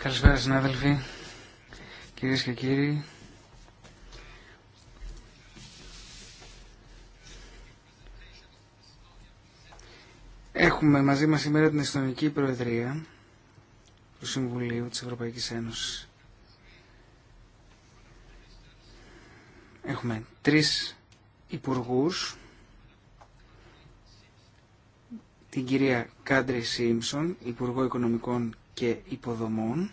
Καλησπέρα συνάδελφοι, κυρίε και κύριοι. Έχουμε μαζί μας σήμερα την Εστονική Προεδρία του Συμβουλίου της Ευρωπαϊκής Ένωσης. Έχουμε τρεις υπουργούς την κυρία Κάντρι Σίμψον, Υπουργό Οικονομικών και Υποδομών,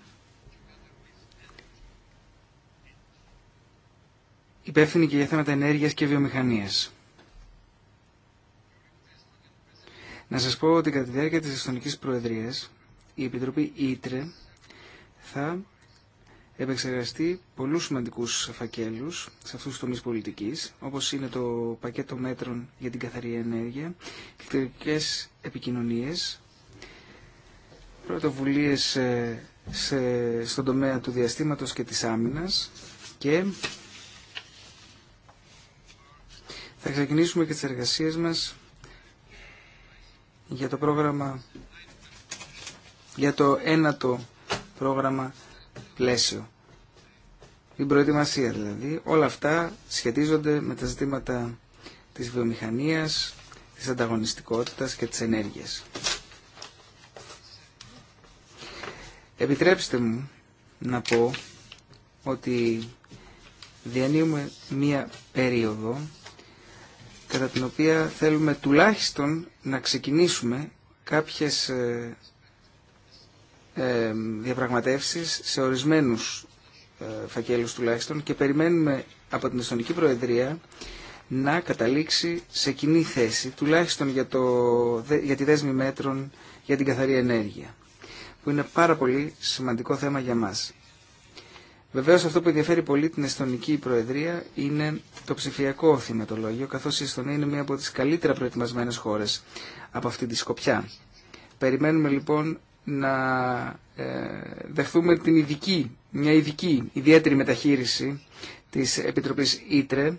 υπεύθυνη και για θέματα ενέργειας και βιομηχανίας. Να σας πω ότι κατά τη διάρκεια της Εστονικής Προεδρίας η Επιτροπή Ήτρε θα επεξεργαστεί πολλούς σημαντικούς φακέλους σε αυτούς τους τομείς πολιτικής, όπως είναι το πακέτο μέτρων για την καθαρή ενέργεια, κλητορικές επικοινωνίες, πρωτοβουλίες ε, σε, στον τομέα του διαστήματος και της άμυνας και θα ξεκινήσουμε και τις εργασίες μας για το πρόγραμμα για το ένατο πρόγραμμα πλαίσιο. Η προετοιμασία δηλαδή. Όλα αυτά σχετίζονται με τα ζητήματα της βιομηχανίας, της ανταγωνιστικότητας και της ενέργειας. Επιτρέψτε μου να πω ότι διανύουμε μία περίοδο κατά την οποία θέλουμε τουλάχιστον να ξεκινήσουμε κάποιες ε, ε, διαπραγματεύσεις σε ορισμένους ε, φακέλους τουλάχιστον και περιμένουμε από την Εστονική Προεδρία να καταλήξει σε κοινή θέση τουλάχιστον για, το, τη δέσμη μέτρων για την καθαρή ενέργεια που είναι πάρα πολύ σημαντικό θέμα για μας. Βεβαίως αυτό που ενδιαφέρει πολύ την Εστονική Προεδρία είναι το ψηφιακό θυματολόγιο καθώς η Εστονία είναι μία από τις καλύτερα προετοιμασμένες χώρες από αυτή τη σκοπιά. Περιμένουμε λοιπόν να ε, δεχθούμε την ειδική, μια ειδική, ιδιαίτερη μεταχείριση της Επιτροπής Ήτρε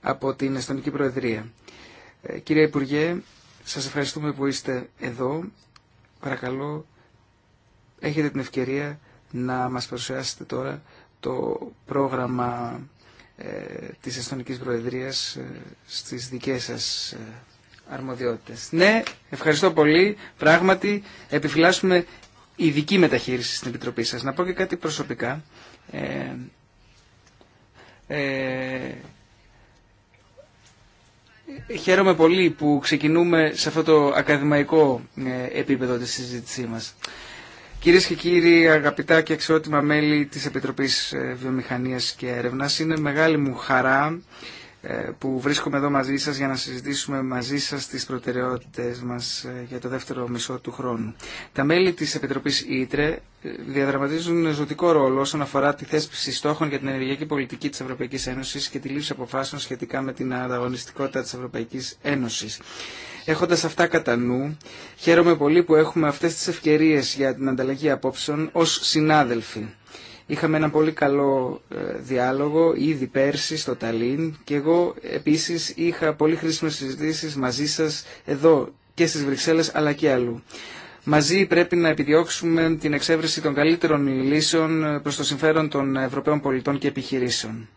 από την Αστωνική Προεδρία. Ε, κύριε Υπουργέ, σας ευχαριστούμε που είστε εδώ. Παρακαλώ, έχετε την ευκαιρία να μας παρουσιάσετε τώρα το πρόγραμμα ε, της Αστωνικής Προεδρίας στις δικές σας αρμοδιότητες. Ναι, ευχαριστώ πολύ. Πράγματι, επιφυλάσσουμε ειδική μεταχείριση στην Επιτροπή σας. Να πω και κάτι προσωπικά. Ε, ε Χαίρομαι πολύ που ξεκινούμε σε αυτό το ακαδημαϊκό ε, επίπεδο της συζήτησή μας. Κυρίες και κύριοι, αγαπητά και αξιότιμα μέλη της Επιτροπής ε, Βιομηχανίας και Έρευνας, είναι μεγάλη μου χαρά ε, που βρίσκομαι εδώ μαζί σας για να συζητήσουμε μαζί σας τις προτεραιότητες μας ε, για το δεύτερο μισό του χρόνου. Τα μέλη της Επιτροπής Ήτρε ε, διαδραματίζουν ζωτικό ρόλο όσον αφορά τη θέσπιση στόχων για την ενεργειακή πολιτική της Ευρωπαϊκής Ένωσης και τη λήψη αποφάσεων σχετικά με την ανταγωνιστικότητα της Ευρωπαϊκής Ένωσης. Έχοντα αυτά κατά νου, χαίρομαι πολύ που έχουμε αυτέ τι ευκαιρίε για την ανταλλαγή απόψεων ω συνάδελφοι. Είχαμε ένα πολύ καλό ε, διάλογο ήδη πέρσι στο Ταλίν και εγώ επίσης είχα πολύ χρήσιμες συζητήσεις μαζί σας εδώ και στις Βρυξέλλες αλλά και αλλού. Μαζί πρέπει να επιδιώξουμε την εξέβρεση των καλύτερων λύσεων ε, προς το συμφέρον των Ευρωπαίων πολιτών και επιχειρήσεων.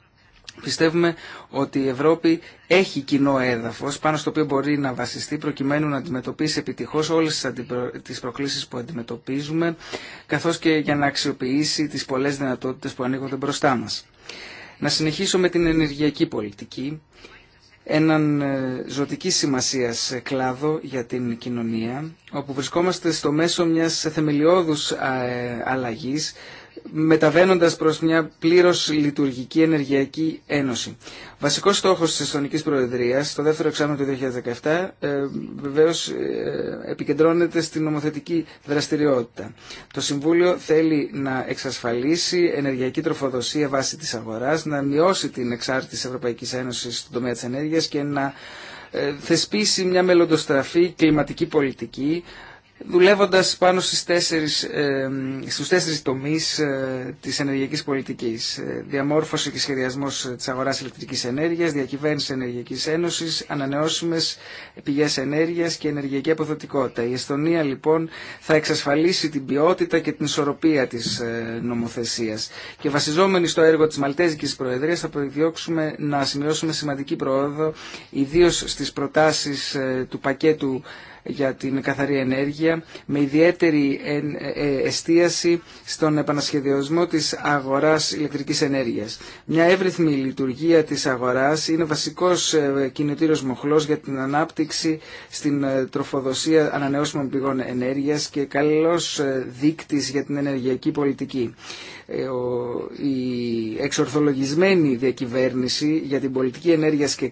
Πιστεύουμε ότι η Ευρώπη έχει κοινό έδαφος πάνω στο οποίο μπορεί να βασιστεί προκειμένου να αντιμετωπίσει επιτυχώς όλες τις προκλήσεις που αντιμετωπίζουμε καθώς και για να αξιοποιήσει τις πολλές δυνατότητες που ανοίγονται μπροστά μας. Να συνεχίσω με την ενεργειακή πολιτική, έναν ε, ζωτική σημασίας κλάδο για την κοινωνία, όπου βρισκόμαστε στο μέσο μιας θεμελιώδους ε, αλλαγής μεταβαίνοντας προς μια πλήρως λειτουργική ενεργειακή ένωση. Βασικός στόχος της Εστονικής Προεδρίας στο δεύτερο εξάμεινο του 2017 ε, βεβαίως ε, επικεντρώνεται στην νομοθετική δραστηριότητα. Το Συμβούλιο θέλει να εξασφαλίσει ενεργειακή τροφοδοσία βάσει της αγοράς, να μειώσει την εξάρτηση της Ευρωπαϊκής Ένωσης στον τομέα της ενέργειας και να ε, θεσπίσει μια μελλοντοστραφή κλιματική πολιτική δουλεύοντας πάνω στις τέσσερις, ε, στους τέσσερις τομείς ε, της ενεργειακής πολιτικής. Ε, διαμόρφωση και σχεδιασμός ε, της αγοράς ηλεκτρικής ενέργειας, διακυβέρνηση ενεργειακής ένωσης, ανανεώσιμες πηγές ενέργειας και ενεργειακή αποδοτικότητα. Η Εστονία λοιπόν θα εξασφαλίσει την ποιότητα και την ισορροπία της ε, νομοθεσίας. Και βασιζόμενοι στο έργο της Μαλτέζικης Προεδρίας θα προδιώξουμε να σημειώσουμε σημαντική πρόοδο, ιδίως στις προτάσεις του πακέτου για την καθαρή ενέργεια με ιδιαίτερη ε, ε, εστίαση στον επανασχεδιασμό της αγοράς ηλεκτρικής ενέργειας. Μια εύρυθμη λειτουργία της αγοράς είναι βασικός ε, κινητήρος μοχλός για την ανάπτυξη στην τροφοδοσία ανανεώσιμων πηγών ενέργειας και καλός δείκτης για την ενεργειακή πολιτική. Η εξορθολογισμένη διακυβέρνηση για την πολιτική ενέργειας και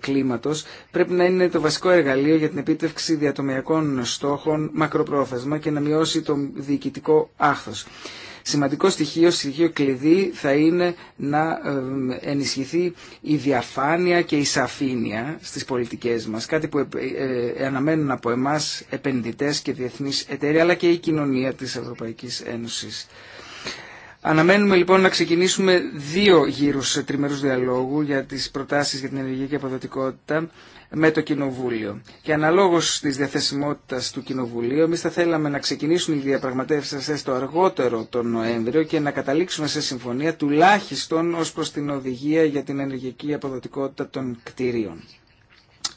κλίματος πρέπει να είναι το βασικό εργαλείο για την επίτευξη διατομιακών στόχων μακροπρόθεσμα και να μειώσει το διοικητικό άχθος. Σημαντικό στοιχείο, στοιχείο κλειδί θα είναι να ε, ενισχυθεί η διαφάνεια και η σαφήνεια στις πολιτικές μας. Κάτι που ε, ε, αναμένουν από εμάς επενδυτές και διεθνείς εταιρεία αλλά και η κοινωνία της Ευρωπαϊκής Ένωσης. Αναμένουμε λοιπόν να ξεκινήσουμε δύο γύρους τριμερούς διαλόγου για τις προτάσεις για την ενεργειακή αποδοτικότητα με το Κοινοβούλιο. Και αναλόγω τη διαθεσιμότητα του Κοινοβουλίου, εμεί θα θέλαμε να ξεκινήσουν οι διαπραγματεύσεις το αργότερο τον Νοέμβριο και να καταλήξουμε σε συμφωνία τουλάχιστον ω προ την οδηγία για την ενεργειακή αποδοτικότητα των κτηρίων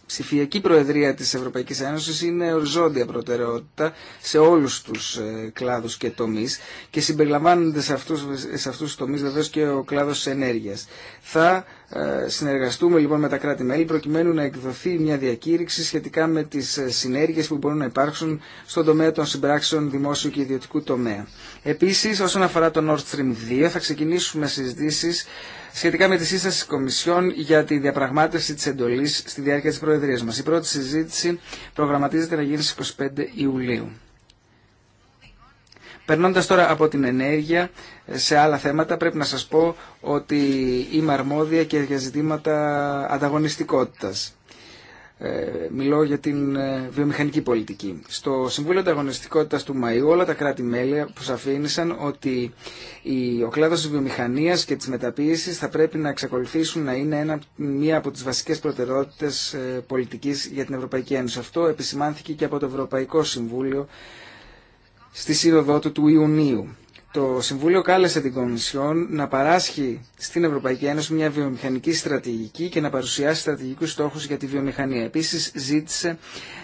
ψηφιακή προεδρία της Ευρωπαϊκής Ένωσης είναι οριζόντια προτεραιότητα σε όλους τους ε, κλάδους και τομείς και συμπεριλαμβάνονται σε αυτούς, σε αυτούς τους τομείς βεβαίως και ο κλάδος ενέργειας. Θα ε, συνεργαστούμε λοιπόν με τα κράτη-μέλη προκειμένου να εκδοθεί μια διακήρυξη σχετικά με τις ε, συνέργειες που μπορούν να υπάρξουν στον τομέα των συμπράξεων δημόσιου και ιδιωτικού τομέα. Επίσης, όσον αφορά το Nord Stream 2, θα ξεκινήσουμε συζητήσεις σχετικά με τη σύσταση τη για τη διαπραγμάτευση τη εντολή στη διάρκεια τη Προεδρία μα. Η πρώτη συζήτηση προγραμματίζεται να γίνει στι 25 Ιουλίου. Περνώντα τώρα από την ενέργεια σε άλλα θέματα, πρέπει να σα πω ότι είμαι αρμόδια και για ζητήματα ανταγωνιστικότητα. Ε, μιλώ για την ε, βιομηχανική πολιτική. Στο Συμβούλιο Ανταγωνιστικότητας του Μαΐου όλα τα κράτη-μέλη προσαφήνισαν ότι ο κλάδος της βιομηχανίας και της μεταποίησης θα πρέπει να εξακολουθήσουν να είναι μία από τις βασικές προτεραιότητες ε, πολιτικής για την Ευρωπαϊκή Ένωση. Αυτό επισημάνθηκε και από το Ευρωπαϊκό Συμβούλιο στη σύνοδό του Ιουνίου. Το Συμβούλιο κάλεσε την Κομισιόν να παράσχει στην Ευρωπαϊκή Ένωση μια βιομηχανική στρατηγική και να παρουσιάσει στρατηγικούς στόχους για τη βιομηχανία. Επίσης ζήτησε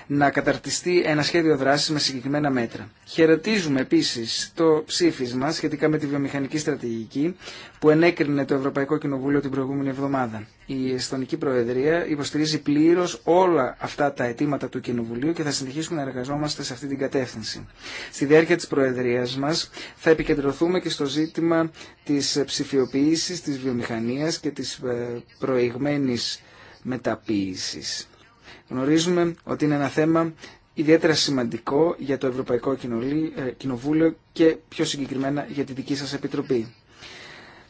να καταρτιστεί ένα σχέδιο δράσης με συγκεκριμένα μέτρα. Χαιρετίζουμε επίσης το ψήφισμα σχετικά με τη βιομηχανική στρατηγική που ενέκρινε το Ευρωπαϊκό Κοινοβούλιο την προηγούμενη εβδομάδα η Εστονική Προεδρία υποστηρίζει πλήρω όλα αυτά τα αιτήματα του Κοινοβουλίου και θα συνεχίσουμε να εργαζόμαστε σε αυτή την κατεύθυνση. Στη διάρκεια τη Προεδρία μα θα επικεντρωθούμε και στο ζήτημα τη ψηφιοποίηση, τη βιομηχανία και τη ε, προηγμένη μεταποίηση. Γνωρίζουμε ότι είναι ένα θέμα ιδιαίτερα σημαντικό για το Ευρωπαϊκό ε, Κοινοβούλιο και πιο συγκεκριμένα για τη δική σας Επιτροπή.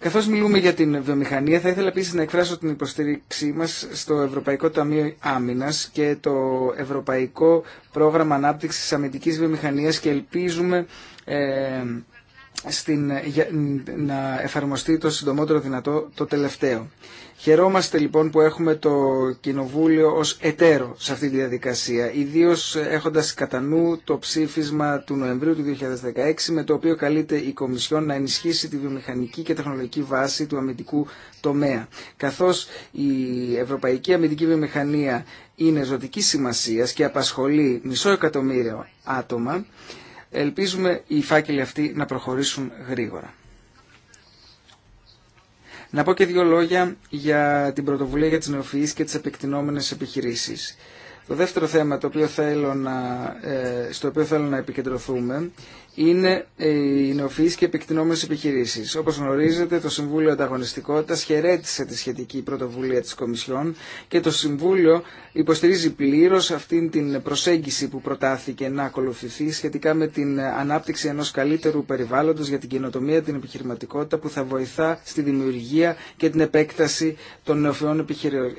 Καθώς μιλούμε για την βιομηχανία, θα ήθελα επίσης να εκφράσω την υποστήριξή μας στο Ευρωπαϊκό Ταμείο Άμυνα και το Ευρωπαϊκό Πρόγραμμα Ανάπτυξης Αμυντικής Βιομηχανίας και ελπίζουμε ε, στην, να εφαρμοστεί το συντομότερο δυνατό το τελευταίο. Χαιρόμαστε λοιπόν που έχουμε το Κοινοβούλιο ως εταίρο σε αυτή τη διαδικασία, ιδίως έχοντας κατά νου το ψήφισμα του Νοεμβρίου του 2016, με το οποίο καλείται η Κομισιόν να ενισχύσει τη βιομηχανική και τεχνολογική βάση του αμυντικού τομέα. Καθώς η Ευρωπαϊκή Αμυντική Βιομηχανία είναι ζωτική σημασίας και απασχολεί μισό εκατομμύριο άτομα, ελπίζουμε οι φάκελοι αυτοί να προχωρήσουν γρήγορα. Να πω και δύο λόγια για την πρωτοβουλία για τις νεοφυείς και τις επεκτηνόμενες επιχειρήσεις. Το δεύτερο θέμα το οποίο θέλω να, ε, στο οποίο θέλω να επικεντρωθούμε είναι ε, οι νοφεί και επεκτηνόμενες επιχειρήσει. Όπω γνωρίζετε, το Συμβούλιο Ανταγωνιστικότητα χαιρέτησε τη σχετική πρωτοβουλία τη Κομισιόν και το Συμβούλιο υποστηρίζει πλήρω αυτή την προσέγγιση που προτάθηκε να ακολουθηθεί σχετικά με την ανάπτυξη ενό καλύτερου περιβάλλοντος για την καινοτομία, την επιχειρηματικότητα που θα βοηθά στη δημιουργία και την επέκταση των νεοφυών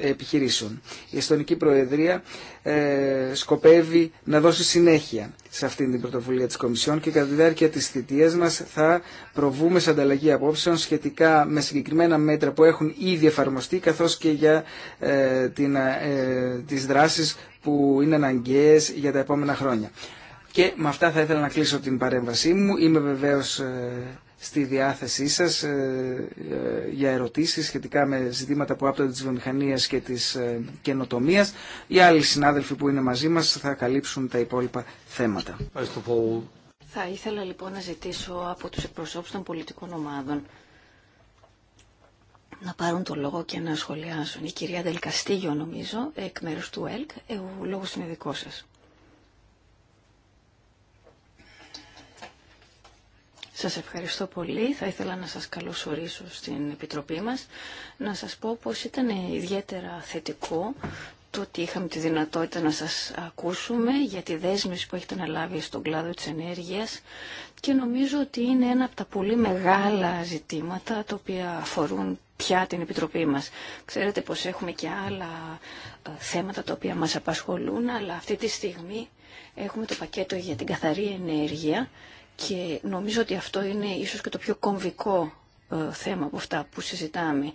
επιχειρήσεων. Η Εστονική Προεδρία ε, σκοπεύει να δώσει συνέχεια σε αυτήν την πρωτοβουλία της Κομισιόν και κατά τη διάρκεια της θητείας μας θα προβούμε σε ανταλλαγή απόψεων σχετικά με συγκεκριμένα μέτρα που έχουν ήδη εφαρμοστεί καθώς και για ε, την, ε, τις δράσεις που είναι αναγκαίες για τα επόμενα χρόνια. Και με αυτά θα ήθελα να κλείσω την παρέμβασή μου. Είμαι βεβαίως ε, στη διάθεσή σας ε, ε, για ερωτήσεις σχετικά με ζητήματα που άπτονται της βιομηχανίας και της ε, καινοτομίας. Οι άλλοι συνάδελφοι που είναι μαζί μας θα καλύψουν τα υπόλοιπα θέματα. Θα ήθελα λοιπόν να ζητήσω από τους εκπροσώπους των πολιτικών ομάδων να πάρουν το λόγο και να σχολιάσουν. Η κυρία Δελκαστήγιο νομίζω, εκ μέρους του ΕΛΚ, ο λόγος είναι δικό σας. Σας ευχαριστώ πολύ. Θα ήθελα να σας καλωσορίσω στην Επιτροπή μας. Να σας πω πως ήταν ιδιαίτερα θετικό το ότι είχαμε τη δυνατότητα να σας ακούσουμε για τη δέσμευση που έχετε αναλάβει στον κλάδο της ενέργειας και νομίζω ότι είναι ένα από τα πολύ μεγάλα ζητήματα τα οποία αφορούν πια την Επιτροπή μας. Ξέρετε πως έχουμε και άλλα ε, θέματα τα οποία μας απασχολούν, αλλά αυτή τη στιγμή έχουμε το πακέτο για την καθαρή ενέργεια και νομίζω ότι αυτό είναι ίσως και το πιο κομβικό ε, θέμα από αυτά που συζητάμε.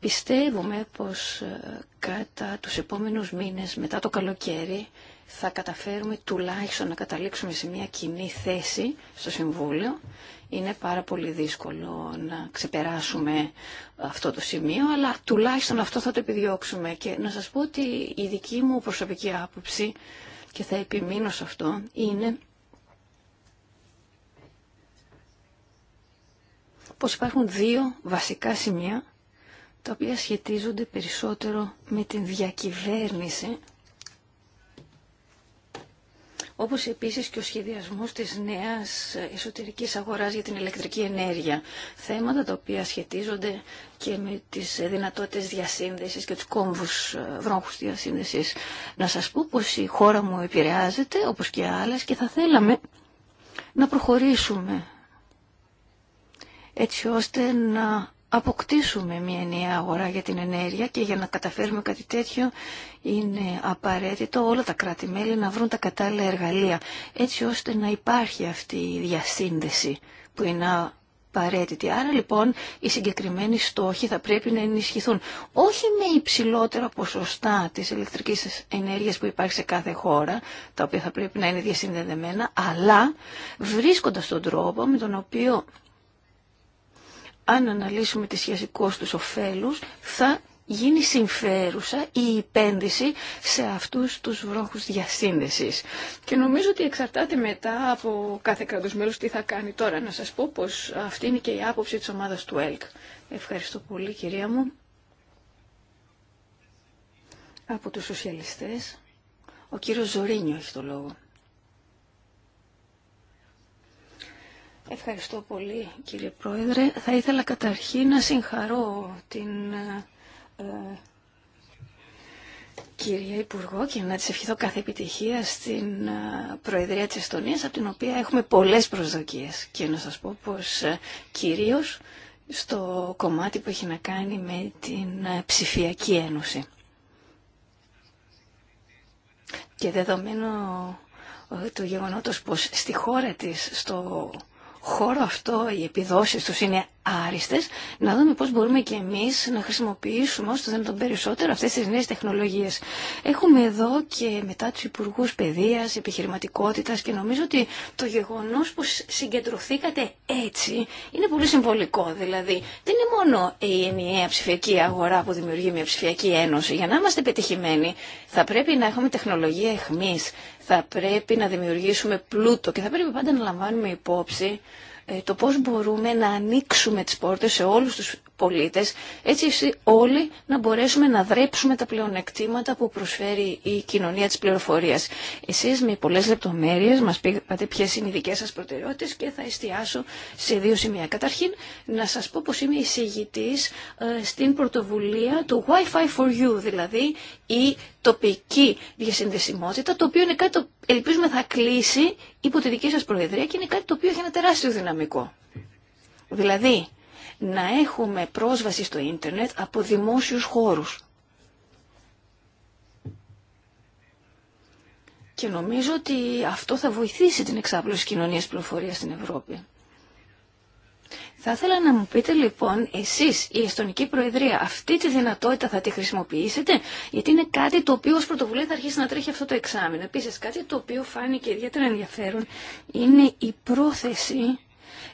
Πιστεύουμε πως ε, κατά τους επόμενους μήνες μετά το καλοκαίρι θα καταφέρουμε τουλάχιστον να καταλήξουμε σε μια κοινή θέση στο Συμβούλιο. Είναι πάρα πολύ δύσκολο να ξεπεράσουμε αυτό το σημείο, αλλά τουλάχιστον αυτό θα το επιδιώξουμε. Και να σας πω ότι η δική μου προσωπική άποψη, και θα επιμείνω σε αυτό, είναι πως υπάρχουν δύο βασικά σημεία τα οποία σχετίζονται περισσότερο με την διακυβέρνηση όπως επίσης και ο σχεδιασμός της νέας εσωτερικής αγοράς για την ηλεκτρική ενέργεια. Θέματα τα οποία σχετίζονται και με τις δυνατότητες διασύνδεσης και τους κόμβους ε, βρόχους διασύνδεσης. Να σας πω πως η χώρα μου επηρεάζεται, όπως και άλλες, και θα θέλαμε να προχωρήσουμε έτσι ώστε να αποκτήσουμε μια νέα αγορά για την ενέργεια και για να καταφέρουμε κάτι τέτοιο είναι απαραίτητο όλα τα κράτη-μέλη να βρουν τα κατάλληλα εργαλεία έτσι ώστε να υπάρχει αυτή η διασύνδεση που είναι απαραίτητη. Άρα λοιπόν οι συγκεκριμένοι στόχοι θα πρέπει να ενισχυθούν όχι με υψηλότερα ποσοστά της ηλεκτρικής ενέργειας που υπάρχει σε κάθε χώρα, τα οποία θα πρέπει να είναι διασυνδεδεμένα, αλλά βρίσκοντας τον τρόπο με τον οποίο αν αναλύσουμε τη σχέση κόστους-οφέλους, θα γίνει συμφέρουσα η επένδυση σε αυτούς τους βρόχους διασύνδεσης. Και νομίζω ότι εξαρτάται μετά από κάθε κράτος μέλος τι θα κάνει τώρα. Να σας πω πως αυτή είναι και η άποψη της ομάδας του ΕΛΚ. Ευχαριστώ πολύ κυρία μου. Από τους σοσιαλιστές, ο κύριος Ζωρίνιο έχει το λόγο. Ευχαριστώ πολύ κύριε Πρόεδρε. Θα ήθελα καταρχήν να συγχαρώ την ε, κυρία Υπουργό και να της ευχηθώ κάθε επιτυχία στην ε, Προεδρία της Εστονίας από την οποία έχουμε πολλές προσδοκίες και να σας πω πως ε, κυρίως στο κομμάτι που έχει να κάνει με την ε, ψηφιακή ένωση. Και δεδομένου του γεγονότος πως στη χώρα της, στο χώρο αυτό, οι επιδόσεις τους είναι άριστες, να δούμε πώς μπορούμε και εμείς να χρησιμοποιήσουμε όσο δεν τον περισσότερο αυτές τις νέες τεχνολογίες. Έχουμε εδώ και μετά τους υπουργού Παιδείας, Επιχειρηματικότητας και νομίζω ότι το γεγονός που συγκεντρωθήκατε έτσι είναι πολύ συμβολικό. Δηλαδή δεν είναι μόνο η ενιαία ψηφιακή αγορά που δημιουργεί μια ψηφιακή ένωση. Για να είμαστε πετυχημένοι θα πρέπει να έχουμε τεχνολογία εχμής, θα πρέπει να δημιουργήσουμε πλούτο και θα πρέπει πάντα να λαμβάνουμε υπόψη ε, το πώς μπορούμε να ανοίξουμε τις πόρτες σε όλους τους πολίτες, έτσι όλοι να μπορέσουμε να δρέψουμε τα πλεονεκτήματα που προσφέρει η κοινωνία της πληροφορίας. Εσείς με πολλές λεπτομέρειες μας πήγατε ποιες είναι οι δικές σας προτεραιότητες και θα εστιάσω σε δύο σημεία. Καταρχήν, να σας πω πως είμαι εισηγητής ε, στην πρωτοβουλία του Wi-Fi for You, δηλαδή η τοπική διασυνδεσιμότητα, το οποίο είναι κάτι ελπίζουμε θα κλείσει υπό τη δική σας προεδρία και είναι κάτι το οποίο έχει ένα τεράστιο δυναμικό. Δηλαδή, να έχουμε πρόσβαση στο ίντερνετ από δημόσιους χώρους. Και νομίζω ότι αυτό θα βοηθήσει την εξάπλωση κοινωνίας πληροφορίας στην Ευρώπη. Θα ήθελα να μου πείτε λοιπόν εσείς η Εστονική Προεδρία αυτή τη δυνατότητα θα τη χρησιμοποιήσετε γιατί είναι κάτι το οποίο ως πρωτοβουλία θα αρχίσει να τρέχει αυτό το εξάμεινο. Επίσης κάτι το οποίο φάνηκε ιδιαίτερα ενδιαφέρον είναι η πρόθεση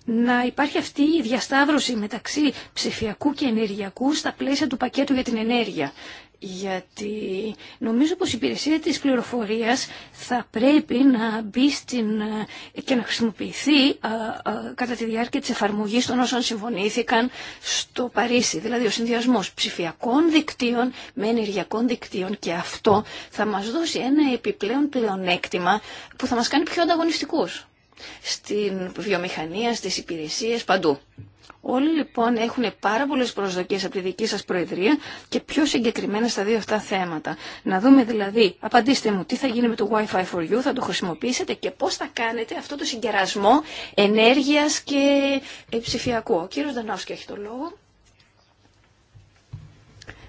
να υπάρχει αυτή η διασταύρωση μεταξύ ψηφιακού και ενεργειακού στα πλαίσια του πακέτου για την ενέργεια. Γιατί νομίζω πως η υπηρεσία της πληροφορίας θα πρέπει να μπει στην, και να χρησιμοποιηθεί κατά τη διάρκεια της εφαρμογής των όσων συμφωνήθηκαν στο Παρίσι. Δηλαδή ο συνδυασμός ψηφιακών δικτύων με ενεργειακών δικτύων και αυτό θα μας δώσει ένα επιπλέον πλεονέκτημα που θα μας κάνει πιο ανταγωνιστικούς στην βιομηχανία, στις υπηρεσίες, παντού. Όλοι λοιπόν έχουν πάρα πολλές προσδοκίες από τη δική σας Προεδρία και πιο συγκεκριμένα στα δύο αυτά θέματα. Να δούμε δηλαδή, απαντήστε μου, τι θα γίνει με το Wi-Fi for You, θα το χρησιμοποιήσετε και πώς θα κάνετε αυτό το συγκερασμό ενέργειας και ψηφιακού. Ο κύριος Δανάουσκη έχει το λόγο.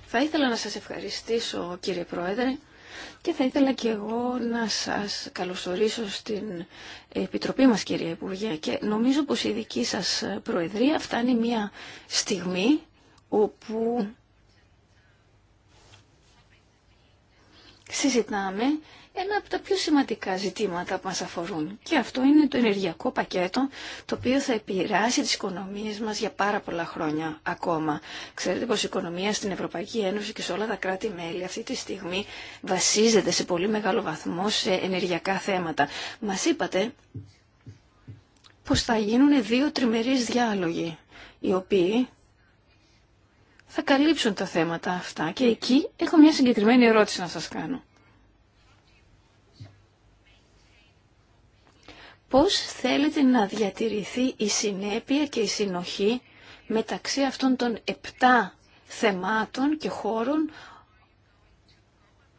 Θα ήθελα να σας ευχαριστήσω κύριε Πρόεδρε και θα ήθελα και εγώ να σας καλωσορίσω στην Επιτροπή μας κυρία Υπουργέ και νομίζω πως η δική σας Προεδρία φτάνει μια στιγμή όπου συζητάμε ένα από τα πιο σημαντικά ζητήματα που μας αφορούν. Και αυτό είναι το ενεργειακό πακέτο, το οποίο θα επηρεάσει τις οικονομίες μας για πάρα πολλά χρόνια ακόμα. Ξέρετε πως η οικονομία στην Ευρωπαϊκή Ένωση και σε όλα τα κράτη-μέλη αυτή τη στιγμή βασίζεται σε πολύ μεγάλο βαθμό σε ενεργειακά θέματα. Μας είπατε πως θα γίνουν δύο τριμερείς διάλογοι, οι οποίοι θα καλύψουν τα θέματα αυτά. Και εκεί έχω μια συγκεκριμένη ερώτηση να σας κάνω. πώς θέλετε να διατηρηθεί η συνέπεια και η συνοχή μεταξύ αυτών των επτά θεμάτων και χώρων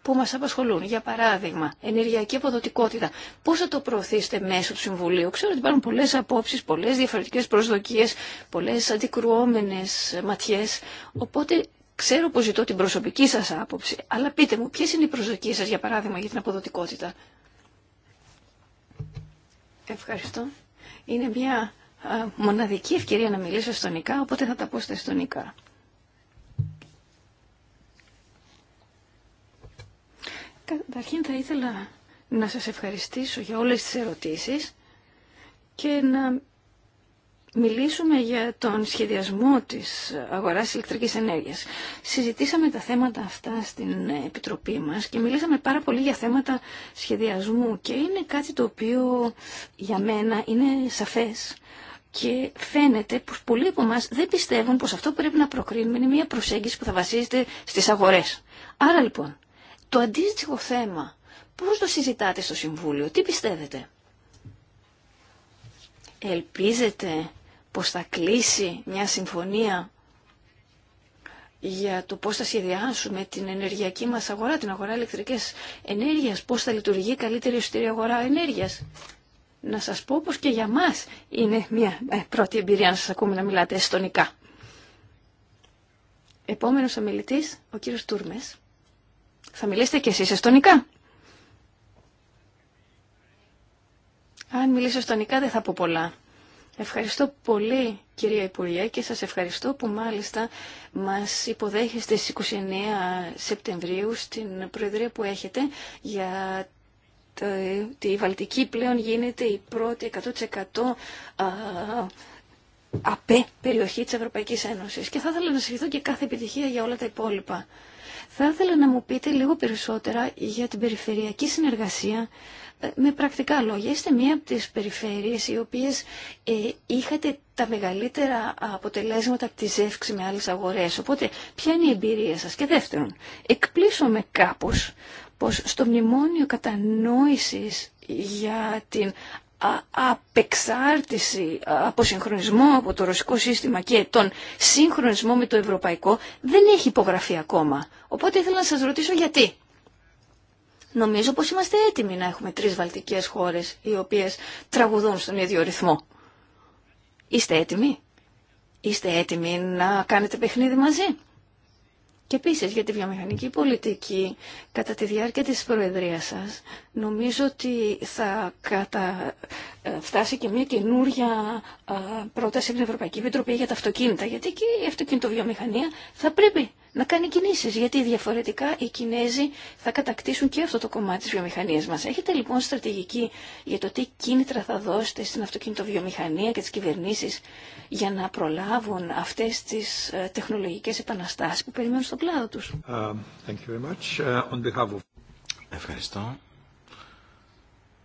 που μας απασχολούν. Για παράδειγμα, ενεργειακή αποδοτικότητα. Πώς θα το προωθήσετε μέσω του Συμβουλίου. Ξέρω ότι υπάρχουν πολλές απόψεις, πολλές διαφορετικές προσδοκίες, πολλές αντικρουόμενες ματιές. Οπότε ξέρω πως ζητώ την προσωπική σας άποψη, αλλά πείτε μου ποιες είναι οι προσδοκίες σας, για παράδειγμα, για την αποδοτικότητα. Ευχαριστώ. Είναι μια μοναδική ευκαιρία να μιλήσω εστονικά, οπότε θα τα πω στα εστονικά. Καταρχήν θα ήθελα να σας ευχαριστήσω για όλες τις ερωτήσεις και να μιλήσουμε για τον σχεδιασμό της αγοράς ηλεκτρικής ενέργειας. Συζητήσαμε τα θέματα αυτά στην Επιτροπή μας και μιλήσαμε πάρα πολύ για θέματα σχεδιασμού και είναι κάτι το οποίο για μένα είναι σαφές. Και φαίνεται πως πολλοί από εμά δεν πιστεύουν πως αυτό που πρέπει να προκρίνουμε είναι μια προσέγγιση που θα βασίζεται στις αγορές. Άρα λοιπόν, το αντίστοιχο θέμα, πώς το συζητάτε στο Συμβούλιο, τι πιστεύετε. Ελπίζετε πως θα κλείσει μια συμφωνία για το πώς θα σχεδιάσουμε την ενεργειακή μας αγορά, την αγορά ηλεκτρικής ενέργειας, πώς θα λειτουργεί καλύτερη ιστορία αγορά ενέργειας. Να σας πω πως και για μας είναι μια ε, πρώτη εμπειρία να σας ακούμε να μιλάτε εστονικά. Επόμενος ομιλητής, ο κύριος Τούρμες. Θα μιλήσετε κι εσείς εστονικά. Αν μιλήσω εστονικά δεν θα πω πολλά. Ευχαριστώ πολύ κυρία Υπουργέ και σας ευχαριστώ που μάλιστα μας υποδέχεστε στις 29 Σεπτεμβρίου στην Προεδρία που έχετε για τη Βαλτική πλέον γίνεται η πρώτη 100% ΑΠΕ περιοχή της Ευρωπαϊκής Ένωσης και θα ήθελα να σας και κάθε επιτυχία για όλα τα υπόλοιπα. Θα ήθελα να μου πείτε λίγο περισσότερα για την περιφερειακή συνεργασία με πρακτικά λόγια, είστε μία από τις περιφέρειες οι οποίες ε, είχατε τα μεγαλύτερα αποτελέσματα από τη ζεύξη με άλλες αγορές. Οπότε, ποια είναι η εμπειρία σας. Και δεύτερον, με κάπως πως στο μνημόνιο κατανόησης για την απεξάρτηση, από συγχρονισμό από το ρωσικό σύστημα και τον συγχρονισμό με το ευρωπαϊκό δεν έχει υπογραφεί ακόμα. Οπότε ήθελα να σας ρωτήσω γιατί. Νομίζω πως είμαστε έτοιμοι να έχουμε τρεις βαλτικές χώρες οι οποίες τραγουδούν στον ίδιο ρυθμό. Είστε έτοιμοι? Είστε έτοιμοι να κάνετε παιχνίδι μαζί? Και επίσης για τη βιομηχανική πολιτική, κατά τη διάρκεια της προεδρίας σας, νομίζω ότι θα ε, φτάσει και μια καινούρια ε, πρόταση από την Ευρωπαϊκή Επιτροπή για τα αυτοκίνητα, γιατί και η αυτοκινητοβιομηχανία θα πρέπει να κάνει κινήσεις, γιατί διαφορετικά οι Κινέζοι θα κατακτήσουν και αυτό το κομμάτι της βιομηχανίας μας. Έχετε λοιπόν στρατηγική για το τι κίνητρα θα δώσετε στην αυτοκινητοβιομηχανία και τις κυβερνήσεις για να προλάβουν αυτές τις ε, τεχνολογικές επαναστάσεις που περιμένουν στον κλάδο τους. Uh, uh of... Ευχαριστώ.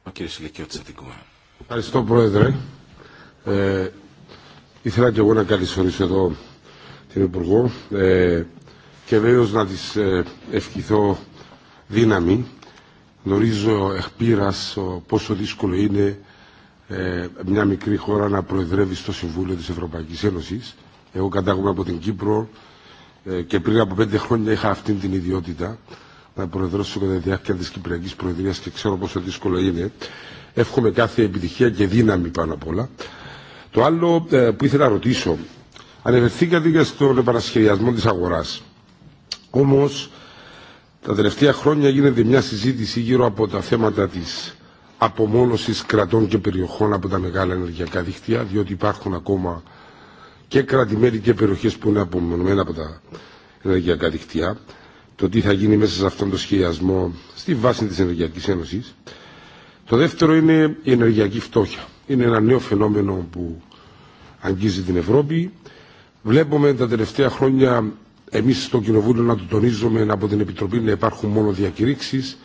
Ο Ευχαριστώ Πρόεδρε. Ε, ήθελα εγώ να καλησορίσω εδώ την Υπουργό. Ε, και βέβαιως να της ε, ευχηθώ δύναμη. Γνωρίζω εκ πείρας πόσο δύσκολο είναι ε, μια μικρή χώρα να προεδρεύει στο Συμβούλιο της Ευρωπαϊκής Ένωσης. Εγώ κατάγομαι από την Κύπρο ε, και πριν από πέντε χρόνια είχα αυτή την ιδιότητα να προεδρώσω κατά τη διάρκεια της Κυπριακής Προεδρίας και ξέρω πόσο δύσκολο είναι. Εύχομαι κάθε επιτυχία και δύναμη πάνω απ' όλα. Το άλλο που ήθελα να ρωτήσω, ανεβερθήκατε για στον επανασχεδιασμό της αγοράς. Όμως, τα τελευταία χρόνια γίνεται μια συζήτηση γύρω από τα θέματα της απομόνωσης κρατών και περιοχών από τα μεγάλα ενεργειακά δίκτυα, διότι υπάρχουν ακόμα και κρατημένοι και περιοχές που είναι απομονωμένα από τα ενεργειακά δίκτυα. Το τι θα γίνει μέσα σε αυτόν τον σχεδιασμό στη βάση της Ενεργειακής Ένωσης. Το δεύτερο είναι η ενεργειακή φτώχεια. Είναι ένα νέο φαινόμενο που αγγίζει την Ευρώπη. Βλέπουμε τα τελευταία χρόνια εμείς στο Κοινοβούλιο να το τονίζουμε από την Επιτροπή να υπάρχουν μόνο διακηρύξεις,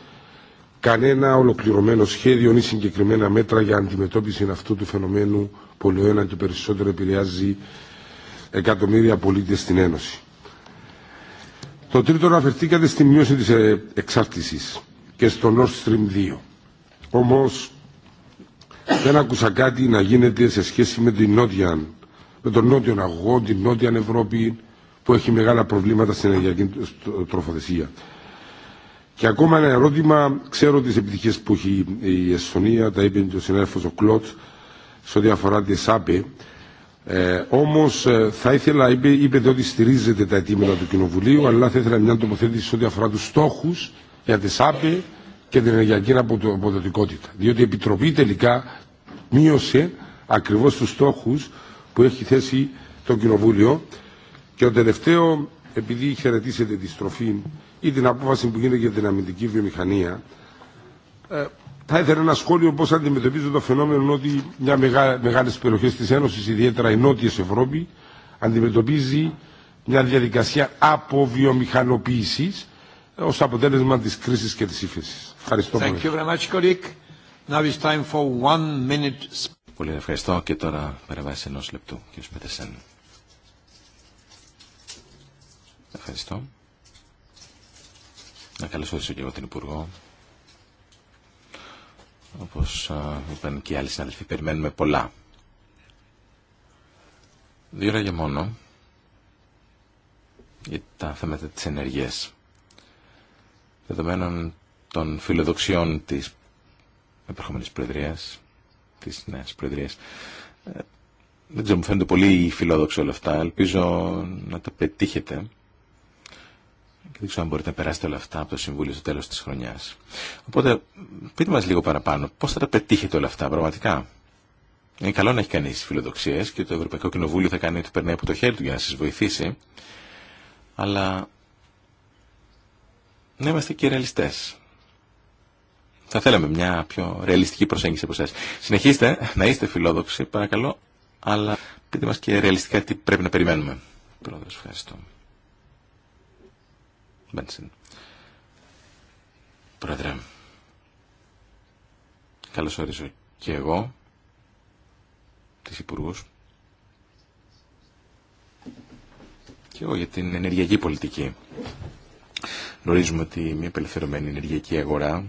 κανένα ολοκληρωμένο σχέδιο ή συγκεκριμένα μέτρα για αντιμετώπιση αυτού του φαινομένου που ένα και περισσότερο επηρεάζει εκατομμύρια πολίτες στην Ένωση. Το τρίτο αναφερθήκατε στη μείωση της ε, εξάρτησης και στο Nord Stream 2. Όμως δεν άκουσα κάτι να γίνεται σε σχέση με, την νότια, με τον νότιο αγωγό, την νότια Ευρώπη, που έχει μεγάλα προβλήματα στην ενεργειακή τροφοδεσία. Και ακόμα ένα ερώτημα, ξέρω τις επιτυχίες που έχει η Εσθονία, τα είπε και ο συνάδελφος ο Κλώτ, σε ό,τι αφορά τη ΣΑΠΕ. Ε, Όμω ε, θα ήθελα, είπε, είπετε ότι στηρίζεται τα αιτήματα του Κοινοβουλίου, αλλά θα ήθελα μια τοποθέτηση σε ό,τι αφορά του στόχου για τη ΣΑΠΕ και την ενεργειακή αποδοτικότητα. Διότι η Επιτροπή τελικά μείωσε ακριβώ του στόχου που έχει θέσει το Κοινοβούλιο και ο τελευταίο, επειδή χαιρετήσετε τη στροφή ή την απόφαση που γίνεται για την αμυντική βιομηχανία, ε, θα ήθελα ένα σχόλιο πώ αντιμετωπίζω το φαινόμενο ότι μια μεγάλη περιοχή τη Ένωση, ιδιαίτερα η Νότια Ευρώπη, αντιμετωπίζει μια διαδικασία αποβιομηχανοποίηση ε, ω αποτέλεσμα τη κρίση και τη ύφεση. Ευχαριστώ πολύ. Πολύ ευχαριστώ και τώρα παρεμβάσει ενό λεπτού, κύριε Πέτεσεν. Ευχαριστώ. Να καλωσορίσω και εγώ την Υπουργό. Όπως είπαν και οι άλλοι συναδελφοί, περιμένουμε πολλά. Δύο ώρα για μόνο για τα θέματα της ενέργεια. Δεδομένων των φιλοδοξιών της επερχόμενης Προεδρίας, της Νέας Προεδρίας, ε, δεν ξέρω, μου φαίνονται πολύ φιλόδοξο όλα αυτά. Ελπίζω να τα πετύχετε. Και δεν ξέρω αν μπορείτε να περάσετε όλα αυτά από το Συμβούλιο στο τέλο τη χρονιά. Οπότε πείτε μα λίγο παραπάνω, πώ θα τα πετύχετε όλα αυτά πραγματικά. Είναι καλό να έχει κανείς φιλοδοξίε και το Ευρωπαϊκό Κοινοβούλιο θα κάνει ότι περνάει από το χέρι του για να σα βοηθήσει. Αλλά να είμαστε και ρεαλιστέ. Θα θέλαμε μια πιο ρεαλιστική προσέγγιση από εσά. Συνεχίστε να είστε φιλόδοξοι, παρακαλώ, αλλά πείτε μα και ρεαλιστικά τι πρέπει να περιμένουμε. ευχαριστώ. Μπένσεν. Πρόεδρε, καλώς ορίζω και εγώ τις Υπουργούς και εγώ για την ενεργειακή πολιτική. Γνωρίζουμε ότι μια απελευθερωμένη ενεργειακή αγορά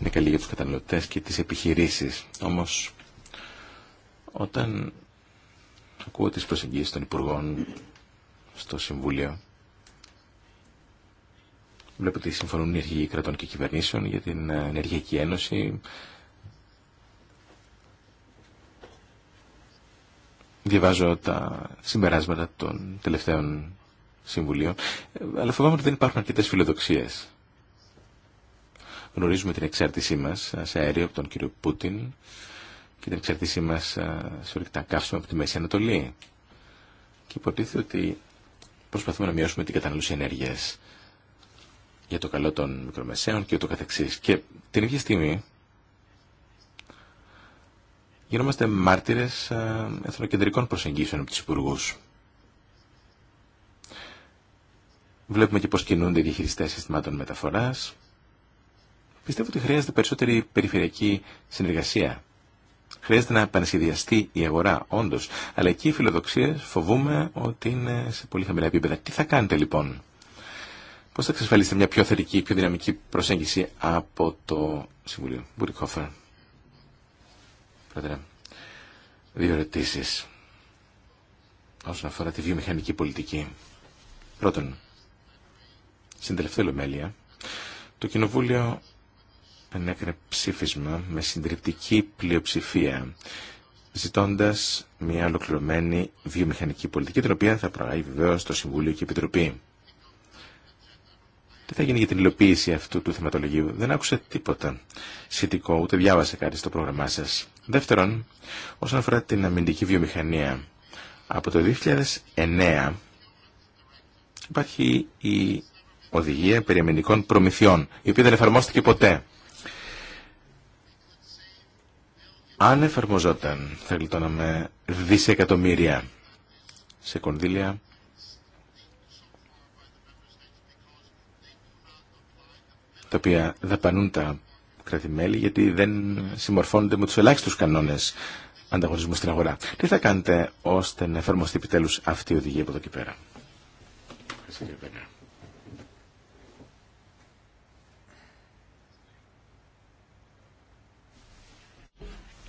είναι καλή για τους καταναλωτές και τις επιχειρήσεις. Όμως, όταν ακούω τις προσεγγίσεις των Υπουργών στο Συμβούλιο, Βλέπω ότι συμφωνούν οι αρχηγοί κρατών και κυβερνήσεων για την ε, Ενεργειακή Ένωση. Διαβάζω τα συμπεράσματα των τελευταίων συμβουλίων, ε, αλλά φοβάμαι ότι δεν υπάρχουν αρκετές φιλοδοξίες. Γνωρίζουμε την εξάρτησή μας σε αέριο από τον κύριο Πούτιν και την εξάρτησή μας ε, σε ορεικτά καύσιμα από τη Μέση Ανατολή. Και υποτίθεται ότι προσπαθούμε να μειώσουμε την κατανάλωση ενέργειας για το καλό των μικρομεσαίων και ούτω καθεξής. Και την ίδια στιγμή γινόμαστε μάρτυρες ε, εθνοκεντρικών προσεγγίσεων από τους υπουργού. Βλέπουμε και πώς κινούνται οι διαχειριστές συστημάτων μεταφοράς. Πιστεύω ότι χρειάζεται περισσότερη περιφερειακή συνεργασία. Χρειάζεται να επανεσχεδιαστεί η αγορά, όντως. Αλλά εκεί οι φιλοδοξίε φοβούμε ότι είναι σε πολύ χαμηλά επίπεδα. Τι θα κάνετε λοιπόν Πώ θα εξασφαλίσετε μια πιο θετική, πιο δυναμική προσέγγιση από το Συμβουλίο Μπουρικόφερ. Πρόεδρε, δύο ερωτήσει όσον αφορά τη βιομηχανική πολιτική. Πρώτον, στην τελευταία λομέλεια, το Κοινοβούλιο ενέκρινε ψήφισμα με συντριπτική πλειοψηφία, ζητώντας μια ολοκληρωμένη βιομηχανική πολιτική, την οποία θα προάγει βεβαίω το Συμβούλιο και η Επιτροπή. Τι θα γίνει για την υλοποίηση αυτού του θεματολογίου. Δεν άκουσα τίποτα σχετικό, ούτε διάβασα κάτι στο πρόγραμμά σα. Δεύτερον, όσον αφορά την αμυντική βιομηχανία, από το 2009 υπάρχει η οδηγία περί αμυντικών προμηθειών, η οποία δεν εφαρμόστηκε ποτέ. Αν εφαρμοζόταν, θα γλιτώναμε δισεκατομμύρια σε κονδύλια τα οποία δαπανούν τα κράτη-μέλη γιατί δεν συμμορφώνονται με τους ελάχιστους κανόνες ανταγωνισμού στην αγορά. Τι θα κάνετε ώστε να εφαρμοστεί επιτέλους αυτή η οδηγία από εδώ και πέρα.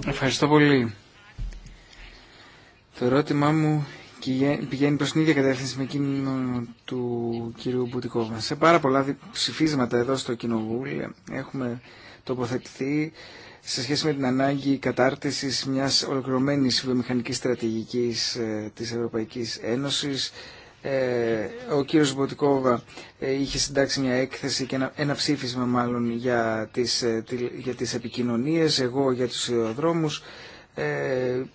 Ευχαριστώ πολύ. Το ερώτημά μου πηγαίνει προς την ίδια κατεύθυνση με εκείνο του κυρίου Μπουτικόβα. Σε πάρα πολλά ψηφίσματα εδώ στο Κοινοβούλιο έχουμε τοποθετηθεί σε σχέση με την ανάγκη κατάρτισης μιας ολοκληρωμένης βιομηχανικής στρατηγικής ε, της Ευρωπαϊκής Ένωσης. Ε, ο κύριος Μποτικόβα ε, είχε συντάξει μια έκθεση και ένα ψήφισμα μάλλον για τις, για τις επικοινωνίες, εγώ για τους ιδιοδρόμους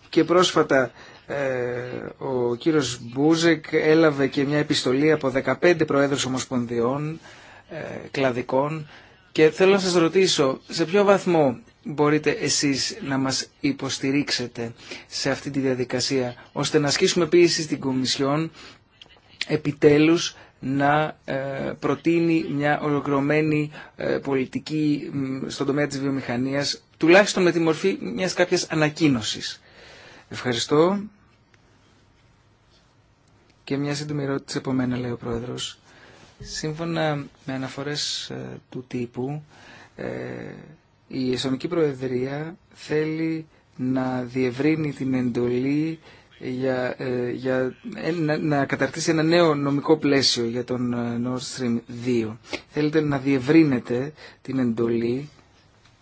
και πρόσφατα ε, ο κύριος Μπούζεκ έλαβε και μια επιστολή από 15 προέδρους ομοσπονδιών ε, κλαδικών και θέλω να σας ρωτήσω σε ποιο βαθμό μπορείτε εσείς να μας υποστηρίξετε σε αυτή τη διαδικασία ώστε να ασκήσουμε πίεση στην Κομισιόν επιτέλους να ε, προτείνει μια ολοκληρωμένη πολιτική στον τομέα της βιομηχανίας τουλάχιστον με τη μορφή μιας κάποιας ανακοίνωσης. Ευχαριστώ. Και μια σύντομη ερώτηση από μένα, λέει ο Πρόεδρος. Σύμφωνα με αναφορές ε, του τύπου, ε, η Εσωμική Προεδρία θέλει να διευρύνει την εντολή για, ε, για να, να καταρτήσει ένα νέο νομικό πλαίσιο για τον Nord Stream 2. Θέλετε να διευρύνετε την εντολή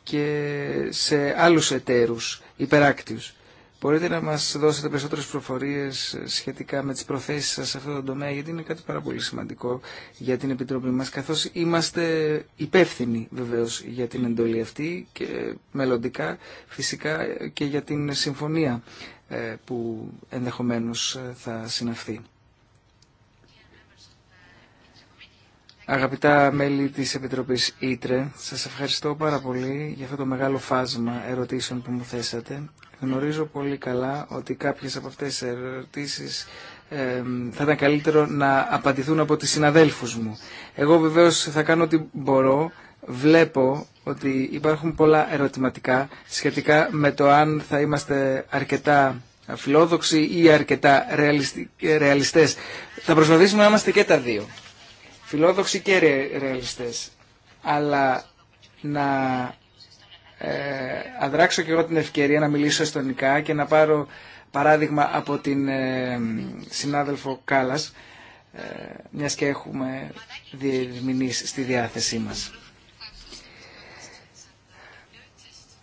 και σε άλλους εταίρους υπεράκτιους. Μπορείτε να μας δώσετε περισσότερες προφορίες σχετικά με τις προθέσεις σας σε αυτό το τομέα, γιατί είναι κάτι πάρα πολύ σημαντικό για την Επιτροπή μας, καθώς είμαστε υπεύθυνοι βεβαίως για την εντολή αυτή και μελλοντικά φυσικά και για την συμφωνία ε, που ενδεχομένως ε, θα συναυθεί. Αγαπητά μέλη της Επιτροπής Ήτρε, σας ευχαριστώ πάρα πολύ για αυτό το μεγάλο φάσμα ερωτήσεων που μου θέσατε Γνωρίζω πολύ καλά ότι κάποιες από αυτές τις ερωτήσεις θα ήταν καλύτερο να απαντηθούν από τις συναδέλφους μου. Εγώ βεβαίως θα κάνω ό,τι μπορώ. Βλέπω ότι υπάρχουν πολλά ερωτηματικά σχετικά με το αν θα είμαστε αρκετά φιλόδοξοι ή αρκετά ρεαλιστές. Θα προσπαθήσουμε να είμαστε και τα δύο. Φιλόδοξοι και ρεαλιστές. Αλλά να ε, αδράξω και εγώ την ευκαιρία να μιλήσω εστονικά και να πάρω παράδειγμα από την ε, συνάδελφο Κάλλας, ε, μιας και έχουμε διερμηνείς στη διάθεσή μας.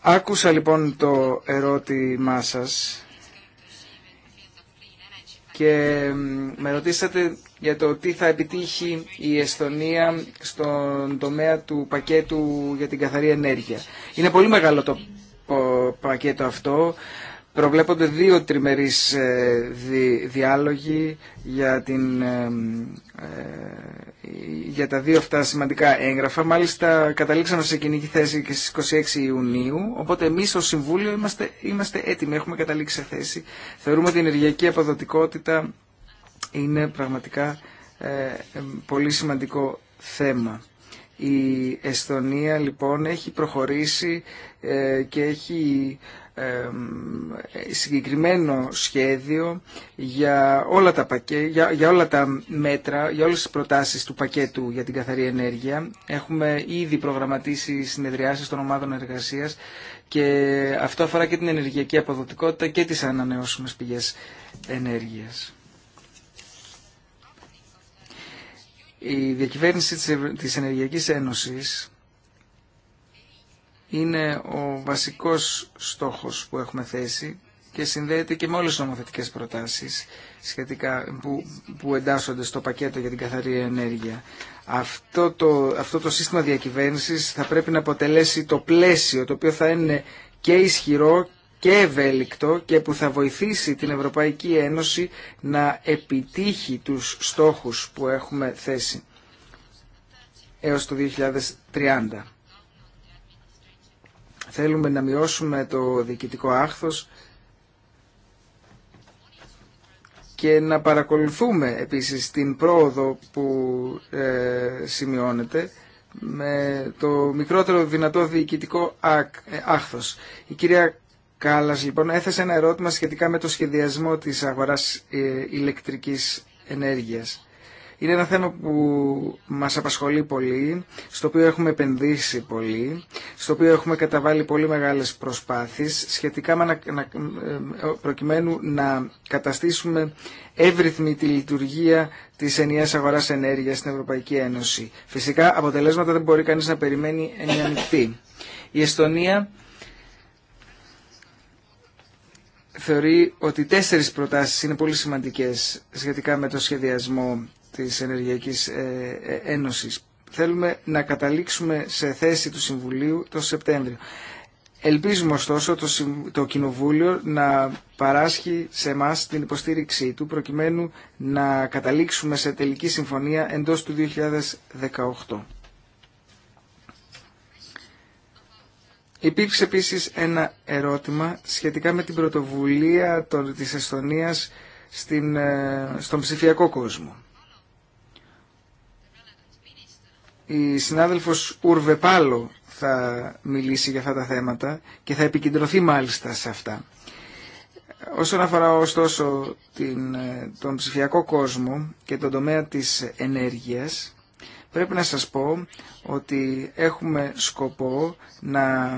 Άκουσα λοιπόν το ερώτημά σας και με ρωτήσατε για το τι θα επιτύχει η Εσθονία στον τομέα του πακέτου για την καθαρή ενέργεια. Είναι πολύ μεγάλο το πακέτο αυτό. Προβλέπονται δύο τριμερείς ε, διάλογοι για, την, ε, ε, για τα δύο αυτά σημαντικά έγγραφα. Μάλιστα καταλήξαμε σε κοινή θέση και στις 26 Ιουνίου, οπότε εμείς ως Συμβούλιο είμαστε, είμαστε έτοιμοι, έχουμε καταλήξει σε θέση. Θεωρούμε την ενεργειακή αποδοτικότητα είναι πραγματικά ε, πολύ σημαντικό θέμα. Η Εστονία λοιπόν έχει προχωρήσει ε, και έχει ε, συγκεκριμένο σχέδιο για όλα τα πακέ, όλα τα μέτρα, για όλες τις προτάσεις του πακέτου για την καθαρή ενέργεια. Έχουμε ήδη προγραμματίσει συνεδριάσεις των ομάδων εργασίας και αυτό αφορά και την ενεργειακή αποδοτικότητα και τις ανανεώσιμες πηγές ενέργειας. Η διακυβέρνηση της Ενεργειακής Ένωσης είναι ο βασικός στόχος που έχουμε θέσει και συνδέεται και με όλες τις νομοθετικές προτάσεις σχετικά που, που εντάσσονται στο πακέτο για την καθαρή ενέργεια. Αυτό το, αυτό το σύστημα διακυβέρνησης θα πρέπει να αποτελέσει το πλαίσιο το οποίο θα είναι και ισχυρό και ευέλικτο και που θα βοηθήσει την Ευρωπαϊκή Ένωση να επιτύχει τους στόχους που έχουμε θέσει έως το 2030. Θέλουμε να μειώσουμε το διοικητικό άχθος και να παρακολουθούμε επίσης την πρόοδο που ε, σημειώνεται με το μικρότερο δυνατό διοικητικό ε, άχθος. Η κυρία Κάλλας λοιπόν έθεσε ένα ερώτημα σχετικά με το σχεδιασμό της αγοράς ε, ηλεκτρικής ενέργειας. Είναι ένα θέμα που μας απασχολεί πολύ, στο οποίο έχουμε επενδύσει πολύ, στο οποίο έχουμε καταβάλει πολύ μεγάλες προσπάθειες, σχετικά με να, ε, προκειμένου να καταστήσουμε εύρυθμη τη λειτουργία της ενιαίας αγοράς ενέργειας στην Ευρωπαϊκή Ένωση. Φυσικά αποτελέσματα δεν μπορεί κανείς να περιμένει ενιανικτή. Η Εστονία θεωρεί ότι τέσσερις προτάσεις είναι πολύ σημαντικές σχετικά με το σχεδιασμό της Ενεργειακής ε, ε, Ένωσης. Θέλουμε να καταλήξουμε σε θέση του Συμβουλίου το Σεπτέμβριο. Ελπίζουμε ωστόσο το Κοινοβούλιο να παράσχει σε εμά την υποστήριξή του προκειμένου να καταλήξουμε σε τελική συμφωνία εντός του 2018. Υπήρξε επίσης ένα ερώτημα σχετικά με την πρωτοβουλία της Εστονίας ε, στον ψηφιακό κόσμο. Η συνάδελφος Ουρβεπάλο θα μιλήσει για αυτά τα θέματα και θα επικεντρωθεί μάλιστα σε αυτά. Όσον αφορά ωστόσο την, ε, τον ψηφιακό κόσμο και τον τομέα της ενέργειας, Πρέπει να σας πω ότι έχουμε σκοπό να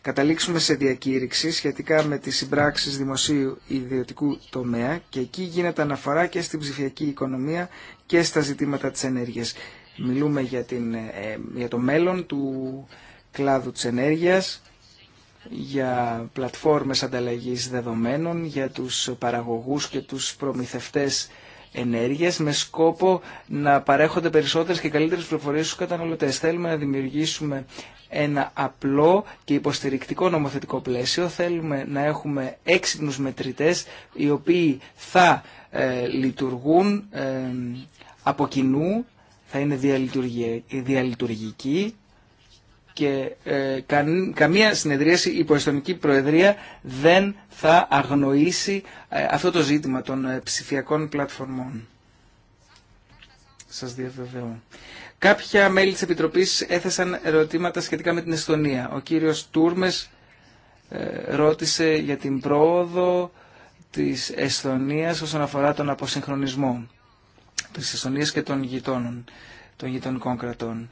καταλήξουμε σε διακήρυξη σχετικά με τις συμπράξεις δημοσίου ιδιωτικού τομέα και εκεί γίνεται αναφορά και στην ψηφιακή οικονομία και στα ζητήματα της ενέργειας. Μιλούμε για, την, ε, για το μέλλον του κλάδου της ενέργειας, για πλατφόρμες ανταλλαγής δεδομένων, για τους παραγωγούς και τους προμηθευτές με σκόπο να παρέχονται περισσότερες και καλύτερες πληροφορίες στους καταναλωτές. Θέλουμε να δημιουργήσουμε ένα απλό και υποστηρικτικό νομοθετικό πλαίσιο. Θέλουμε να έχουμε έξυπνους μετρητές οι οποίοι θα ε, λειτουργούν ε, από κοινού, θα είναι διαλειτουργικοί και ε, καμία συνεδρίαση υπό Προεδρία δεν θα αγνοήσει ε, αυτό το ζήτημα των ε, ψηφιακών πλατφορμών. Σας διαβεβαιώ. Κάποια μέλη της Επιτροπής έθεσαν ερωτήματα σχετικά με την Εστονία. Ο κύριος Τούρμες ρώτησε για την πρόοδο της Εστονίας όσον αφορά τον αποσυγχρονισμό της Εστονίας και των γειτόνων, των γειτονικών κρατών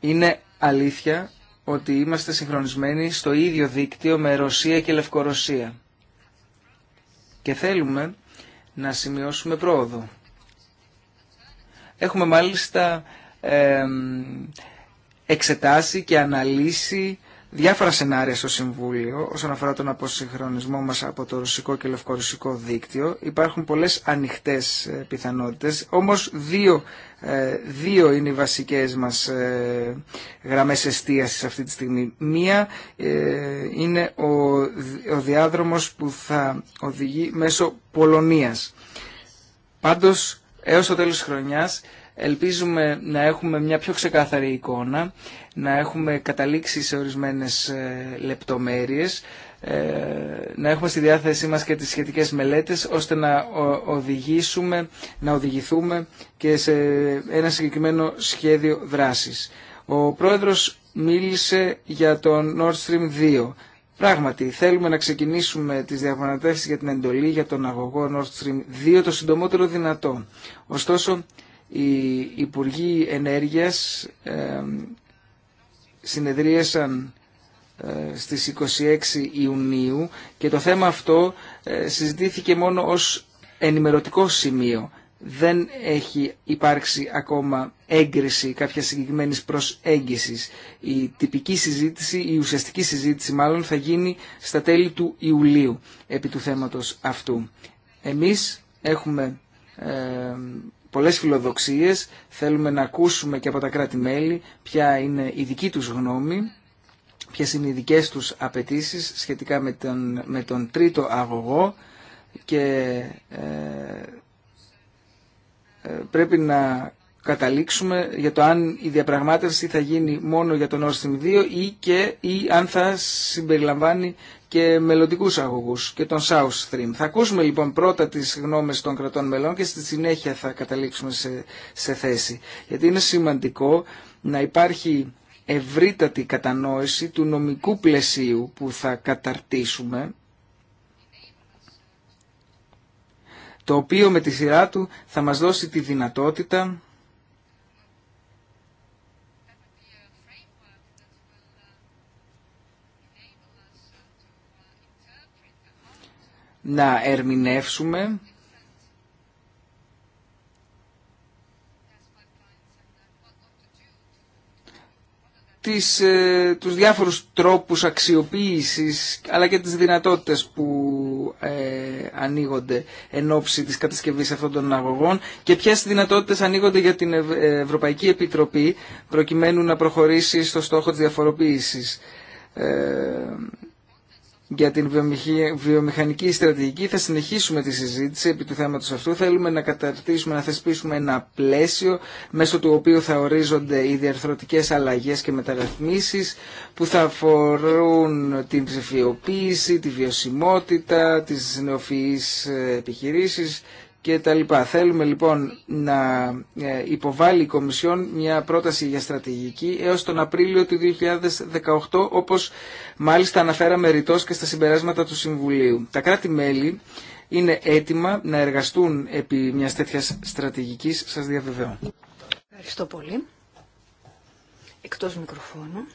είναι αλήθεια ότι είμαστε συγχρονισμένοι στο ίδιο δίκτυο με Ρωσία και Λευκορωσία. Και θέλουμε να σημειώσουμε πρόοδο. Έχουμε μάλιστα εξετάσει και αναλύσει διάφορα σενάρια στο Συμβούλιο όσον αφορά τον αποσυγχρονισμό μας από το ρωσικό και λευκορωσικό δίκτυο. Υπάρχουν πολλές ανοιχτές ε, πιθανότητες, όμως δύο, ε, δύο είναι οι βασικές μας ε, γραμμές εστίασης αυτή τη στιγμή. Μία είναι ο, ο διάδρομος που θα οδηγεί μέσω Πολωνίας. Πάντως, έως το τέλος της χρονιάς Ελπίζουμε να έχουμε μια πιο ξεκάθαρη εικόνα, να έχουμε καταλήξει σε ορισμένες ε, λεπτομέρειες, ε, να έχουμε στη διάθεσή μας και τις σχετικές μελέτες ώστε να οδηγήσουμε, να οδηγηθούμε και σε ένα συγκεκριμένο σχέδιο δράσης. Ο πρόεδρος μίλησε για το Nord Stream 2. Πράγματι, θέλουμε να ξεκινήσουμε τις διαπραγματεύσεις για την εντολή για τον αγωγό Nord Stream 2 το συντομότερο δυνατό. Ωστόσο, οι Υπουργοί Ενέργειας συνεδρίασαν ε, στις 26 Ιουνίου και το θέμα αυτό ε, συζητήθηκε μόνο ως ενημερωτικό σημείο. Δεν έχει υπάρξει ακόμα έγκριση κάποια συγκεκριμένης προσέγγισης. Η τυπική συζήτηση, η ουσιαστική συζήτηση μάλλον θα γίνει στα τέλη του Ιουλίου επί του θέματος αυτού. Εμείς έχουμε πολλές φιλοδοξίες. Θέλουμε να ακούσουμε και από τα κράτη-μέλη ποια είναι η δική τους γνώμη, ποιες είναι οι δικές τους απαιτήσεις σχετικά με τον, με τον τρίτο αγωγό και ε, ε, πρέπει να καταλήξουμε για το αν η διαπραγμάτευση θα γίνει μόνο για τον Nord Stream 2 ή, και, ή αν θα συμπεριλαμβάνει και μελλοντικού αγωγού και τον South Stream. Θα ακούσουμε λοιπόν πρώτα τι γνώμε των κρατών μελών και στη συνέχεια θα καταλήξουμε σε, σε θέση. Γιατί είναι σημαντικό να υπάρχει ευρύτατη κατανόηση του νομικού πλαισίου που θα καταρτήσουμε το οποίο με τη σειρά του θα μας δώσει τη δυνατότητα να ερμηνεύσουμε τις, ε, τους διάφορους τρόπους αξιοποίησης αλλά και τις δυνατότητες που ε, ανοίγονται εν ώψη της κατασκευής αυτών των αγωγών και ποιες δυνατότητες ανοίγονται για την ε, Ευρωπαϊκή Επιτροπή προκειμένου να προχωρήσει στο στόχο της διαφοροποίησης για την βιομηχανική στρατηγική θα συνεχίσουμε τη συζήτηση επί του θέματος αυτού. Θέλουμε να καταρτήσουμε, να θεσπίσουμε ένα πλαίσιο μέσω του οποίου θα ορίζονται οι διαρθρωτικές αλλαγές και μεταρρυθμίσεις που θα αφορούν την ψηφιοποίηση, τη βιωσιμότητα, τις νεοφυείς ε, επιχειρήσεις, και τα λοιπά. Θέλουμε λοιπόν να ε, υποβάλει η Κομισιόν μια πρόταση για στρατηγική έως τον Απρίλιο του 2018 όπως μάλιστα αναφέραμε ρητός και στα συμπεράσματα του Συμβουλίου. Τα κράτη-μέλη είναι έτοιμα να εργαστούν επί μιας τέτοιας στρατηγικής, σας διαβεβαιώ. Ευχαριστώ πολύ. Εκτός μικροφώνου.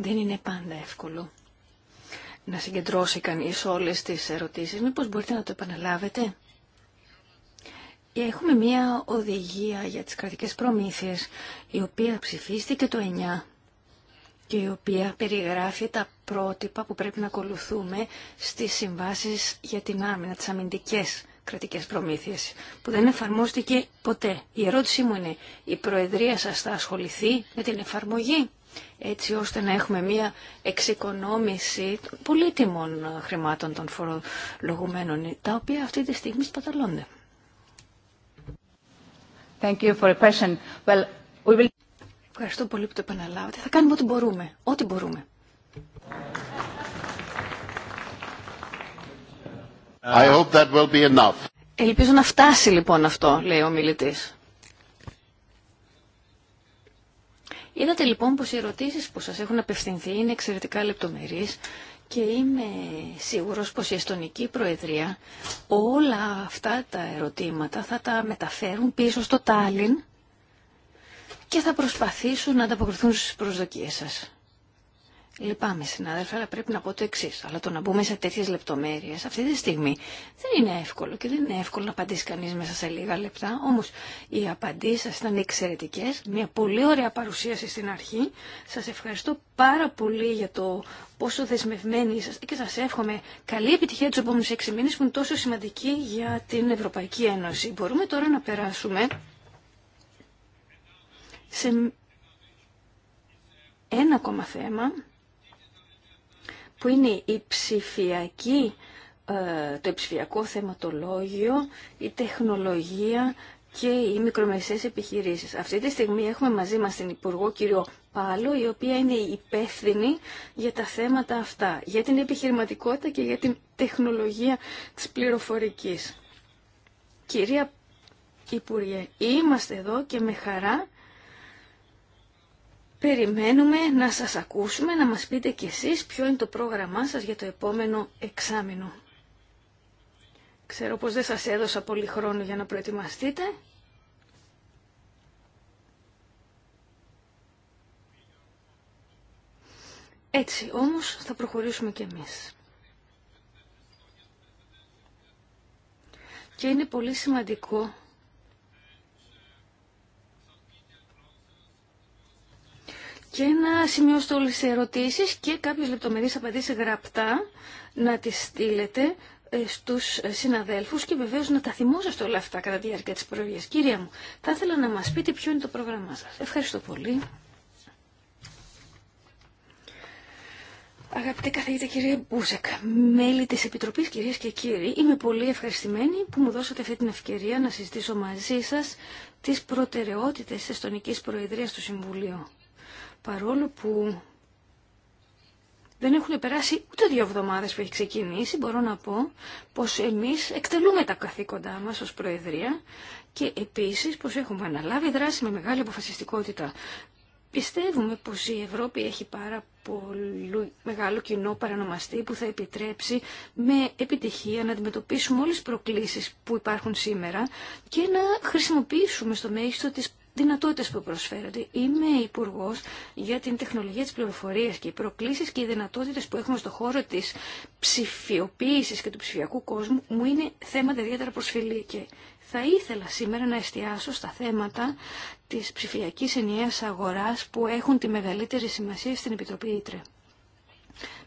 Δεν είναι πάντα εύκολο να συγκεντρώσει κανείς όλες τις ερωτήσεις. Μήπως μπορείτε να το επαναλάβετε. Έχουμε μία οδηγία για τις κρατικές προμήθειες, η οποία ψηφίστηκε το 9 και η οποία περιγράφει τα πρότυπα που πρέπει να ακολουθούμε στις συμβάσεις για την άμυνα, τις αμυντικές κρατικές προμήθειες, που δεν εφαρμόστηκε ποτέ. Η ερώτησή μου είναι, η Προεδρία σας θα ασχοληθεί με την εφαρμογή έτσι ώστε να έχουμε μία εξοικονόμηση πολύτιμων ε, χρημάτων των φορολογουμένων, τα οποία αυτή τη στιγμή σπαταλώνται. Thank you for Well, we will... Ευχαριστώ πολύ που το επαναλάβατε. Θα κάνουμε ό,τι μπορούμε. Ό,τι μπορούμε. I hope that will be enough. Ελπίζω να φτάσει λοιπόν αυτό, λέει ο μιλητής. Είδατε λοιπόν πως οι ερωτήσεις που σας έχουν απευθυνθεί είναι εξαιρετικά λεπτομερείς και είμαι σίγουρος πως η Εστονική Προεδρία όλα αυτά τα ερωτήματα θα τα μεταφέρουν πίσω στο Τάλιν και θα προσπαθήσουν να ανταποκριθούν στις προσδοκίες σας. Λυπάμαι, συνάδελφα, αλλά πρέπει να πω το εξή. Αλλά το να μπούμε σε τέτοιε λεπτομέρειε αυτή τη στιγμή δεν είναι εύκολο και δεν είναι εύκολο να απαντήσει κανεί μέσα σε λίγα λεπτά. Όμω οι απαντήσει σα ήταν εξαιρετικέ. Μια πολύ ωραία παρουσίαση στην αρχή. Σα ευχαριστώ πάρα πολύ για το πόσο δεσμευμένοι είσαστε και σα εύχομαι καλή επιτυχία του επόμενου έξι μήνε που είναι τόσο σημαντική για την Ευρωπαϊκή Ένωση. Μπορούμε τώρα να περάσουμε σε ένα ακόμα θέμα που είναι η ψηφιακή, ε, το ψηφιακό θεματολόγιο, η τεχνολογία και οι μικρομεσαίες επιχειρήσεις. Αυτή τη στιγμή έχουμε μαζί μας την Υπουργό κύριο Πάλο, η οποία είναι υπεύθυνη για τα θέματα αυτά, για την επιχειρηματικότητα και για την τεχνολογία της πληροφορικής. Κυρία Υπουργέ, είμαστε εδώ και με χαρά Περιμένουμε να σας ακούσουμε, να μας πείτε κι εσείς ποιο είναι το πρόγραμμά σας για το επόμενο εξάμεινο. Ξέρω πως δεν σας έδωσα πολύ χρόνο για να προετοιμαστείτε. Έτσι όμως θα προχωρήσουμε κι εμείς. Και είναι πολύ σημαντικό και να σημειώσετε όλες τις ερωτήσεις και κάποιες λεπτομερεί απαντήσεις γραπτά να τις στείλετε ε, στους συναδέλφους και βεβαίως να τα θυμόσαστε όλα αυτά κατά τη διάρκεια της προηγίας. Κυρία μου, θα ήθελα να μας πείτε ποιο είναι το πρόγραμμά σας. Ευχαριστώ πολύ. Αγαπητέ καθηγήτρια κυρία Μπούζεκ, μέλη της Επιτροπής κυρίες και κύριοι, είμαι πολύ ευχαριστημένη που μου δώσατε αυτή την ευκαιρία να συζητήσω μαζί σας τις προτεραιότητες της Εστονικής Προεδρίας του Συμβουλίου παρόλο που δεν έχουν περάσει ούτε δύο εβδομάδες που έχει ξεκινήσει, μπορώ να πω πως εμείς εκτελούμε τα καθήκοντά μας ως Προεδρία και επίσης πως έχουμε αναλάβει δράση με μεγάλη αποφασιστικότητα. Πιστεύουμε πως η Ευρώπη έχει πάρα πολύ μεγάλο κοινό παρανομαστή που θα επιτρέψει με επιτυχία να αντιμετωπίσουμε όλες τις προκλήσεις που υπάρχουν σήμερα και να χρησιμοποιήσουμε στο μέγιστο τις δυνατότητε που προσφέρονται. Είμαι υπουργό για την τεχνολογία τη πληροφορίας και οι προκλήσεις και οι δυνατότητες που έχουμε στο χώρο της ψηφιοποίησης και του ψηφιακού κόσμου μου είναι θέματα ιδιαίτερα προσφυλή και θα ήθελα σήμερα να εστιάσω στα θέματα της ψηφιακής ενιαίας αγοράς που έχουν τη μεγαλύτερη σημασία στην Επιτροπή Ήτρε.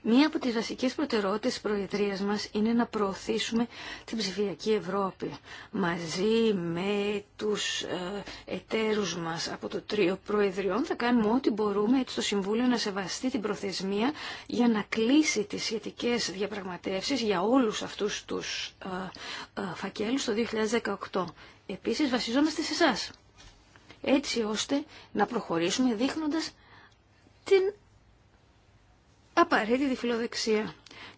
Μία από τις βασικές προτεραιότητες της Προεδρίας μας είναι να προωθήσουμε την ψηφιακή Ευρώπη μαζί με τους ε, εταίρους μας από το τρίο Προεδριών. Θα κάνουμε ό,τι μπορούμε έτσι το Συμβούλιο να σεβαστεί την προθεσμία για να κλείσει τις σχετικές διαπραγματεύσεις για όλους αυτούς τους ε, ε, φακέλους το 2018. Επίσης βασιζόμαστε σε εσά. έτσι ώστε να προχωρήσουμε δείχνοντας την απαραίτητη φιλοδεξία.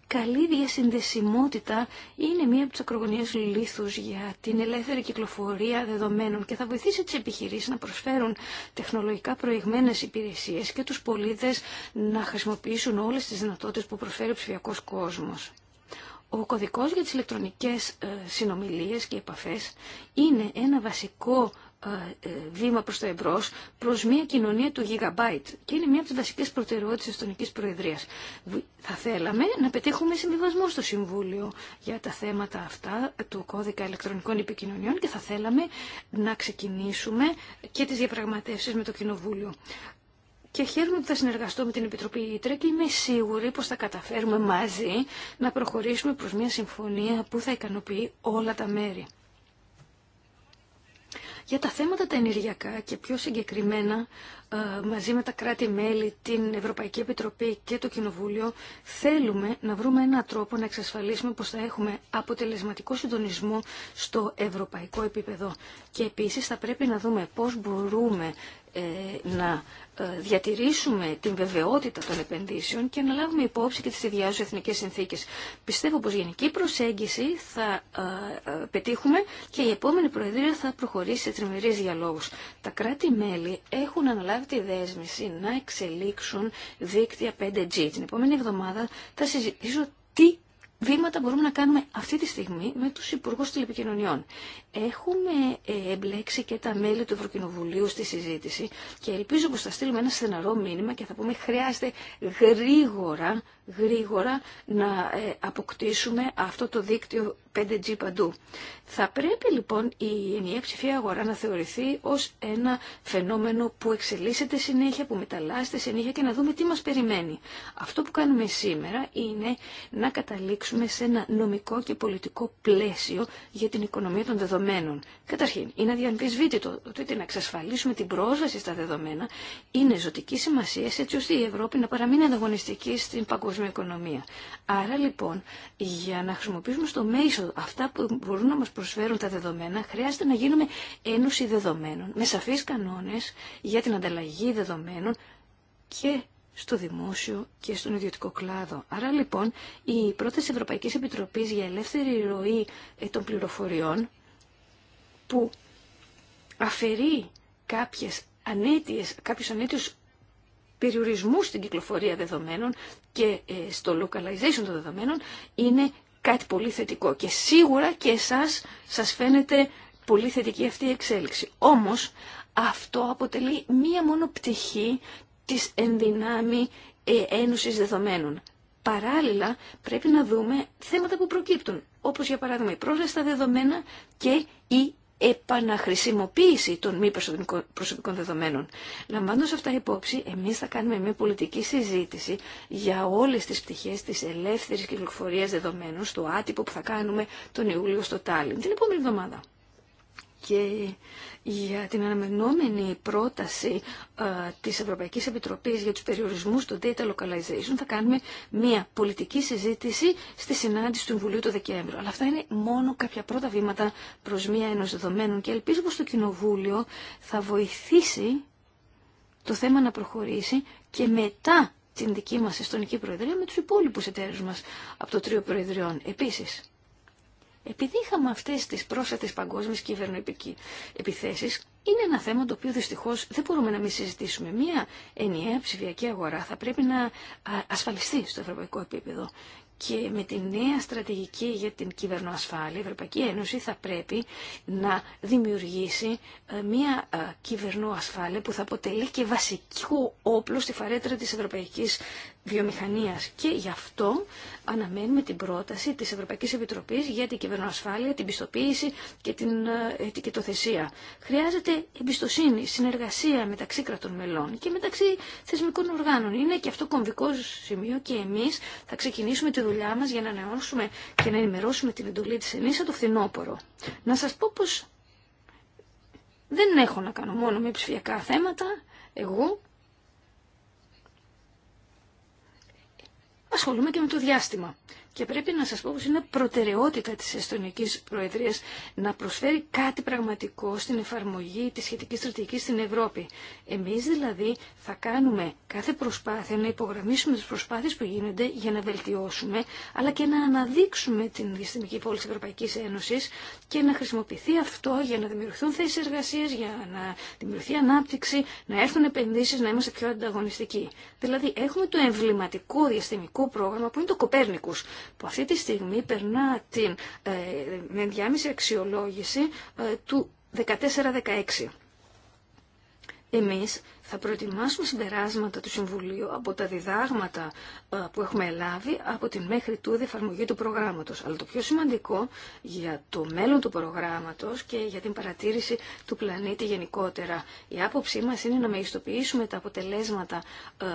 Καλή διασυνδεσιμότητα είναι μία από τι ακρογωνίε λίθους για την ελεύθερη κυκλοφορία δεδομένων και θα βοηθήσει τις επιχειρήσεις να προσφέρουν τεχνολογικά προηγμένες υπηρεσίες και τους πολίτες να χρησιμοποιήσουν όλες τις δυνατότητες που προσφέρει ο ψηφιακό κόσμος. Ο κωδικός για τις ηλεκτρονικές ε, συνομιλίες και επαφές είναι ένα βασικό ε, βήμα προς το εμπρός, προς μια κοινωνία του Gigabyte. Και είναι μια από τις βασικές προτεραιότητες της Εστονικής Προεδρίας. Θα θέλαμε να πετύχουμε συμβιβασμό στο Συμβούλιο για τα θέματα αυτά του κώδικα ηλεκτρονικών επικοινωνιών και θα θέλαμε να ξεκινήσουμε και τις διαπραγματεύσεις με το Κοινοβούλιο. Και χαίρομαι που θα συνεργαστώ με την Επιτροπή Ήτρα και είμαι σίγουρη πως θα καταφέρουμε μαζί να προχωρήσουμε προς μια συμφωνία που θα ικανοποιεί όλα τα μέρη για τα θέματα τα ενεργειακά και πιο συγκεκριμένα ε, μαζί με τα κράτη-μέλη, την Ευρωπαϊκή Επιτροπή και το Κοινοβούλιο θέλουμε να βρούμε έναν τρόπο να εξασφαλίσουμε πως θα έχουμε αποτελεσματικό συντονισμό στο ευρωπαϊκό επίπεδο. Και επίσης θα πρέπει να δούμε πώς μπορούμε ε, να ε, διατηρήσουμε την βεβαιότητα των επενδύσεων και να λάβουμε υπόψη και τις ιδιάζουσες εθνικές συνθήκες. Πιστεύω πως γενική προσέγγιση θα ε, πετύχουμε και η επόμενη Προεδρία θα προχωρήσει σε τριμερείς διαλόγους. Τα κράτη-μέλη έχουν αναλάβει τη δέσμηση να εξελίξουν δίκτυα 5G. Την επόμενη εβδομάδα θα συζητήσω τι βήματα μπορούμε να κάνουμε αυτή τη στιγμή με τους Υπουργούς Τηλεπικοινωνιών έχουμε ε, εμπλέξει και τα μέλη του Ευρωκοινοβουλίου στη συζήτηση και ελπίζω πως θα στείλουμε ένα στεναρό μήνυμα και θα πούμε χρειάζεται γρήγορα, γρήγορα να ε, αποκτήσουμε αυτό το δίκτυο 5G παντού. Θα πρέπει λοιπόν η ενιαία ψηφία αγορά να θεωρηθεί ως ένα φαινόμενο που εξελίσσεται συνέχεια, που μεταλλάσσεται συνέχεια και να δούμε τι μας περιμένει. Αυτό που κάνουμε σήμερα είναι να καταλήξουμε σε ένα νομικό και πολιτικό πλαίσιο για την οικονομία των δεδομένων δεδομένων. Καταρχήν, είναι αδιαμφισβήτητο ότι να εξασφαλίσουμε την πρόσβαση στα δεδομένα είναι ζωτική σημασία έτσι ώστε η Ευρώπη να παραμείνει ανταγωνιστική στην παγκόσμια οικονομία. Άρα λοιπόν, για να χρησιμοποιήσουμε στο μέσο αυτά που μπορούν να μα προσφέρουν τα δεδομένα, χρειάζεται να γίνουμε ένωση δεδομένων με σαφεί κανόνε για την ανταλλαγή δεδομένων και στο δημόσιο και στον ιδιωτικό κλάδο. Άρα λοιπόν η πρόταση Ευρωπαϊκής Επιτροπής για ελεύθερη ροή ε, των πληροφοριών που αφαιρεί κάποιες ανέτειες, κάποιους ανέτειους περιορισμούς στην κυκλοφορία δεδομένων και ε, στο localization των δεδομένων είναι κάτι πολύ θετικό. Και σίγουρα και εσάς σας φαίνεται πολύ θετική αυτή η εξέλιξη. Όμως αυτό αποτελεί μία μόνο πτυχή της ενδυνάμει ε, ένωσης δεδομένων. Παράλληλα πρέπει να δούμε θέματα που προκύπτουν, όπως για παράδειγμα η πρόσβαση στα δεδομένα και η επαναχρησιμοποίηση των μη προσωπικών δεδομένων. Λαμβάνοντας αυτά υπόψη, εμείς θα κάνουμε μια πολιτική συζήτηση για όλες τις πτυχές της ελεύθερης κυκλοφορίας δεδομένων στο άτυπο που θα κάνουμε τον Ιούλιο στο Τάλιν την επόμενη εβδομάδα και για την αναμενόμενη πρόταση α, της Ευρωπαϊκής Επιτροπής για τους περιορισμούς των data localization θα κάνουμε μια πολιτική συζήτηση στη συνάντηση του Βουλίου το Δεκέμβριο. Αλλά αυτά είναι μόνο κάποια πρώτα βήματα προς μια ενός δεδομένων και ελπίζω πως το Κοινοβούλιο θα βοηθήσει το θέμα να προχωρήσει και μετά την δική μας Εστονική Προεδρία με τους υπόλοιπους εταίρους μας από το Τρίο Προεδριών. Επίσης, επειδή είχαμε αυτές τις πρόσφατες παγκόσμιες επιθέσεις, είναι ένα θέμα το οποίο δυστυχώς δεν μπορούμε να μην συζητήσουμε. Μία ενιαία ψηφιακή αγορά θα πρέπει να ασφαλιστεί στο ευρωπαϊκό επίπεδο. Και με τη νέα στρατηγική για την κυβερνοασφάλεια, η Ευρωπαϊκή Ένωση θα πρέπει να δημιουργήσει ε, μια ε, κυβερνοασφάλεια που θα αποτελεί και βασικό όπλο στη φαρέτρα της ευρωπαϊκής βιομηχανίας και γι' αυτό αναμένουμε την πρόταση της Ευρωπαϊκής Επιτροπής για την κυβερνοασφάλεια, την πιστοποίηση και την ε, ετικετοθεσία. Χρειάζεται εμπιστοσύνη, συνεργασία μεταξύ κρατών μελών και μεταξύ θεσμικών οργάνων. Είναι και αυτό κομβικό σημείο και εμείς θα ξεκινήσουμε τη δουλειά μας για να ανανεώσουμε και να ενημερώσουμε την εντολή της ΕΝΗΣΑ το φθινόπωρο. Να σας πω πως δεν έχω να κάνω μόνο με ψηφιακά θέματα. Εγώ ασχολούμαι και με το διάστημα. Και πρέπει να σας πω πως είναι προτεραιότητα της Εστονικής Προεδρίας να προσφέρει κάτι πραγματικό στην εφαρμογή της σχετικής στρατηγικής στην Ευρώπη. Εμείς δηλαδή θα κάνουμε κάθε προσπάθεια να υπογραμμίσουμε τις προσπάθειες που γίνονται για να βελτιώσουμε αλλά και να αναδείξουμε την διαστημική πόλη της Ευρωπαϊκής Ένωσης και να χρησιμοποιηθεί αυτό για να δημιουργηθούν θέσεις εργασίας, για να δημιουργηθεί ανάπτυξη, να έρθουν επενδύσεις, να είμαστε πιο ανταγωνιστικοί. Δηλαδή έχουμε το εμβληματικό διαστημικό πρόγραμμα που είναι το Κοπέρνικους που αυτή τη στιγμή περνά την ε, ενδιάμεση αξιολόγηση ε, του 14-16. Εμείς θα προετοιμάσουμε συμπεράσματα του Συμβουλίου από τα διδάγματα ε, που έχουμε λάβει από την μέχρι τούδη εφαρμογή του προγράμματος. Αλλά το πιο σημαντικό για το μέλλον του προγράμματος και για την παρατήρηση του πλανήτη γενικότερα. Η άποψή μας είναι να μεγιστοποιήσουμε τα αποτελέσματα ε,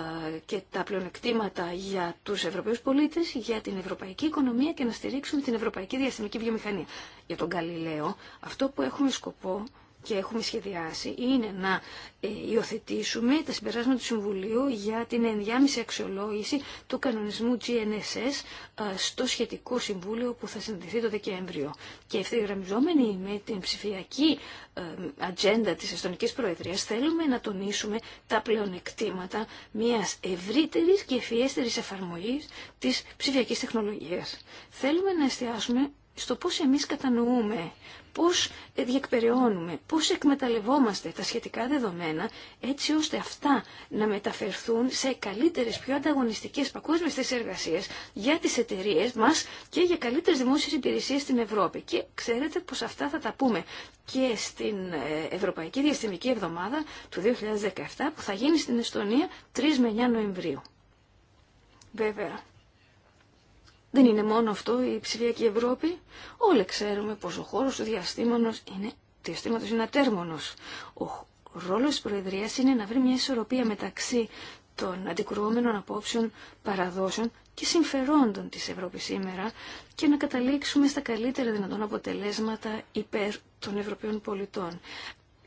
και τα πλεονεκτήματα για τους Ευρωπαίους πολίτες, για την ευρωπαϊκή οικονομία και να στηρίξουμε την ευρωπαϊκή διαστημική βιομηχανία. Για τον Καλλιλέο, αυτό που έχουμε σκοπό και έχουμε σχεδιάσει είναι να ε, υιοθετήσουμε τα συμπεράσματα του Συμβουλίου για την ενδιάμεση αξιολόγηση του κανονισμού GNSS ε, στο σχετικό Συμβούλιο που θα συνδεθεί το Δεκέμβριο. Και ευθυγραμμιζόμενοι με την ψηφιακή ε, ατζέντα της Εστονικής Προεδρίας θέλουμε να τονίσουμε τα πλεονεκτήματα μιας ευρύτερης και ευφιέστερης εφαρμογής της ψηφιακής τεχνολογίας. Θέλουμε να εστιάσουμε στο πώς εμείς κατανοούμε πώς διεκπεραιώνουμε, πώς εκμεταλλευόμαστε τα σχετικά δεδομένα έτσι ώστε αυτά να μεταφερθούν σε καλύτερες, πιο ανταγωνιστικές παγκόσμιες θέσεις εργασίας για τις εταιρείε μας και για καλύτερες δημόσιες υπηρεσίες στην Ευρώπη. Και ξέρετε πως αυτά θα τα πούμε και στην ε, Ευρωπαϊκή Διαστημική Εβδομάδα του 2017 που θα γίνει στην Εστονία 3 με 9 Νοεμβρίου. Βέβαια, δεν είναι μόνο αυτό η ψηφιακή Ευρώπη. Όλοι ξέρουμε πως ο χώρος του διαστήματος είναι, διαστήματος είναι ατέρμονος. Ο ρόλος της Προεδρίας είναι να βρει μια ισορροπία μεταξύ των αντικρουόμενων απόψεων, παραδόσεων και συμφερόντων της Ευρώπης σήμερα και να καταλήξουμε στα καλύτερα δυνατόν αποτελέσματα υπέρ των Ευρωπαίων πολιτών.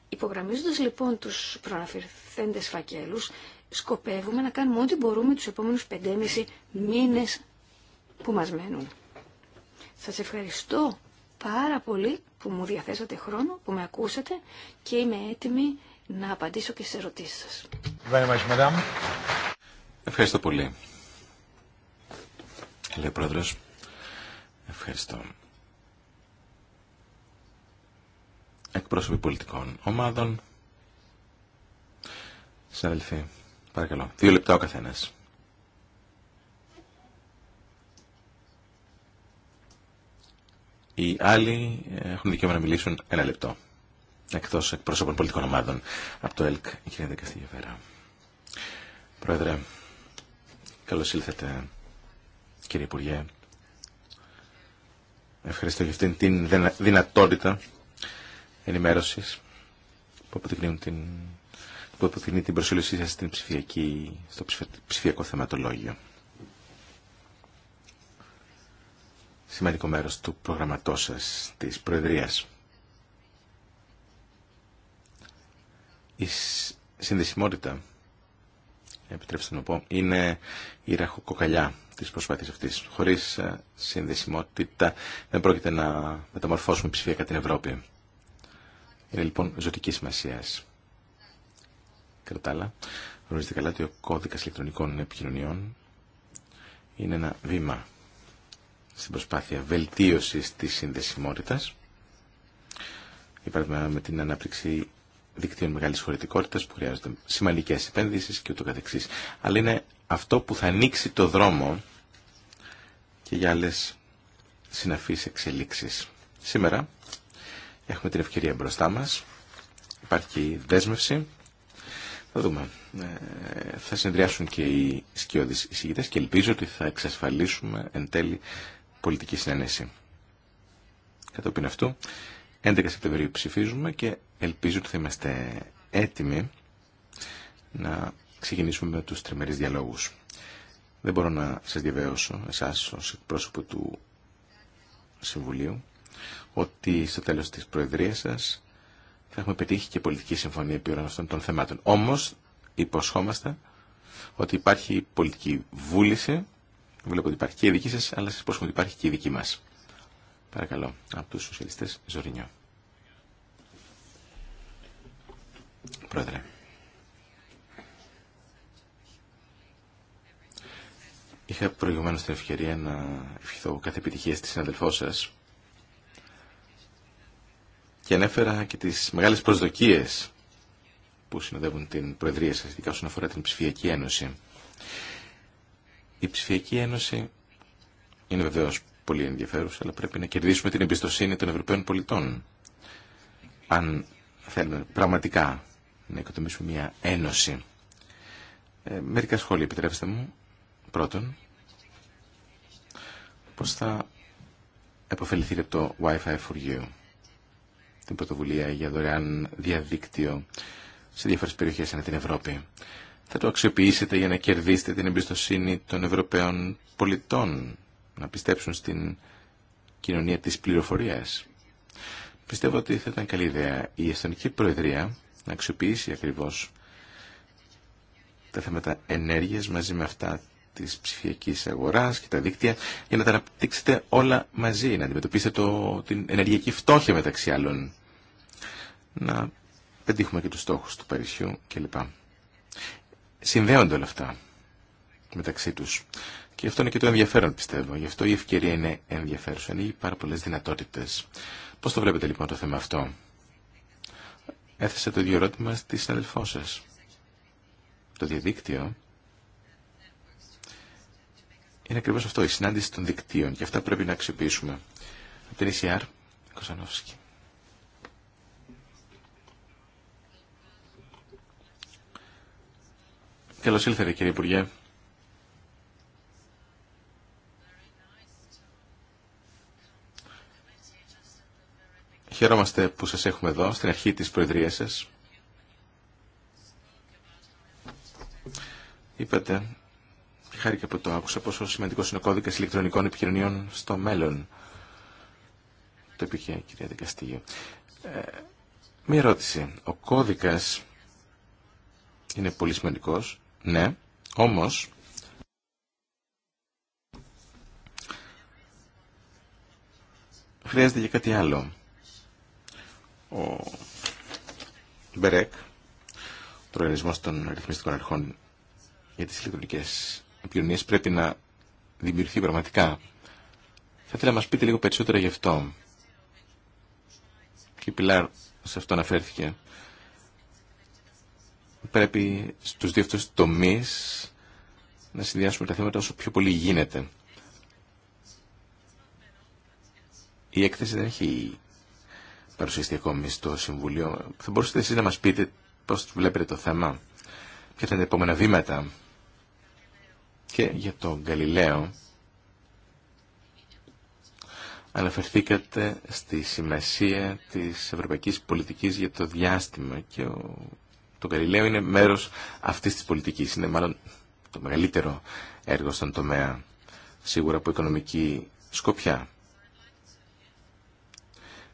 Υπογραμμίζοντας λοιπόν τους προαναφερθέντες φακέλους, σκοπεύουμε να κάνουμε ό,τι μπορούμε τους επόμενους 5,5 μήνες που μας μένουν. Σας ευχαριστώ πάρα πολύ που μου διαθέσατε χρόνο, που με ακούσατε και είμαι έτοιμη να απαντήσω και στις ερωτήσεις σας. Ευχαριστώ πολύ. Λέει Πρόεδρος. Ευχαριστώ. Εκπρόσωποι πολιτικών ομάδων. Συναδελφοί, παρακαλώ. Δύο λεπτά ο καθένας. Οι άλλοι έχουν δικαίωμα να μιλήσουν ένα λεπτό. Εκτό εκπροσώπων πολιτικών ομάδων. Από το ΕΛΚ, η κυρία Δεκαστή Βέρα. Πρόεδρε, καλώ ήλθατε, κύριε Υπουργέ. Ευχαριστώ για αυτήν την δυνατότητα ενημέρωση που αποδεικνύουν την που την προσήλωσή σας στην ψηφιακή, στο ψηφιακό θεματολόγιο. σημαντικό μέρος του προγραμματός σας, της Προεδρίας. Η συνδεσιμότητα, επιτρέψτε να πω, είναι η ραχοκοκαλιά της προσπάθειας αυτής. Χωρίς ε, συνδεσιμότητα δεν πρόκειται να μεταμορφώσουμε ψηφιακά την Ευρώπη. Είναι λοιπόν ζωτική σημασία. Κατά τα άλλα, γνωρίζετε καλά ότι ο κώδικας ηλεκτρονικών επικοινωνιών είναι ένα βήμα στην προσπάθεια βελτίωσης της συνδεσιμότητας. Υπάρχει με την ανάπτυξη δικτύων μεγάλης χωρητικότητας που χρειάζονται σημαντικές επένδυσεις και ούτω καθεξής. Αλλά είναι αυτό που θα ανοίξει το δρόμο και για άλλες συναφείς εξελίξεις. Σήμερα έχουμε την ευκαιρία μπροστά μας. Υπάρχει δέσμευση. Θα δούμε. Ε, θα συνδυάσουν και οι σκιώδεις εισηγητές και ελπίζω ότι θα εξασφαλίσουμε εν τέλει πολιτική συνένεση. Κατόπιν αυτού, 11 Σεπτεμβρίου ψηφίζουμε και ελπίζω ότι θα είμαστε έτοιμοι να ξεκινήσουμε με τους τριμερείς διαλόγους. Δεν μπορώ να σας διαβεώσω εσάς ως πρόσωπο του Συμβουλίου, ότι στο τέλος της Προεδρίας σας θα έχουμε πετύχει και πολιτική συμφωνία επί όλων αυτών των θεμάτων. Όμως υποσχόμαστε ότι υπάρχει πολιτική βούληση Βλέπω ότι υπάρχει και η δική σα, αλλά σα πρόσχομαι ότι υπάρχει και η δική μα. Παρακαλώ, από του σοσιαλιστέ Ζωρινιό. Πρόεδρε. Είχα προηγουμένω την ευκαιρία να ευχηθώ κάθε επιτυχία στη συναδελφό σα και ανέφερα και τι μεγάλε προσδοκίε που συνοδεύουν την Προεδρία σα, ειδικά όσον αφορά την Ψηφιακή Ένωση. Η ψηφιακή ένωση είναι βεβαίω πολύ ενδιαφέρουσα, αλλά πρέπει να κερδίσουμε την εμπιστοσύνη των Ευρωπαίων πολιτών. Αν θέλουμε πραγματικά να οικοδομήσουμε μια ένωση. Ε, μερικά σχόλια επιτρέψτε μου. Πρώτον, πώς θα επωφεληθεί από το Wi-Fi for You, την πρωτοβουλία για δωρεάν διαδίκτυο σε διάφορε περιοχές ανά την Ευρώπη θα το αξιοποιήσετε για να κερδίσετε την εμπιστοσύνη των Ευρωπαίων πολιτών, να πιστέψουν στην κοινωνία της πληροφορίας. Πιστεύω ότι θα ήταν καλή ιδέα η Εστονική Προεδρία να αξιοποιήσει ακριβώς τα θέματα ενέργειας μαζί με αυτά της ψηφιακής αγοράς και τα δίκτυα για να τα αναπτύξετε όλα μαζί, να αντιμετωπίσετε το, την ενεργειακή φτώχεια μεταξύ άλλων, να πετύχουμε και τους στόχους του Παρισιού κλπ. Συνδέονται όλα αυτά μεταξύ τους. Και αυτό είναι και το ενδιαφέρον πιστεύω. Γι' αυτό η ευκαιρία είναι ενδιαφέρουσα. Ανοίγει πάρα πολλέ δυνατότητε. Πώ το βλέπετε λοιπόν το θέμα αυτό, Έθεσα το ίδιο ερώτημα στη συναδελφό σα. Το διαδίκτυο είναι ακριβώ αυτό, η συνάντηση των δικτύων. Και αυτά πρέπει να αξιοποιήσουμε. Από την ECR, Καλώ ήλθατε κύριε Υπουργέ. Χαίρομαστε που σας έχουμε εδώ, στην αρχή της Προεδρίας σας. Είπατε, και από το άκουσα, πόσο σημαντικός είναι ο κώδικας ηλεκτρονικών επικοινωνιών στο μέλλον. Το είπε και η κυρία Δικαστήγιο. Ε, μία ερώτηση. Ο κώδικας είναι πολύ σημαντικός, ναι, όμως χρειάζεται και κάτι άλλο. Ο Μπερέκ, ο οργανισμός των ρυθμιστικών αρχών για τις ηλεκτρονικές επικοινωνίες πρέπει να δημιουργηθεί πραγματικά. Θα ήθελα να μας πείτε λίγο περισσότερο γι' αυτό. Και η Πιλάρ σε αυτό αναφέρθηκε πρέπει στους δύο αυτούς τομείς να συνδυάσουμε τα θέματα όσο πιο πολύ γίνεται. Η έκθεση δεν έχει παρουσιαστεί ακόμη στο Συμβουλίο. Θα μπορούσατε εσείς να μας πείτε πώς βλέπετε το θέμα, ποια θα είναι τα επόμενα βήματα και για τον Γαλιλαίο. Αναφερθήκατε στη σημασία της ευρωπαϊκής πολιτικής για το διάστημα και ο το Γαλιλαίο είναι μέρος αυτής της πολιτικής. Είναι μάλλον το μεγαλύτερο έργο στον τομέα, σίγουρα από οικονομική σκοπιά.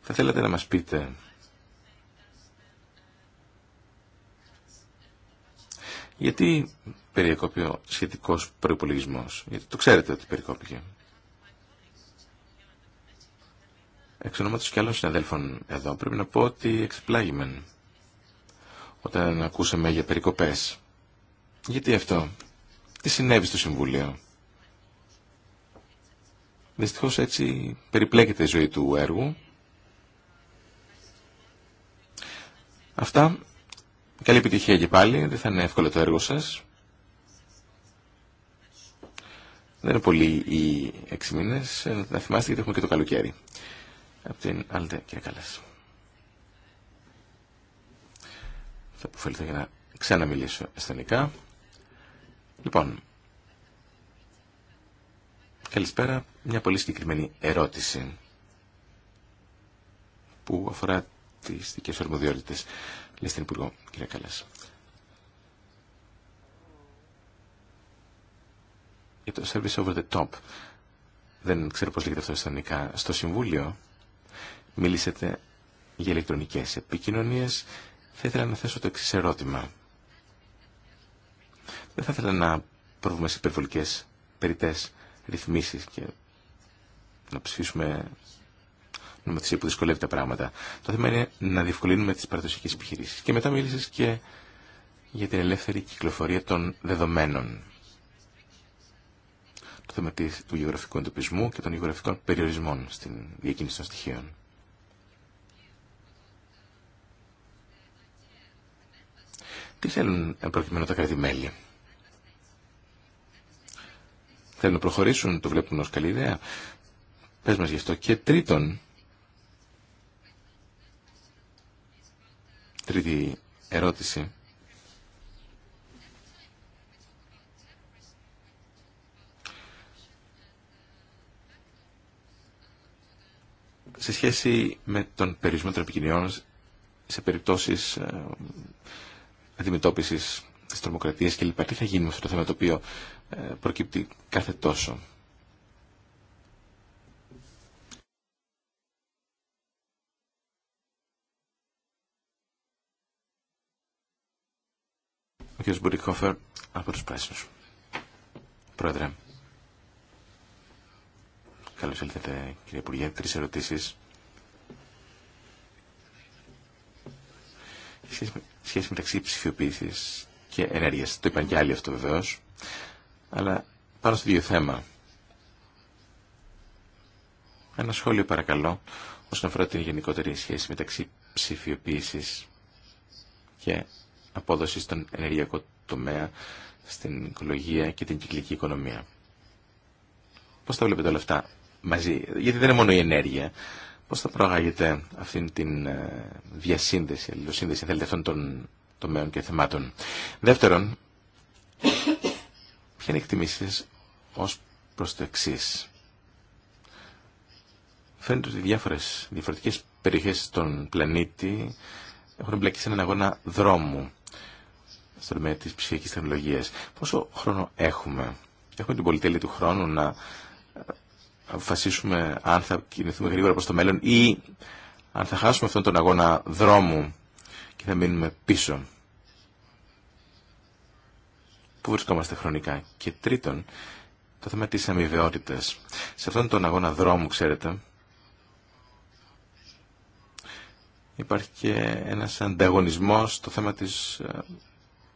Θα θέλατε να μας πείτε γιατί περιεκόπη ο σχετικός προϋπολογισμός. Γιατί το ξέρετε ότι περικόπηκε. Εξ ονόματος και άλλων συναδέλφων εδώ πρέπει να πω ότι εξεπλάγημεν όταν ακούσαμε για περικοπές. Γιατί αυτό. Τι συνέβη στο Συμβούλιο. Δυστυχώς έτσι περιπλέκεται η ζωή του έργου. Αυτά. Καλή επιτυχία και πάλι. Δεν θα είναι εύκολο το έργο σας. Δεν είναι πολύ οι έξι μήνες. Θα θυμάστε γιατί έχουμε και το καλοκαίρι. Από την άλλη, και Καλάς. θα αποφελθώ για να ξαναμιλήσω ασθενικά. Λοιπόν, καλησπέρα. Μια πολύ συγκεκριμένη ερώτηση που αφορά τις δικές αρμοδιότητες. Λέει στην Υπουργό, κύριε Καλάς. Για το service over the top, δεν ξέρω πώς λέγεται αυτό ασθενικά. στο Συμβούλιο μιλήσετε για ηλεκτρονικές επικοινωνίες θα ήθελα να θέσω το εξή ερώτημα. Δεν θα ήθελα να προβούμε σε υπερβολικέ περιτές ρυθμίσεις και να ψηφίσουμε νομοθεσία που δυσκολεύει τα πράγματα. Το θέμα είναι να διευκολύνουμε τις παραδοσιακέ επιχειρήσει. Και μετά μίλησε και για την ελεύθερη κυκλοφορία των δεδομένων. Το θέμα του γεωγραφικού εντοπισμού και των γεωγραφικών περιορισμών στην διακίνηση των στοιχείων. Τι θέλουν προκειμένου τα κρατη Θέλουν να προχωρήσουν, το βλέπουν ως καλή ιδέα. Πες μας γι' αυτό. Και τρίτον, τρίτη ερώτηση. Σε σχέση με τον περιορισμό των επικοινωνιών σε περιπτώσεις ε, αντιμετώπισης της τρομοκρατίας κλπ. Τι θα γίνει με αυτό το θέμα το οποίο ε, προκύπτει κάθε τόσο. Ο κ. Μπουρικόφερ από τους Πράσινους. Πρόεδρε, καλώς ήλθατε κύριε Υπουργέ. τρει ερωτήσει σχέση μεταξύ ψηφιοποίηση και ενέργεια. Το είπαν και άλλοι αυτό βεβαίω. Αλλά πάνω στο ίδιο θέμα. Ένα σχόλιο παρακαλώ όσον αφορά την γενικότερη σχέση μεταξύ ψηφιοποίηση και απόδοση στον ενεργειακό τομέα, στην οικολογία και την κυκλική οικονομία. Πώς τα βλέπετε όλα αυτά μαζί, γιατί δεν είναι μόνο η ενέργεια, Πώς θα προαγάγετε αυτήν την ε, διασύνδεση, αλληλοσύνδεση, αν θέλετε, αυτών των τομέων και θεμάτων. Δεύτερον, ποια είναι η εκτιμήση ως προς το εξή, Φαίνεται ότι διάφορες διαφορετικές περιοχές στον πλανήτη έχουν εμπλακεί σε έναν αγώνα δρόμου στον τομέα της ψυχικής τεχνολογίας. Πόσο χρόνο έχουμε. Έχουμε την πολυτέλεια του χρόνου να αποφασίσουμε αν θα κινηθούμε γρήγορα προς το μέλλον ή αν θα χάσουμε αυτόν τον αγώνα δρόμου και θα μείνουμε πίσω. Πού βρισκόμαστε χρονικά. Και τρίτον, το θέμα της αμοιβαιότητας. Σε αυτόν τον αγώνα δρόμου, ξέρετε, υπάρχει και ένας ανταγωνισμός στο θέμα της, ε,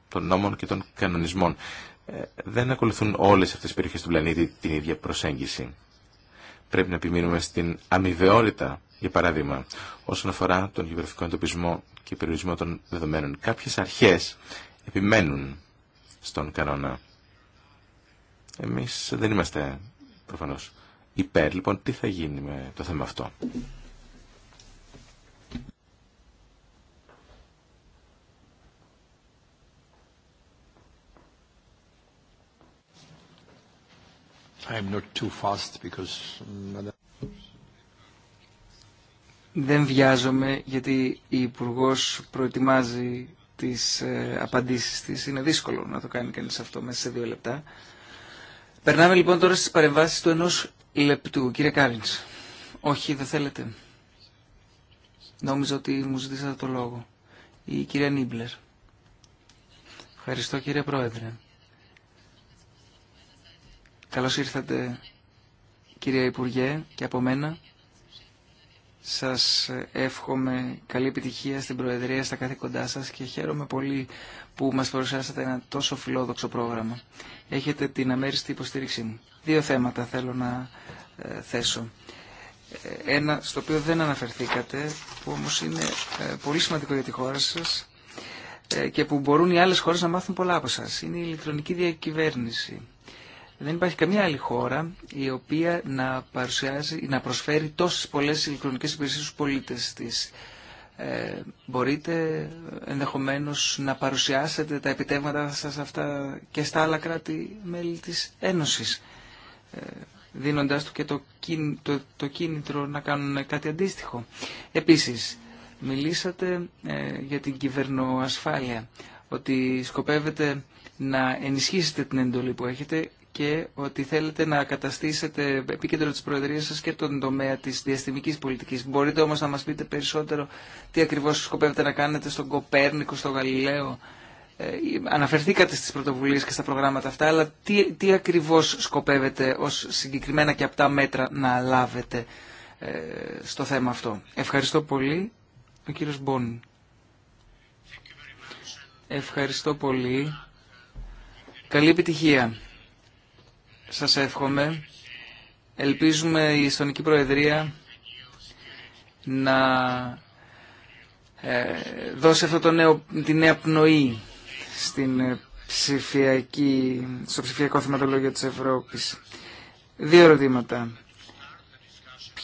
των νόμων και των κανονισμών. Ε, δεν ακολουθούν όλες αυτές τις περιοχές του πλανήτη την ίδια προσέγγιση πρέπει να επιμείνουμε στην αμοιβαιότητα, για παράδειγμα, όσον αφορά τον γεωγραφικό εντοπισμό και περιορισμό των δεδομένων. Κάποιες αρχές επιμένουν στον κανόνα. Εμείς δεν είμαστε προφανώς υπέρ. Λοιπόν, τι θα γίνει με το θέμα αυτό. I'm not too fast because... Mm, δεν βιάζομαι γιατί η υπουργό προετοιμάζει τις ε, απαντήσεις της. Είναι δύσκολο να το κάνει κανείς αυτό μέσα σε δύο λεπτά. Περνάμε λοιπόν τώρα στις παρεμβάσεις του ενός λεπτού. Κύριε Κάριντς, όχι δεν θέλετε. Νόμιζα ότι μου ζητήσατε το λόγο. Η κυρία Νίμπλερ. Ευχαριστώ κύριε Πρόεδρε. Καλώς ήρθατε κυρία Υπουργέ και από μένα. Σας εύχομαι καλή επιτυχία στην Προεδρία, στα κάθε κοντά σας και χαίρομαι πολύ που μας παρουσιάσατε ένα τόσο φιλόδοξο πρόγραμμα. Έχετε την αμέριστη υποστήριξή μου. Δύο θέματα θέλω να ε, θέσω. Ε, ένα στο οποίο δεν αναφερθήκατε, που όμως είναι ε, πολύ σημαντικό για τη χώρα σας και που μπορούν οι άλλες χώρες να μάθουν πολλά από σας. Είναι η ηλεκτρονική διακυβέρνηση. Δεν υπάρχει καμία άλλη χώρα η οποία να, παρουσιάζει, να προσφέρει τόσες πολλές ηλεκτρονικές υπηρεσίες στους πολίτες της. Ε, μπορείτε ενδεχομένως να παρουσιάσετε τα επιτεύγματα σας αυτά και στα άλλα κράτη-μέλη της Ένωσης, ε, δίνοντάς του και το, το, το κίνητρο να κάνουν κάτι αντίστοιχο. Επίσης, μιλήσατε ε, για την κυβερνοασφάλεια, ότι σκοπεύετε να ενισχύσετε την εντολή που έχετε και ότι θέλετε να καταστήσετε επίκεντρο της Προεδρίας σας και τον τομέα της διαστημικής πολιτικής. Μπορείτε όμως να μας πείτε περισσότερο τι ακριβώς σκοπεύετε να κάνετε στον Κοπέρνικο, στον Γαλιλαίο. Ε, αναφερθήκατε στις πρωτοβουλίες και στα προγράμματα αυτά, αλλά τι, τι ακριβώς σκοπεύετε ως συγκεκριμένα και απτά μέτρα να λάβετε ε, στο θέμα αυτό. Ευχαριστώ πολύ. Ο κύριος Μπον. Ευχαριστώ πολύ. Καλή επιτυχία. Σας εύχομαι. Ελπίζουμε η Ιστονική Προεδρία να ε, δώσει αυτό το νέο, τη νέα πνοή στην ε, ψηφιακή, στο ψηφιακό θεματολόγιο της Ευρώπης. Δύο ερωτήματα.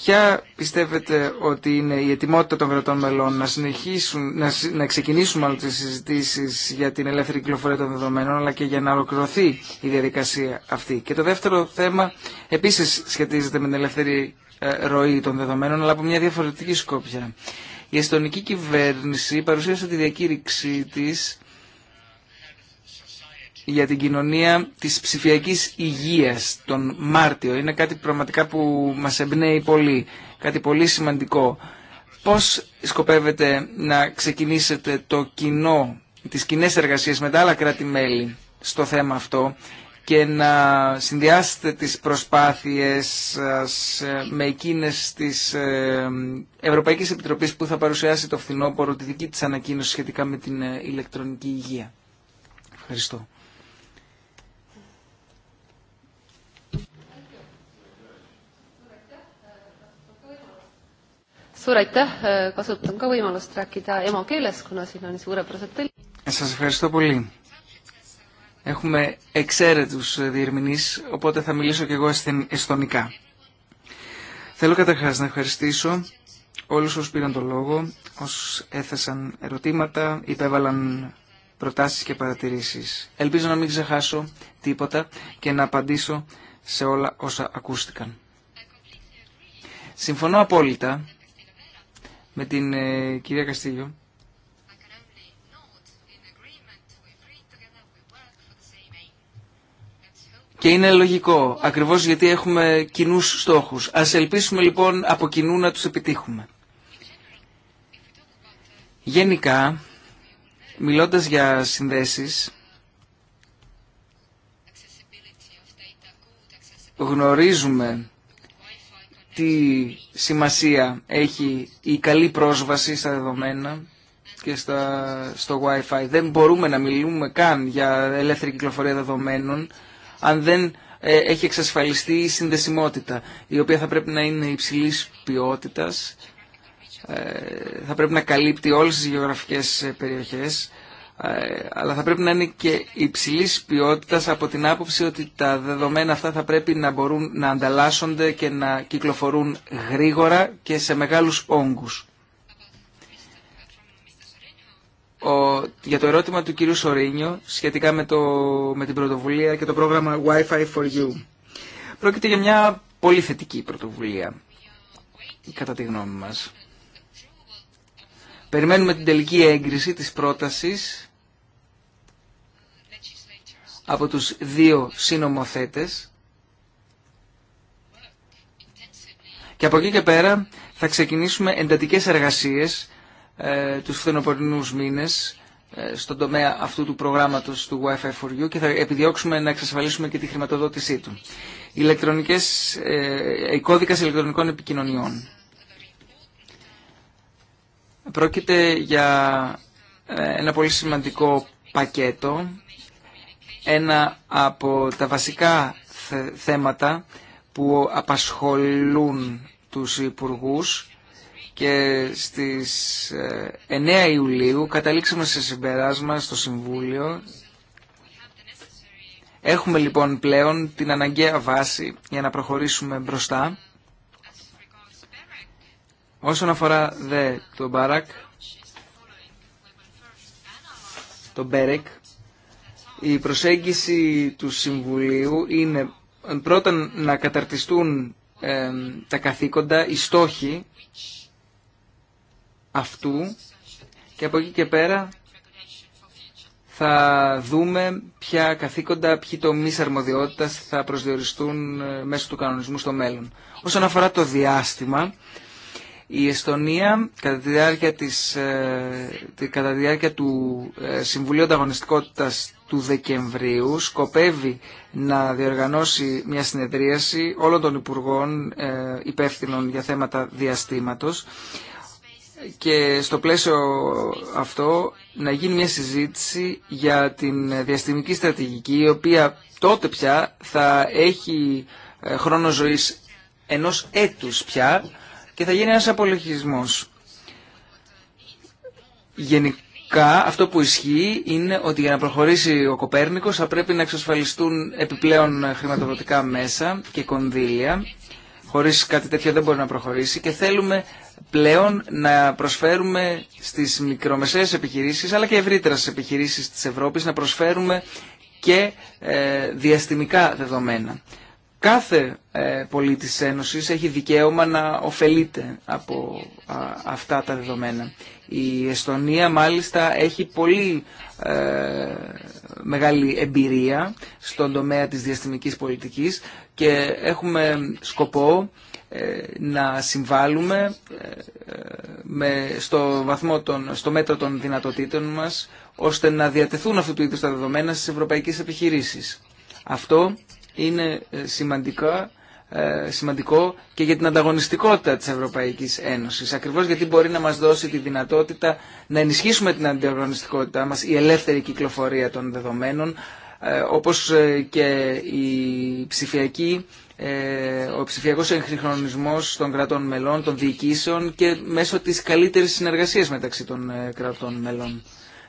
Ποια πιστεύετε ότι είναι η ετοιμότητα των κρατών μελών να, συνεχίσουν, να, να ξεκινήσουν μάλλον τις συζητήσεις για την ελεύθερη κυκλοφορία των δεδομένων αλλά και για να ολοκληρωθεί η διαδικασία αυτή. Και το δεύτερο θέμα επίσης σχετίζεται με την ελεύθερη ε, ροή των δεδομένων αλλά από μια διαφορετική σκόπια. Η εστονική κυβέρνηση παρουσίασε τη διακήρυξή της για την κοινωνία της ψηφιακής υγείας τον Μάρτιο. Είναι κάτι πραγματικά που μας εμπνέει πολύ, κάτι πολύ σημαντικό. Πώς σκοπεύετε να ξεκινήσετε το κοινό, τις κοινέ εργασίες με τα άλλα κράτη-μέλη στο θέμα αυτό και να συνδυάσετε τις προσπάθειες σας ε, με εκείνες της ε, Ευρωπαϊκής Επιτροπής που θα παρουσιάσει το φθινόπωρο τη δική της ανακοίνωση σχετικά με την ε, ηλεκτρονική υγεία. Ευχαριστώ. Äh, σα ευχαριστώ πολύ. Έχουμε εξαίρετους ε, διερμηνείς, οπότε θα μιλήσω και εγώ εστονικά. Θέλω καταρχάς να ευχαριστήσω όλους όσους πήραν το λόγο, όσου έθεσαν ερωτήματα, υπέβαλαν προτάσεις και παρατηρήσεις. Ελπίζω να μην ξεχάσω τίποτα και να απαντήσω σε όλα όσα ακούστηκαν. Συμφωνώ απόλυτα με την ε, κυρία Καστήλιο. Και είναι λογικό, ακριβώς γιατί έχουμε κοινούς στόχους. Ας ελπίσουμε λοιπόν από κοινού να τους επιτύχουμε. Γενικά, μιλώντας για συνδέσεις, γνωρίζουμε τι σημασία έχει η καλή πρόσβαση στα δεδομένα και στα, στο Wi-Fi. Δεν μπορούμε να μιλούμε καν για ελεύθερη κυκλοφορία δεδομένων αν δεν ε, έχει εξασφαλιστεί η συνδεσιμότητα, η οποία θα πρέπει να είναι υψηλής ποιότητας, ε, θα πρέπει να καλύπτει όλες τις γεωγραφικές ε, περιοχές ε, αλλά θα πρέπει να είναι και υψηλή ποιότητα από την άποψη ότι τα δεδομένα αυτά θα πρέπει να μπορούν να ανταλλάσσονται και να κυκλοφορούν γρήγορα και σε μεγάλους όγκους. Ο, για το ερώτημα του κυρίου Σορίνιο σχετικά με, το, με την πρωτοβουλία και το πρόγραμμα Wi-Fi for You. Πρόκειται για μια πολύ θετική πρωτοβουλία, κατά τη γνώμη μας. Περιμένουμε την τελική έγκριση της πρότασης από τους δύο συνομοθέτες και από εκεί και πέρα θα ξεκινήσουμε εντατικές εργασίες ε, τους φθενοπορεινούς μήνες ε, στον τομέα αυτού του προγράμματος του Wi-Fi for You και θα επιδιώξουμε να εξασφαλίσουμε και τη χρηματοδότησή του. Ηλεκτρονικές, ε, ηλεκτρονικών επικοινωνιών. Πρόκειται για ε, ένα πολύ σημαντικό πακέτο ένα από τα βασικά θέματα που απασχολούν τους υπουργούς και στις 9 ε, Ιουλίου καταλήξαμε σε συμπεράσμα στο Συμβούλιο. Έχουμε λοιπόν πλέον την αναγκαία βάση για να προχωρήσουμε μπροστά. Όσον αφορά δε τον Μπάρακ, τον Μπέρεκ, η προσέγγιση του Συμβουλίου είναι πρώτα να καταρτιστούν τα καθήκοντα, οι στόχοι αυτού και από εκεί και πέρα θα δούμε ποια καθήκοντα, ποιοι τομεί αρμοδιότητας θα προσδιοριστούν ε, μέσω του κανονισμού στο μέλλον. Όσον αφορά το διάστημα, η Εστονία κατά τη διάρκεια, της, ε, κατά τη διάρκεια του ε, Συμβουλίου Ανταγωνιστικότητας του Δεκεμβρίου σκοπεύει να διοργανώσει μια συνεδρίαση όλων των Υπουργών ε, υπεύθυνων για θέματα διαστήματος και στο πλαίσιο αυτό να γίνει μια συζήτηση για την διαστημική στρατηγική η οποία τότε πια θα έχει ε, χρόνο ζωής ενός έτους πια και θα γίνει ένας απολογισμός. Γενικά αυτό που ισχύει είναι ότι για να προχωρήσει ο Κοπέρνικος θα πρέπει να εξασφαλιστούν επιπλέον χρηματοδοτικά μέσα και κονδύλια. Χωρίς κάτι τέτοιο δεν μπορεί να προχωρήσει και θέλουμε πλέον να προσφέρουμε στις μικρομεσαίες επιχειρήσεις αλλά και ευρύτερα στις επιχειρήσεις της Ευρώπης να προσφέρουμε και ε, διαστημικά δεδομένα κάθε ε, πολίτης έχει δικαίωμα να ωφελείται από αυτά τα δεδομένα. Η Εστονία μάλιστα έχει πολύ ε, μεγάλη εμπειρία στον τομέα της διαστημικής πολιτικής και έχουμε σκοπό ε, να συμβάλλουμε ε, με, στο, βαθμό των, στο μέτρο των δυνατοτήτων μας ώστε να διατεθούν αυτού του είδους τα δεδομένα στις ευρωπαϊκές επιχειρήσεις. Αυτό είναι ε, σημαντικό, ε, σημαντικό και για την ανταγωνιστικότητα της Ευρωπαϊκής Ένωσης. Ακριβώς γιατί μπορεί να μας δώσει τη δυνατότητα να ενισχύσουμε την ανταγωνιστικότητά μας, η ελεύθερη κυκλοφορία των δεδομένων, ε, όπως και η ο ψηφιακός εγχρονισμός των κρατών μελών, των διοικήσεων και μέσω της καλύτερης συνεργασίας μεταξύ των κρατών μελών.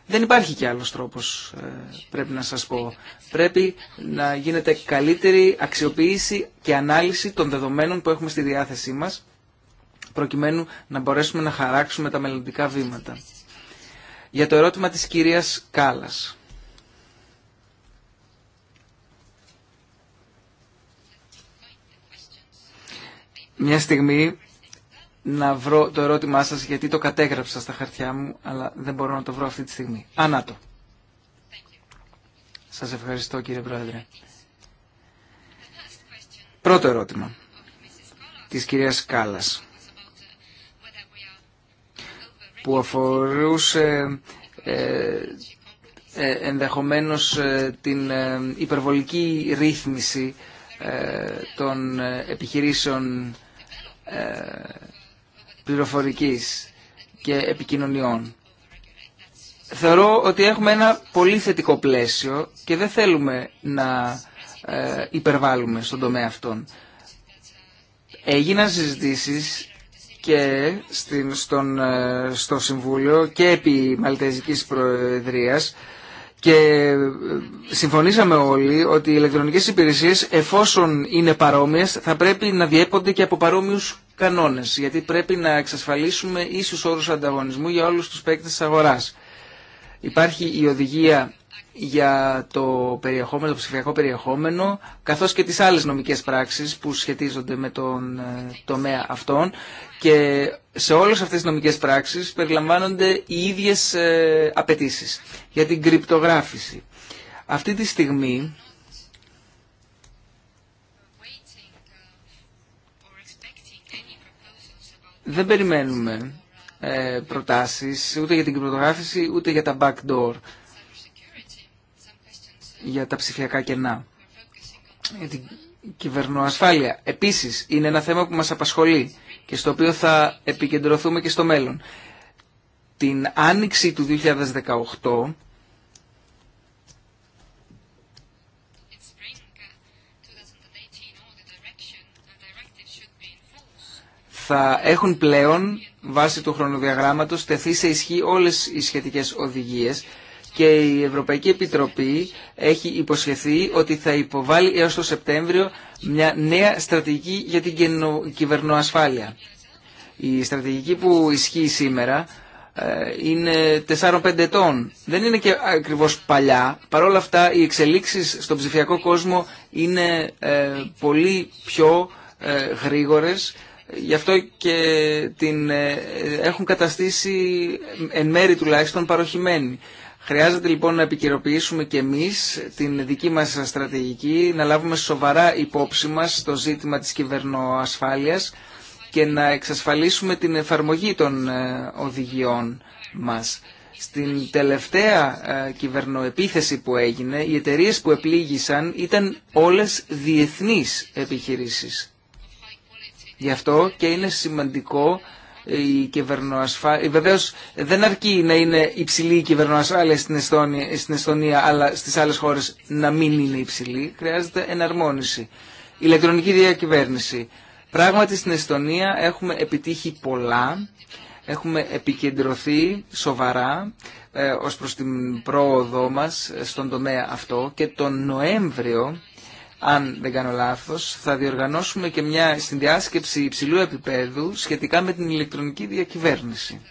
Δεν υπάρχει και άλλος τρόπος, ε, πρέπει να σας πω. Πρέπει να γίνεται καλύτερη αξιοποίηση και ανάλυση των δεδομένων που έχουμε στη διάθεσή μας, προκειμένου να μπορέσουμε να χαράξουμε τα μελλοντικά βήματα. Για το ερώτημα της κυρίας Κάλας. Μια στιγμή να βρω το ερώτημά σας γιατί το κατέγραψα στα χαρτιά μου αλλά δεν μπορώ να το βρω αυτή τη στιγμή. Ανάτο. Σας ευχαριστώ κύριε Πρόεδρε. Πρώτο ερώτημα της κυρίας Κάλλας που αφορούσε ε, ε, ενδεχομένως ε, την ε, υπερβολική ρύθμιση ε, των ε, επιχειρήσεων πληροφορικής και επικοινωνιών. Θεωρώ ότι έχουμε ένα πολύ θετικό πλαίσιο και δεν θέλουμε να ε, υπερβάλλουμε στον τομέα αυτόν. Έγιναν συζητήσεις και στην, στον, ε, στο Συμβούλιο και επί Μαλτεζικής Προεδρίας και ε, συμφωνήσαμε όλοι ότι οι ηλεκτρονικές υπηρεσίες εφόσον είναι παρόμοιες θα πρέπει να διέπονται και από παρόμοιους κανόνες, γιατί πρέπει να εξασφαλίσουμε ίσους όρους ανταγωνισμού για όλους τους παίκτε τη αγοράς. Υπάρχει η οδηγία για το περιεχόμενο, το ψηφιακό περιεχόμενο, καθώς και τις άλλες νομικές πράξεις που σχετίζονται με τον ε, τομέα αυτών και σε όλες αυτές τις νομικές πράξεις περιλαμβάνονται οι ίδιες ε, απαιτήσεις για την κρυπτογράφηση. Αυτή τη στιγμή Δεν περιμένουμε ε, προτάσεις ούτε για την κρυπτογράφηση ούτε για τα backdoor, για τα ψηφιακά κενά, για την κυβερνοασφάλεια. Επίσης είναι ένα θέμα που μας απασχολεί και στο οποίο θα επικεντρωθούμε και στο μέλλον. Την άνοιξη του 2018 θα έχουν πλέον βάσει του χρονοδιαγράμματος τεθεί σε ισχύ όλες οι σχετικές οδηγίες και η Ευρωπαϊκή Επιτροπή έχει υποσχεθεί ότι θα υποβάλει έως το Σεπτέμβριο μια νέα στρατηγική για την κυβερνοασφάλεια. Η στρατηγική που ισχύει σήμερα ε, είναι 4-5 ετών. Δεν είναι και ακριβώς παλιά. Παρ' όλα αυτά οι εξελίξεις στον ψηφιακό κόσμο είναι ε, πολύ πιο ε, γρήγορες Γι' αυτό και την ε, έχουν καταστήσει εν μέρη τουλάχιστον παροχημένη. Χρειάζεται λοιπόν να επικαιροποιήσουμε και εμείς την δική μας στρατηγική, να λάβουμε σοβαρά υπόψη μας το ζήτημα της κυβερνοασφάλειας και να εξασφαλίσουμε την εφαρμογή των ε, οδηγιών μας. Στην τελευταία ε, κυβερνοεπίθεση που έγινε, οι εταιρείες που επλήγησαν ήταν όλες διεθνείς επιχειρήσεις. Γι' αυτό και είναι σημαντικό η κυβερνοασφάλεια. Βεβαίω δεν αρκεί να είναι υψηλή η κυβερνοασφάλεια στην Εστονία, στην Εστονία αλλά στι άλλε χώρε να μην είναι υψηλή. Χρειάζεται εναρμόνιση. Ηλεκτρονική διακυβέρνηση. Πράγματι στην Εστονία έχουμε επιτύχει πολλά. Έχουμε επικεντρωθεί σοβαρά ε, ως προς την πρόοδό μας ε, στον τομέα αυτό και τον Νοέμβριο αν δεν κάνω λάθος, θα διοργανώσουμε και μια συνδιάσκεψη υψηλού επίπεδου σχετικά με την ηλεκτρονική διακυβέρνηση,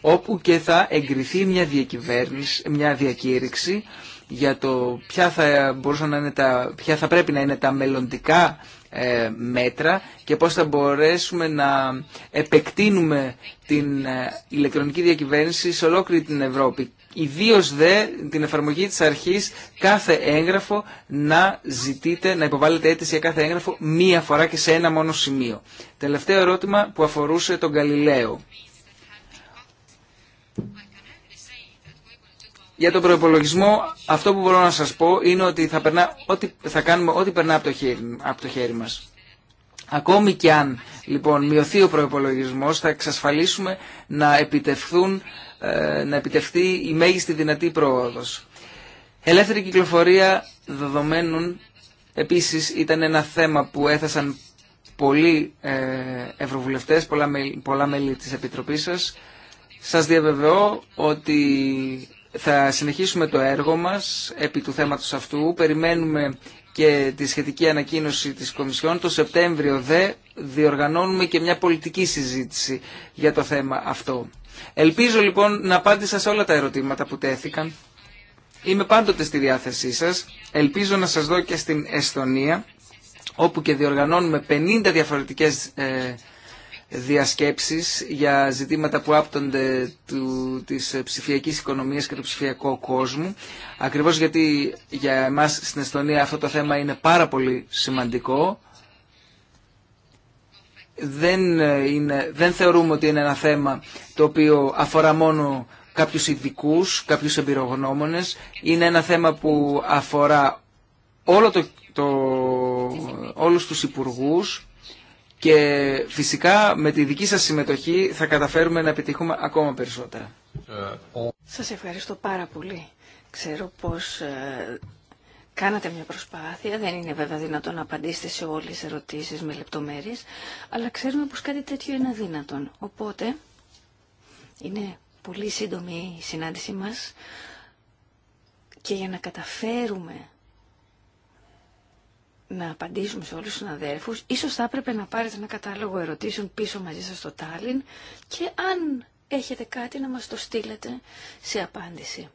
όπου και θα εγκριθεί μια, διακυβέρνηση, μια διακήρυξη για το ποια θα, μπορούσαν να είναι τα, ποια θα πρέπει να είναι τα μελλοντικά ε, μέτρα και πώς θα μπορέσουμε να επεκτείνουμε την ε, ηλεκτρονική διακυβέρνηση σε ολόκληρη την Ευρώπη Ιδίω δε την εφαρμογή της αρχής κάθε έγγραφο να ζητείτε, να υποβάλλετε αίτηση για κάθε έγγραφο μία φορά και σε ένα μόνο σημείο. Τελευταίο ερώτημα που αφορούσε τον Γαλιλαίο. Για τον προπολογισμό αυτό που μπορώ να σας πω είναι ότι θα, περνά, ότι θα κάνουμε ό,τι περνά από το, χέρι, μας. Ακόμη και αν λοιπόν μειωθεί ο προπολογισμό, θα εξασφαλίσουμε να επιτευχθούν ε, να επιτευχθεί η μέγιστη δυνατή πρόοδος. Ελεύθερη κυκλοφορία δεδομένων επίσης ήταν ένα θέμα που έθεσαν πολλοί ε, ευρωβουλευτές, πολλά μέλη, πολλά της Επιτροπής σας. Σας διαβεβαιώ ότι θα συνεχίσουμε το έργο μας επί του θέματος αυτού. Περιμένουμε και τη σχετική ανακοίνωση της Κομισιόν. Το Σεπτέμβριο δε διοργανώνουμε και μια πολιτική συζήτηση για το θέμα αυτό. Ελπίζω λοιπόν να απάντησα σε όλα τα ερωτήματα που τέθηκαν. Είμαι πάντοτε στη διάθεσή σας. Ελπίζω να σας δω και στην Εσθονία, όπου και διοργανώνουμε 50 διαφορετικές ε, διασκέψεις για ζητήματα που άπτονται του, της ψηφιακής οικονομίας και του ψηφιακού κόσμου. Ακριβώς γιατί για εμάς στην Εστονία αυτό το θέμα είναι πάρα πολύ σημαντικό δεν, ε, δεν θεωρούμε ότι είναι ένα θέμα το οποίο αφορά μόνο κάποιους ειδικού, κάποιους εμπειρογνώμονες. Είναι ένα θέμα που αφορά όλο το, το, όλους τους υπουργούς και φυσικά με τη δική σας συμμετοχή θα καταφέρουμε να επιτύχουμε ακόμα περισσότερα. Ε, σας ευχαριστώ πάρα πολύ. Ξέρω πως ε, Κάνατε μια προσπάθεια, δεν είναι βέβαια δυνατόν να απαντήσετε σε όλες τις ερωτήσεις με λεπτομέρειες, αλλά ξέρουμε πως κάτι τέτοιο είναι αδύνατον. Οπότε, είναι πολύ σύντομη η συνάντησή μας και για να καταφέρουμε να απαντήσουμε σε όλους τους συναδέρφους, ίσως θα έπρεπε να πάρετε ένα κατάλογο ερωτήσεων πίσω μαζί σας στο Τάλιν και αν έχετε κάτι να μας το στείλετε σε απάντηση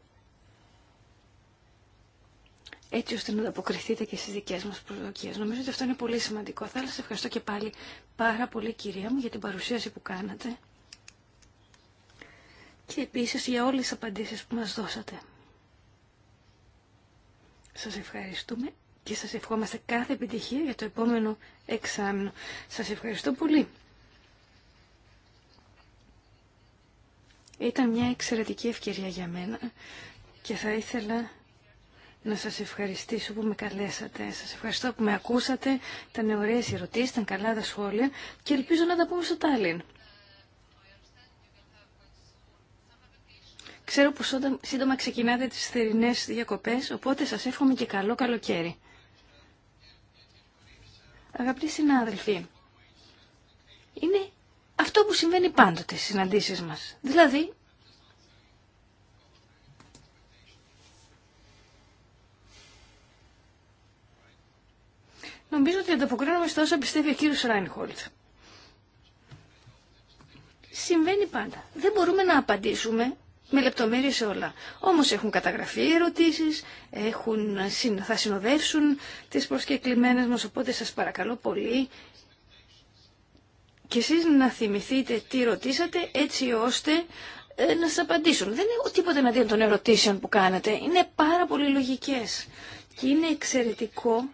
έτσι ώστε να ανταποκριθείτε και στις δικές μας προσδοκίες. Νομίζω ότι αυτό είναι πολύ σημαντικό. Θα σας ευχαριστώ και πάλι πάρα πολύ κυρία μου για την παρουσίαση που κάνατε και επίσης για όλες τις απαντήσεις που μας δώσατε. Σας ευχαριστούμε και σας ευχόμαστε κάθε επιτυχία για το επόμενο εξάμεινο. Σας ευχαριστώ πολύ. Ήταν μια εξαιρετική ευκαιρία για μένα και θα ήθελα να σας ευχαριστήσω που με καλέσατε. Σας ευχαριστώ που με ακούσατε. Ήταν ωραίες οι ερωτήσεις, ήταν καλά τα σχόλια και ελπίζω να τα πούμε στο Τάλιν. Ξέρω πως σύντομα ξεκινάτε τις θερινές διακοπές, οπότε σας εύχομαι και καλό καλοκαίρι. Αγαπητοί συνάδελφοι, είναι αυτό που συμβαίνει πάντοτε στις συναντήσεις μας. Δηλαδή, Νομίζω ότι ανταποκρίνομαι στα όσα πιστεύει ο κύριος Ράινχολτ. Συμβαίνει πάντα. Δεν μπορούμε να απαντήσουμε με λεπτομέρειες σε όλα. Όμως έχουν καταγραφεί ερωτήσεις, ερωτήσει, θα συνοδεύσουν τις προσκεκλημένες μας, οπότε σας παρακαλώ πολύ και εσείς να θυμηθείτε τι ρωτήσατε έτσι ώστε ε, να σας απαντήσουν. Δεν έχω τίποτα εναντίον των ερωτήσεων που κάνατε. Είναι πάρα πολύ λογικές και είναι εξαιρετικό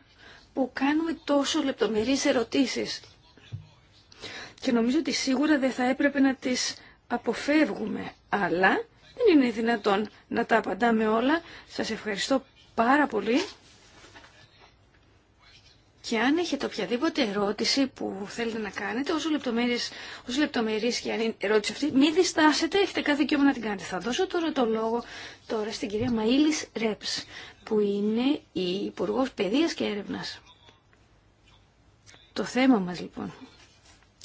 που κάνουμε τόσο λεπτομερείς ερωτήσεις. Και νομίζω ότι σίγουρα δεν θα έπρεπε να τις αποφεύγουμε, αλλά δεν είναι δυνατόν να τα απαντάμε όλα. Σας ευχαριστώ πάρα πολύ. Και αν έχετε οποιαδήποτε ερώτηση που θέλετε να κάνετε, όσο λεπτομερείς όσο λεπτομερείς και αν είναι ερώτηση αυτή, μην διστάσετε, έχετε κάθε δικαίωμα να την κάνετε. Θα δώσω τώρα το λόγο τώρα στην κυρία Μαΐλης Ρέψ, που είναι η Υπουργό Παιδείας και Έρευνας. Το θέμα μας λοιπόν.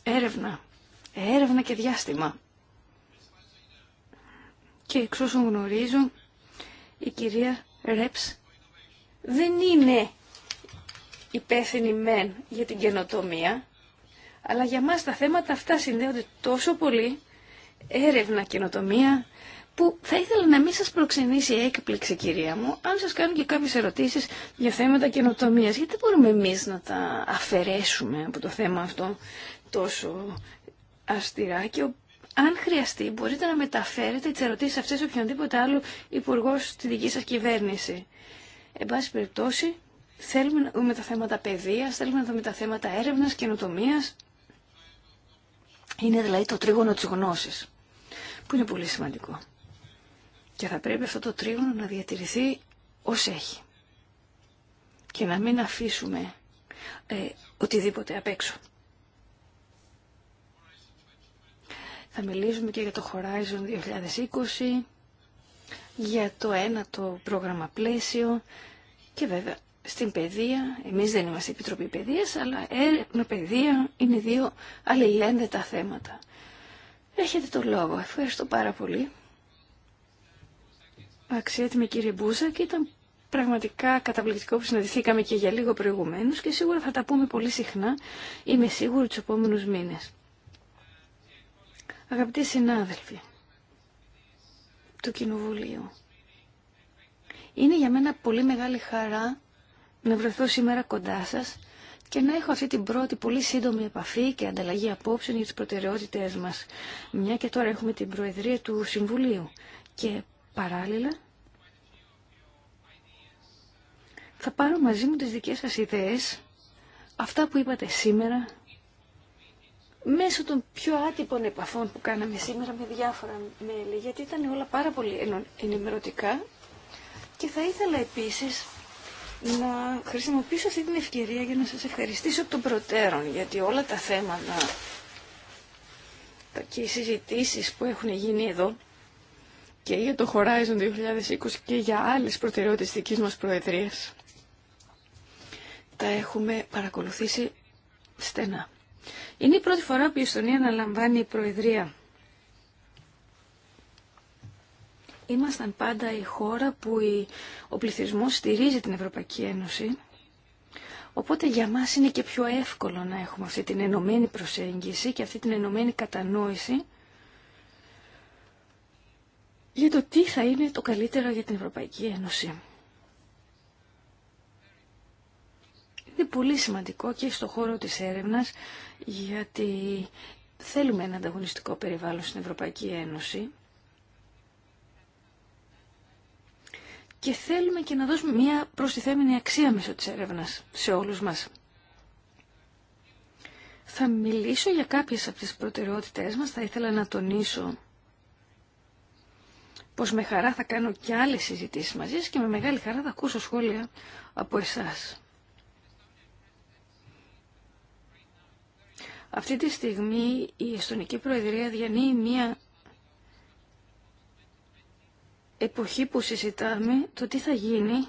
Έρευνα. Έρευνα και διάστημα. Και εξ όσων γνωρίζω, η κυρία Ρέψ δεν είναι υπεύθυνη μεν για την καινοτομία, αλλά για μας τα θέματα αυτά συνδέονται τόσο πολύ έρευνα, καινοτομία, που θα ήθελα να μην σας προξενήσει έκπληξη κυρία μου, αν σας κάνω και κάποιες ερωτήσεις για θέματα καινοτομία. γιατί δεν μπορούμε εμείς να τα αφαιρέσουμε από το θέμα αυτό τόσο αστηρά και αν χρειαστεί μπορείτε να μεταφέρετε τις ερωτήσεις αυτές σε οποιονδήποτε άλλο υπουργό στη δική σας κυβέρνηση. Εν πάση περιπτώσει, θέλουμε να δούμε τα θέματα παιδείας, θέλουμε να δούμε τα θέματα έρευνας, καινοτομία. Είναι δηλαδή το τρίγωνο της γνώσης, που είναι πολύ σημαντικό. Και θα πρέπει αυτό το τρίγωνο να διατηρηθεί ως έχει. Και να μην αφήσουμε ε, οτιδήποτε απ' έξω. Θα μιλήσουμε και για το Horizon 2020, για το ένατο πρόγραμμα πλαίσιο και βέβαια στην παιδεία, εμείς δεν είμαστε Επιτροπή Παιδείας, αλλά έρευνα παιδεία είναι δύο αλληλένδετα θέματα. Έχετε το λόγο. Ευχαριστώ πάρα πολύ αξιότιμη κύριε Μπούζα και ήταν πραγματικά καταπληκτικό που συναντηθήκαμε και για λίγο προηγουμένως και σίγουρα θα τα πούμε πολύ συχνά, είμαι σίγουρη τους επόμενους μήνες. Αγαπητοί συνάδελφοι του Κοινοβουλίου, είναι για μένα πολύ μεγάλη χαρά να βρεθώ σήμερα κοντά σας και να έχω αυτή την πρώτη πολύ σύντομη επαφή και ανταλλαγή απόψεων για τις προτεραιότητες μας, μια και τώρα έχουμε την Προεδρία του Συμβουλίου. Και Παράλληλα, θα πάρω μαζί μου τις δικές σας ιδέες, αυτά που είπατε σήμερα, μέσω των πιο άτυπων επαφών που κάναμε σήμερα με διάφορα μέλη, γιατί ήταν όλα πάρα πολύ ενημερωτικά και θα ήθελα επίσης να χρησιμοποιήσω αυτή την ευκαιρία για να σας ευχαριστήσω από των προτέρων, γιατί όλα τα θέματα και οι συζητήσεις που έχουν γίνει εδώ και για το Horizon 2020 και για άλλες προτεραιότητες δικής μας προεδρίας. Τα έχουμε παρακολουθήσει στενά. Είναι η πρώτη φορά που η Ιστονία αναλαμβάνει η προεδρία. Ήμασταν πάντα η χώρα που ο πληθυσμός στηρίζει την Ευρωπαϊκή Ένωση. Οπότε για μας είναι και πιο εύκολο να έχουμε αυτή την ενωμένη προσέγγιση και αυτή την ενωμένη κατανόηση για το τι θα είναι το καλύτερο για την Ευρωπαϊκή Ένωση. Είναι πολύ σημαντικό και στο χώρο της έρευνας γιατί θέλουμε ένα ανταγωνιστικό περιβάλλον στην Ευρωπαϊκή Ένωση και θέλουμε και να δώσουμε μια προστιθέμενη αξία μέσω της έρευνας σε όλους μας. Θα μιλήσω για κάποιες από τις προτεραιότητές μας, θα ήθελα να τονίσω πως με χαρά θα κάνω και άλλες συζητήσεις μαζί σας και με μεγάλη χαρά θα ακούσω σχόλια από εσάς. Αυτή τη στιγμή η Εστονική Προεδρία διανύει μία εποχή που συζητάμε το τι θα γίνει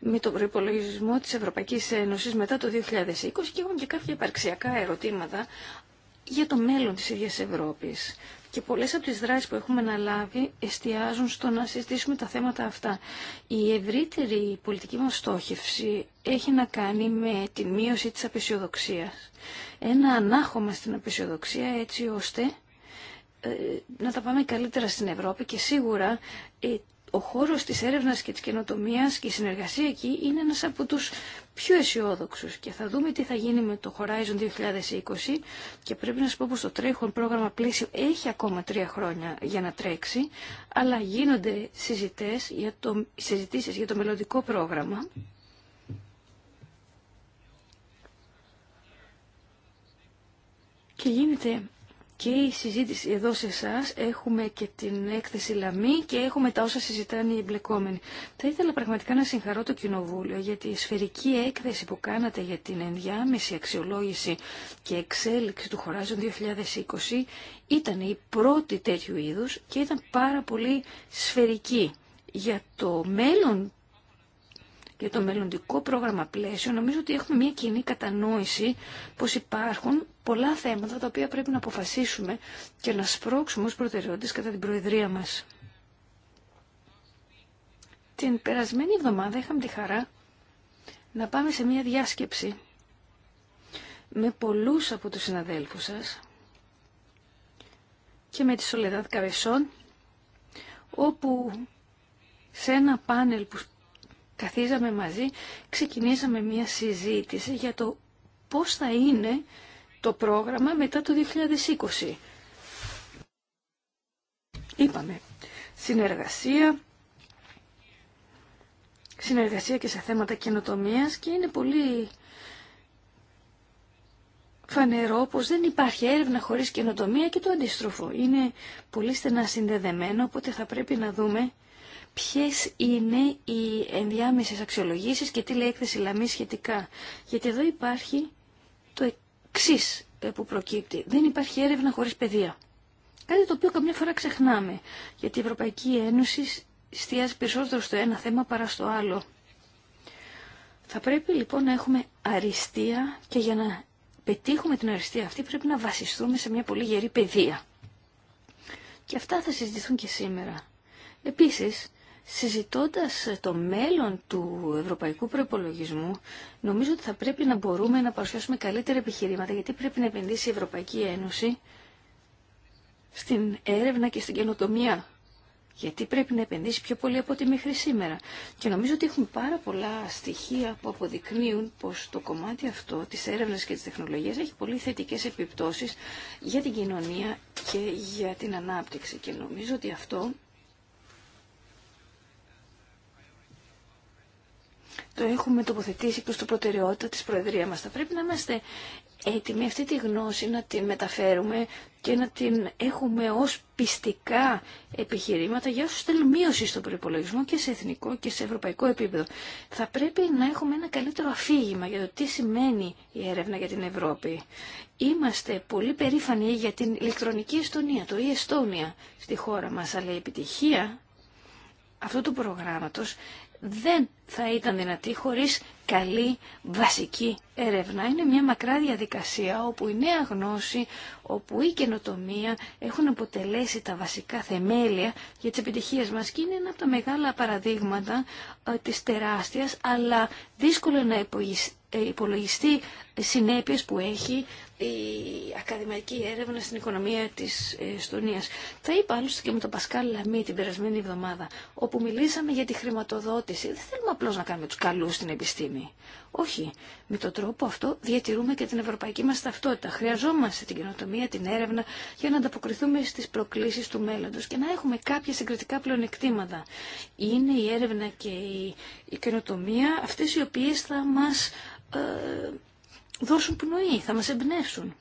με τον προϋπολογισμό της Ευρωπαϊκής Ένωσης μετά το 2020 και έχουν και κάποια υπαρξιακά ερωτήματα για το μέλλον της ίδιας Ευρώπης. Και πολλές από τις δράσεις που έχουμε αναλάβει εστιάζουν στο να συζητήσουμε τα θέματα αυτά. Η ευρύτερη πολιτική μας στόχευση έχει να κάνει με τη μείωση της απεσιοδοξίας. Ένα ανάχωμα στην απεσιοδοξία έτσι ώστε ε, να τα πάμε καλύτερα στην Ευρώπη και σίγουρα ε, ο χώρος της έρευνας και της καινοτομίας και η συνεργασία εκεί είναι ένας από τους πιο αισιόδοξου και θα δούμε τι θα γίνει με το Horizon 2020 και πρέπει να σας πω πως το τρέχον πρόγραμμα πλαίσιο έχει ακόμα τρία χρόνια για να τρέξει αλλά γίνονται συζητές για το, συζητήσεις για το μελλοντικό πρόγραμμα και γίνεται και η συζήτηση εδώ σε εσά έχουμε και την έκθεση Λαμή και έχουμε τα όσα συζητάνε οι εμπλεκόμενοι. Θα ήθελα πραγματικά να συγχαρώ το Κοινοβούλιο για τη σφαιρική έκθεση που κάνατε για την ενδιάμεση αξιολόγηση και εξέλιξη του Χωράζων 2020. Ήταν η πρώτη τέτοιου είδους και ήταν πάρα πολύ σφαιρική για το μέλλον για το μελλοντικό πρόγραμμα πλαίσιο, νομίζω ότι έχουμε μια κοινή κατανόηση πως υπάρχουν πολλά θέματα τα οποία πρέπει να αποφασίσουμε και να σπρώξουμε ως προτεραιότητες κατά την Προεδρία μας. Την περασμένη εβδομάδα είχαμε τη χαρά να πάμε σε μια διάσκεψη με πολλούς από τους συναδέλφους σας και με τη Σολεδάδ Καβεσόν, όπου σε ένα πάνελ που Καθίζαμε μαζί, ξεκινήσαμε μια συζήτηση για το πώς θα είναι το πρόγραμμα μετά το 2020. Είπαμε, συνεργασία, συνεργασία και σε θέματα καινοτομία και είναι πολύ φανερό πως δεν υπάρχει έρευνα χωρίς καινοτομία και το αντίστροφο. Είναι πολύ στενά συνδεδεμένο, οπότε θα πρέπει να δούμε ποιες είναι οι ενδιάμεσες αξιολογήσεις και τι λέει η έκθεση Λαμή σχετικά. Γιατί εδώ υπάρχει το εξή ε, που προκύπτει. Δεν υπάρχει έρευνα χωρίς παιδεία. Κάτι το οποίο καμιά φορά ξεχνάμε, γιατί η Ευρωπαϊκή Ένωση στιάζει περισσότερο στο ένα θέμα παρά στο άλλο. Θα πρέπει λοιπόν να έχουμε αριστεία και για να πετύχουμε την αριστεία αυτή πρέπει να βασιστούμε σε μια πολύ γερή παιδεία. Και αυτά θα συζητηθούν και σήμερα. Επίσης, Συζητώντας το μέλλον του ευρωπαϊκού προπολογισμού, νομίζω ότι θα πρέπει να μπορούμε να παρουσιάσουμε καλύτερα επιχειρήματα, γιατί πρέπει να επενδύσει η Ευρωπαϊκή Ένωση στην έρευνα και στην καινοτομία. Γιατί πρέπει να επενδύσει πιο πολύ από ό,τι μέχρι σήμερα. Και νομίζω ότι έχουμε πάρα πολλά στοιχεία που αποδεικνύουν πως το κομμάτι αυτό της έρευνας και της τεχνολογίας έχει πολύ θετικές επιπτώσεις για την κοινωνία και για την ανάπτυξη. Και νομίζω ότι αυτό το έχουμε τοποθετήσει προς το προτεραιότητα της Προεδρία μας. Θα πρέπει να είμαστε έτοιμοι αυτή τη γνώση να την μεταφέρουμε και να την έχουμε ως πιστικά επιχειρήματα για όσους θέλουν μείωση στον προπολογισμό και σε εθνικό και σε ευρωπαϊκό επίπεδο. Θα πρέπει να έχουμε ένα καλύτερο αφήγημα για το τι σημαίνει η έρευνα για την Ευρώπη. Είμαστε πολύ περήφανοι για την ηλεκτρονική Εστονία, το e-Estonia στη χώρα μας, αλλά η επιτυχία αυτού του προγράμματος δεν θα ήταν δυνατή χωρίς καλή βασική έρευνα. Είναι μια μακρά διαδικασία όπου η νέα γνώση, όπου η καινοτομία έχουν αποτελέσει τα βασικά θεμέλια για τις επιτυχίες μας και είναι ένα από τα μεγάλα παραδείγματα ε, της τεράστιας αλλά δύσκολο να ε, υπολογιστεί ε, συνέπειες που έχει η ακαδημαϊκή έρευνα στην οικονομία τη Εστονία. Τα είπα άλλωστε και με τον Πασκάλ Λαμί την περασμένη εβδομάδα, όπου μιλήσαμε για τη χρηματοδότηση. Δεν θέλουμε απλώ να κάνουμε του καλού στην επιστήμη. Όχι. Με τον τρόπο αυτό διατηρούμε και την ευρωπαϊκή μας ταυτότητα. Χρειαζόμαστε την καινοτομία, την έρευνα για να ανταποκριθούμε στι προκλήσει του μέλλοντο και να έχουμε κάποια συγκριτικά πλεονεκτήματα. Είναι η έρευνα και η, η καινοτομία αυτέ οι οποίε θα μα. Ε, δώσουν πνοή, θα μας εμπνεύσουν.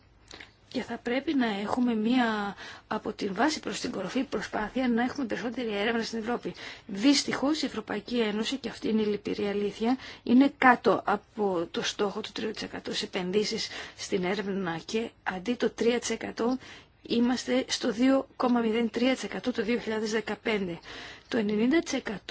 Και θα πρέπει να έχουμε μία από την βάση προς την κοροφή προσπάθεια να έχουμε περισσότερη έρευνα στην Ευρώπη. Δυστυχώς η Ευρωπαϊκή Ένωση, και αυτή είναι η λυπηρή αλήθεια, είναι κάτω από το στόχο του 3% σε επενδύσεις στην έρευνα και αντί το 3% είμαστε στο 2,03% το 2015. Το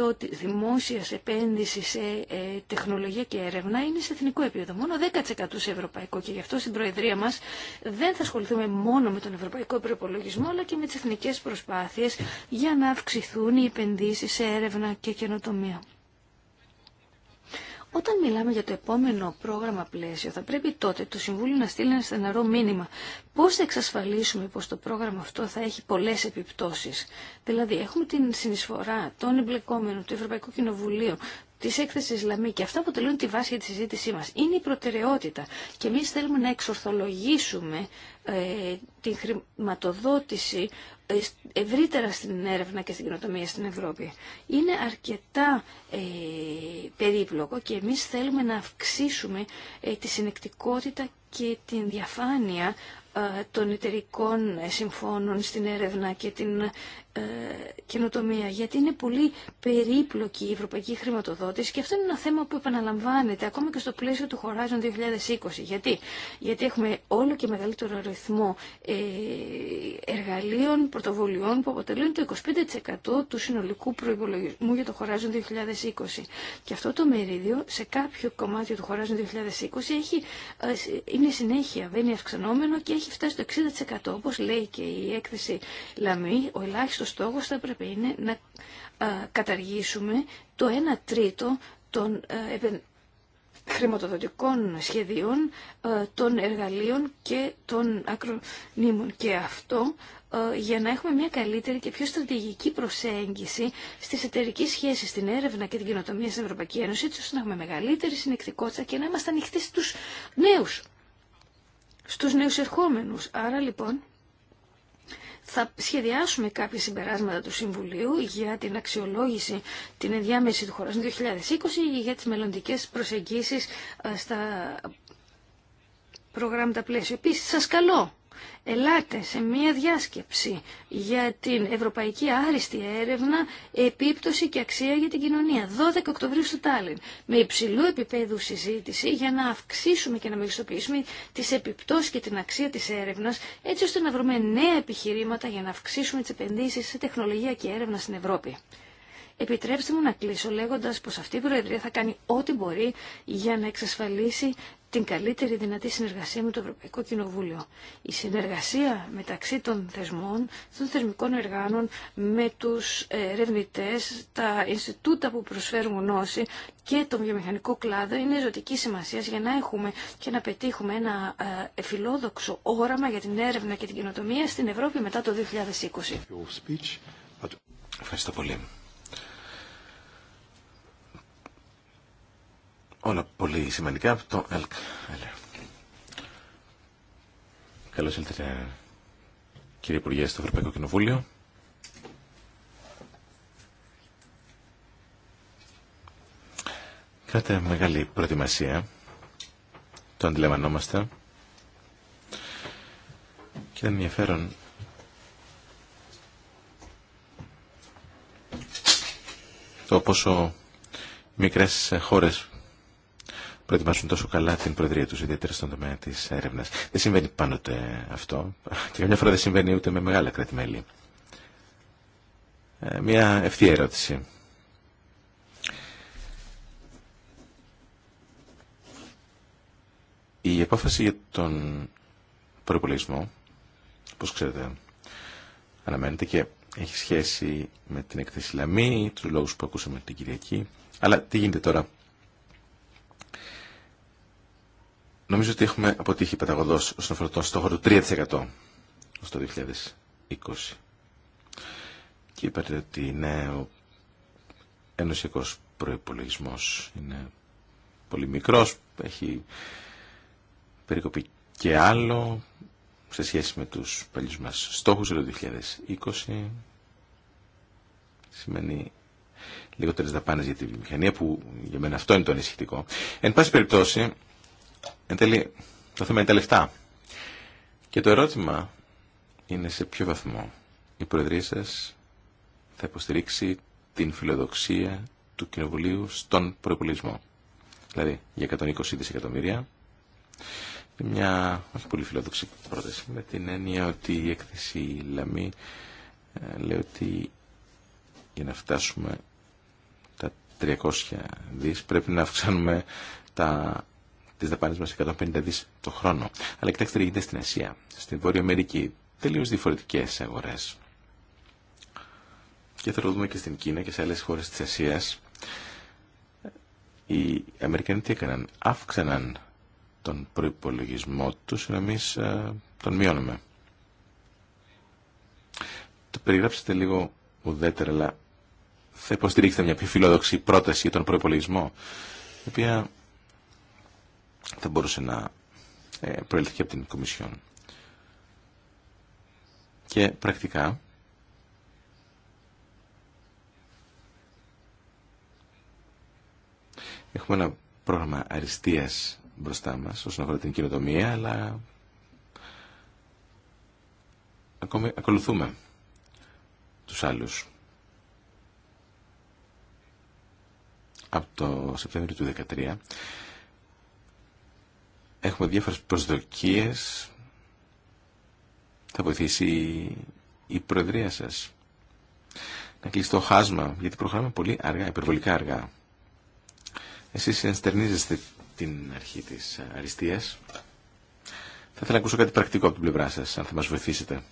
90% της δημόσιας επένδυσης σε ε, τεχνολογία και έρευνα είναι σε εθνικό επίπεδο, μόνο 10% σε ευρωπαϊκό και γι' αυτό στην Προεδρία μας δεν θα ασχοληθούμε μόνο με τον ευρωπαϊκό προπολογισμό αλλά και με τις εθνικές προσπάθειες για να αυξηθούν οι επενδύσεις σε έρευνα και καινοτομία. Όταν μιλάμε για το επόμενο πρόγραμμα πλαίσιο, θα πρέπει τότε το Συμβούλιο να στείλει ένα στεναρό μήνυμα. Πώς θα εξασφαλίσουμε πως το πρόγραμμα αυτό θα έχει πολλές επιπτώσεις. Δηλαδή, έχουμε την συνεισφορά των εμπλεκόμενων του Ευρωπαϊκού Κοινοβουλίου, τη έκθεση Ισλαμή και αυτά αποτελούν τη βάση για τη συζήτησή μα. Είναι η προτεραιότητα. Και εμεί θέλουμε να εξορθολογήσουμε ε, την χρηματοδότηση ε, ευρύτερα στην έρευνα και στην κοινοτομία στην Ευρώπη. Είναι αρκετά ε, περίπλοκο και εμείς θέλουμε να αυξήσουμε τη συνεκτικότητα και την διαφάνεια των εταιρικών συμφώνων στην έρευνα και την ε, καινοτομία, γιατί είναι πολύ περίπλοκη η ευρωπαϊκή χρηματοδότηση και αυτό είναι ένα θέμα που επαναλαμβάνεται ακόμα και στο πλαίσιο του Horizon 2020. Γιατί, γιατί έχουμε όλο και μεγαλύτερο αριθμό ε, εργαλείων, πρωτοβουλειών που αποτελούν το 25% του συνολικού προϋπολογισμού για το Horizon 2020. Και αυτό το μερίδιο σε κάποιο κομμάτι του Horizon 2020 έχει, είναι συνέχεια, δεν είναι αυξανόμενο και έχει φτάσει το 60% όπως λέει και η έκθεση Λαμή, ο ελάχιστο ο στόχος θα πρέπει είναι να καταργήσουμε το 1 τρίτο των ε, χρηματοδοτικών σχεδίων, ε, των εργαλείων και των ακρονίμων. Και αυτό ε, για να έχουμε μια καλύτερη και πιο στρατηγική προσέγγιση στις εταιρικές σχέσεις, στην έρευνα και την κοινοτομία στην Ευρωπαϊκή Ένωση, έτσι ώστε να έχουμε μεγαλύτερη συνεκτικότητα και να είμαστε ανοιχτοί στους νέους, στους νέους ερχόμενους. Άρα λοιπόν θα σχεδιάσουμε κάποια συμπεράσματα του Συμβουλίου για την αξιολόγηση, την ενδιάμεση του του 2020 για τις μελλοντικές προσεγγίσεις ε, στα προγράμματα πλαίσιο. Επίσης, σας καλώ ελάτε σε μία διάσκεψη για την Ευρωπαϊκή Άριστη Έρευνα Επίπτωση και Αξία για την Κοινωνία. 12 Οκτωβρίου στο Τάλιν. Με υψηλού επίπεδου συζήτηση για να αυξήσουμε και να μεγιστοποιήσουμε τις επιπτώσεις και την αξία της έρευνα, έτσι ώστε να βρούμε νέα επιχειρήματα για να αυξήσουμε τι επενδύσει σε τεχνολογία και έρευνα στην Ευρώπη. Επιτρέψτε μου να κλείσω λέγοντας πως αυτή η Προεδρία θα κάνει ό,τι μπορεί για να εξασφαλίσει την καλύτερη δυνατή συνεργασία με το Ευρωπαϊκό Κοινοβούλιο. Η συνεργασία μεταξύ των θεσμών, των θεσμικών εργάνων, με τους ερευνητέ, τα Ινστιτούτα που προσφέρουν γνώση και τον βιομηχανικό κλάδο είναι ζωτική σημασία για να έχουμε και να πετύχουμε ένα ε, φιλόδοξο όραμα για την έρευνα και την κοινοτομία στην Ευρώπη μετά το 2020. Ευχαριστώ πολύ. όλα πολύ σημαντικά από το ΕΛΚ. Καλώ ήλθατε κύριε Υπουργέ στο Ευρωπαϊκό Κοινοβούλιο. Κάτε μεγάλη προετοιμασία, το αντιλαμβανόμαστε και ήταν ενδιαφέρον το πόσο μικρές χώρες προετοιμάσουν τόσο καλά την Προεδρία του ιδιαίτερα στον τομέα τη Έρευνα. Δεν συμβαίνει πάντοτε αυτό και καμιά φορά δεν συμβαίνει ούτε με μεγάλα κρατημέλη. Ε, μια ευθεία ερώτηση. Η απόφαση για τον προπολογισμό, όπω ξέρετε, αναμένεται και έχει σχέση με την έκθεση Λαμή, του λόγους που ακούσαμε την Κυριακή. Αλλά τι γίνεται τώρα Νομίζω ότι έχουμε αποτύχει παταγωδό όσον αφορά τον στόχο του 3% το 2020. Και είπατε ότι είναι ο ενωσιακό προπολογισμό είναι πολύ μικρό έχει περικοπεί και άλλο σε σχέση με του παλιού μα στόχου για το 2020 σημαίνει λιγότερε δαπάνε για τη βιομηχανία που για μένα αυτό είναι το ανησυχητικό. Εν πάση περιπτώσει Εν τέλει, το θέμα είναι τα λεφτά. Και το ερώτημα είναι σε ποιο βαθμό η Προεδρία σα θα υποστηρίξει την φιλοδοξία του Κοινοβουλίου στον προπολισμό. Δηλαδή, για 120 δισεκατομμύρια είναι μια πολύ φιλοδοξή πρόταση με την έννοια ότι η έκθεση Λαμή ε, λέει ότι για να φτάσουμε τα 300 δις πρέπει να αυξάνουμε τα τις δαπάνες μας 150 δις το χρόνο. Αλλά κοιτάξτε τι γίνεται στην Ασία, στην Βόρεια Αμερική, τελείως διαφορετικές αγορές. Και θα το δούμε και στην Κίνα και σε άλλες χώρες της Ασίας. Οι Αμερικανοί τι έκαναν, αύξαναν τον προϋπολογισμό τους, ενώ εμεί ε, τον μειώνουμε. Το περιγράψετε λίγο ουδέτερα, αλλά θα υποστηρίξετε μια πιο φιλόδοξη πρόταση για τον προπολογισμό, η οποία θα μπορούσε να ε, προέλθει και από την Κομισιόν. Και πρακτικά έχουμε ένα πρόγραμμα αριστείας μπροστά μας όσον αφορά την κοινοτομία, αλλά ακόμη ακολουθούμε τους άλλους. Από το Σεπτέμβριο του 2013 Έχουμε διάφορες προσδοκίες. Θα βοηθήσει η Προεδρία σας να κλειστώ το χάσμα, γιατί προχωράμε πολύ αργά, υπερβολικά αργά. Εσείς ενστερνίζεστε την αρχή της αριστείας. Θα ήθελα να ακούσω κάτι πρακτικό από την πλευρά σας, αν θα μας βοηθήσετε.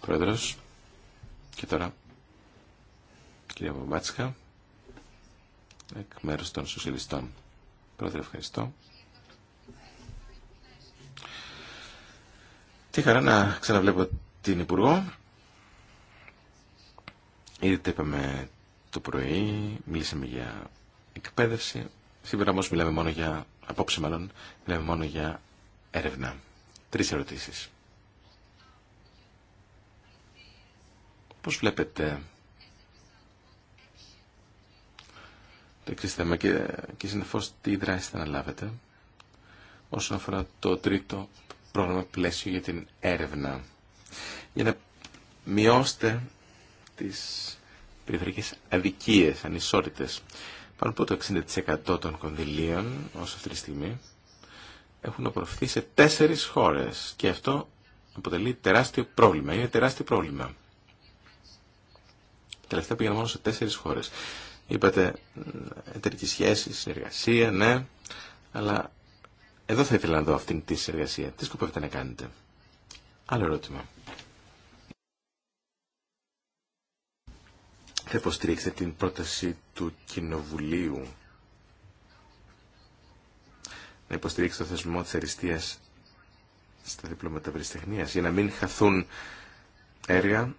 Πρόεδρος, και τώρα, κυρία Βομπάτσικα, εκ μέρους των Σοσιαλιστών. Πρόεδρε, ευχαριστώ. Τι χαρά να ξαναβλέπω την Υπουργό. Ήδη τα είπαμε το πρωί, μιλήσαμε για εκπαίδευση. Σήμερα όμως μιλάμε μόνο για, απόψε μάλλον, μιλάμε μόνο για έρευνα. Τρεις ερωτήσεις. Πώς βλέπετε το εξής θέμα και, και συνεφώς τι δράση θα αναλάβετε όσον αφορά το τρίτο πρόγραμμα πλαίσιο για την έρευνα για να μειώστε τις περιφερειακές αδικίες, ανισότητες. Πάνω από το 60% των κονδυλίων, όσο αυτή τη στιγμή, έχουν απορροφηθεί σε τέσσερις χώρες και αυτό αποτελεί τεράστιο πρόβλημα. Είναι τεράστιο πρόβλημα. Τελευταία πήγαμε μόνο σε τέσσερις χώρες. Είπατε εταιρική σχέση, συνεργασία, ναι, αλλά εδώ θα ήθελα να δω αυτήν τη συνεργασία. Τι σκοπεύετε να κάνετε. Άλλο ερώτημα. Θα υποστηρίξετε την πρόταση του Κοινοβουλίου να υποστηρίξει το θεσμό της αριστείας στα διπλώματα βρισιτεχνίας για να μην χαθούν έργα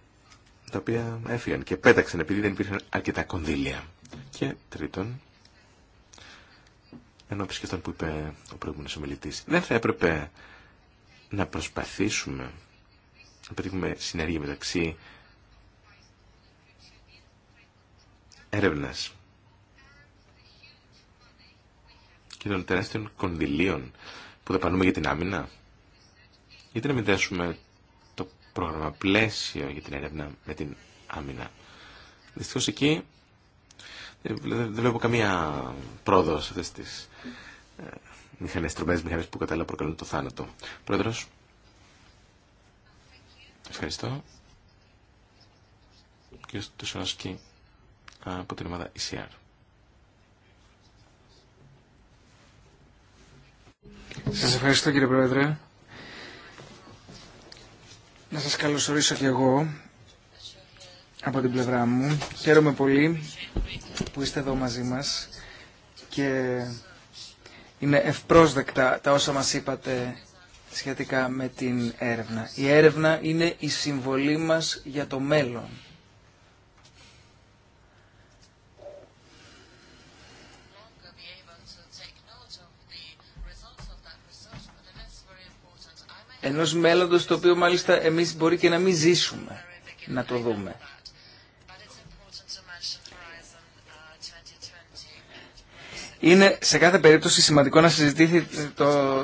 τα οποία έφυγαν και πέταξαν επειδή δεν υπήρχαν αρκετά κονδύλια. Και τρίτον, ενώ και που είπε ο προηγούμενος ομιλητή. Δεν θα έπρεπε να προσπαθήσουμε να πετύχουμε συνεργεία μεταξύ έρευνας και των τεράστιων κονδυλίων που δαπανούμε για την άμυνα. Γιατί να μην δέσουμε το πρόγραμμα πλαίσιο για την έρευνα με την άμυνα. Δυστυχώς εκεί δεν βλέπω καμία πρόοδο σε αυτές τις μηχανές τρομές, μηχανές που κατάλληλα προκαλούν το θάνατο. Πρόεδρος. Ευχαριστώ. Κύριε Στουσονόσκι από την ομάδα ECR. Σας ευχαριστώ κύριε Πρόεδρε. Να σας καλωσορίσω και εγώ από την πλευρά μου. Χαίρομαι πολύ που είστε εδώ μαζί μας και είναι ευπρόσδεκτα τα όσα μας είπατε σχετικά με την έρευνα. Η έρευνα είναι η συμβολή μας για το μέλλον. Ενός μέλλοντος το οποίο μάλιστα εμείς μπορεί και να μην ζήσουμε να το δούμε. Είναι σε κάθε περίπτωση σημαντικό να,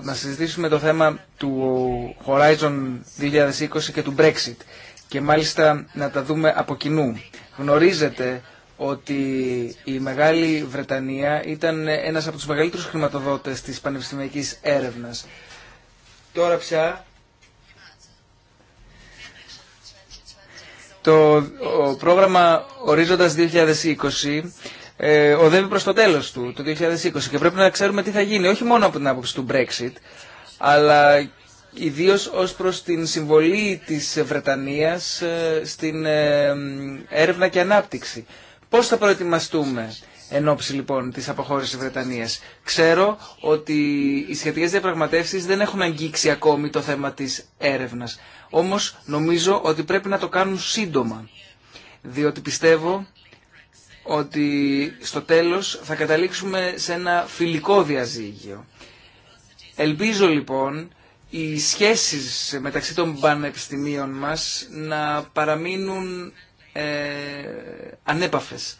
να συζητήσουμε το θέμα του Horizon 2020 και του Brexit και μάλιστα να τα δούμε από κοινού. Γνωρίζετε ότι η Μεγάλη Βρετανία ήταν ένας από τους μεγαλύτερους χρηματοδότες της πανεπιστημιακής έρευνας. Τώρα πια το πρόγραμμα Ορίζοντας 2020 ε, οδεύει προς το τέλος του, το 2020 και πρέπει να ξέρουμε τι θα γίνει, όχι μόνο από την άποψη του Brexit, αλλά ιδίως ως προς την συμβολή της Βρετανίας ε, στην ε, έρευνα και ανάπτυξη. Πώς θα προετοιμαστούμε εν ώψη λοιπόν της αποχώρησης Βρετανίας. Ξέρω ότι οι σχετικές διαπραγματεύσεις δεν έχουν αγγίξει ακόμη το θέμα της έρευνας. Όμως νομίζω ότι πρέπει να το κάνουν σύντομα. Διότι πιστεύω ότι στο τέλος θα καταλήξουμε σε ένα φιλικό διαζύγιο. Ελπίζω λοιπόν οι σχέσεις μεταξύ των πανεπιστημίων μας να παραμείνουν ε, ανέπαφες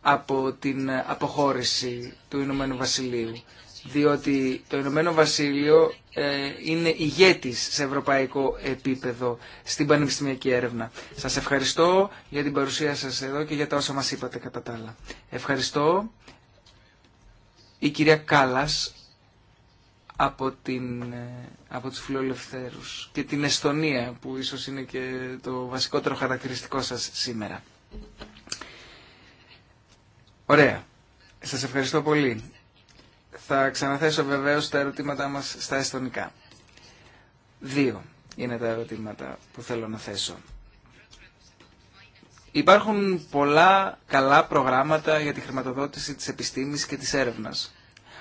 από την αποχώρηση του Ηνωμένου Βασιλείου διότι το Ηνωμένο Βασίλειο ε, είναι ηγέτης σε ευρωπαϊκό επίπεδο στην πανεπιστημιακή έρευνα. Σας ευχαριστώ για την παρουσία σας εδώ και για τα όσα μας είπατε κατά τα άλλα. Ευχαριστώ η κυρία Κάλας από, την, ε, από τους φιλολευθέρους και την Εστονία που ίσως είναι και το βασικότερο χαρακτηριστικό σας σήμερα. Ωραία. Σας ευχαριστώ πολύ. Θα ξαναθέσω βεβαίως τα ερωτήματά μας στα εστονικά. Δύο είναι τα ερωτήματα που θέλω να θέσω. Υπάρχουν πολλά καλά προγράμματα για τη χρηματοδότηση της επιστήμης και της έρευνας.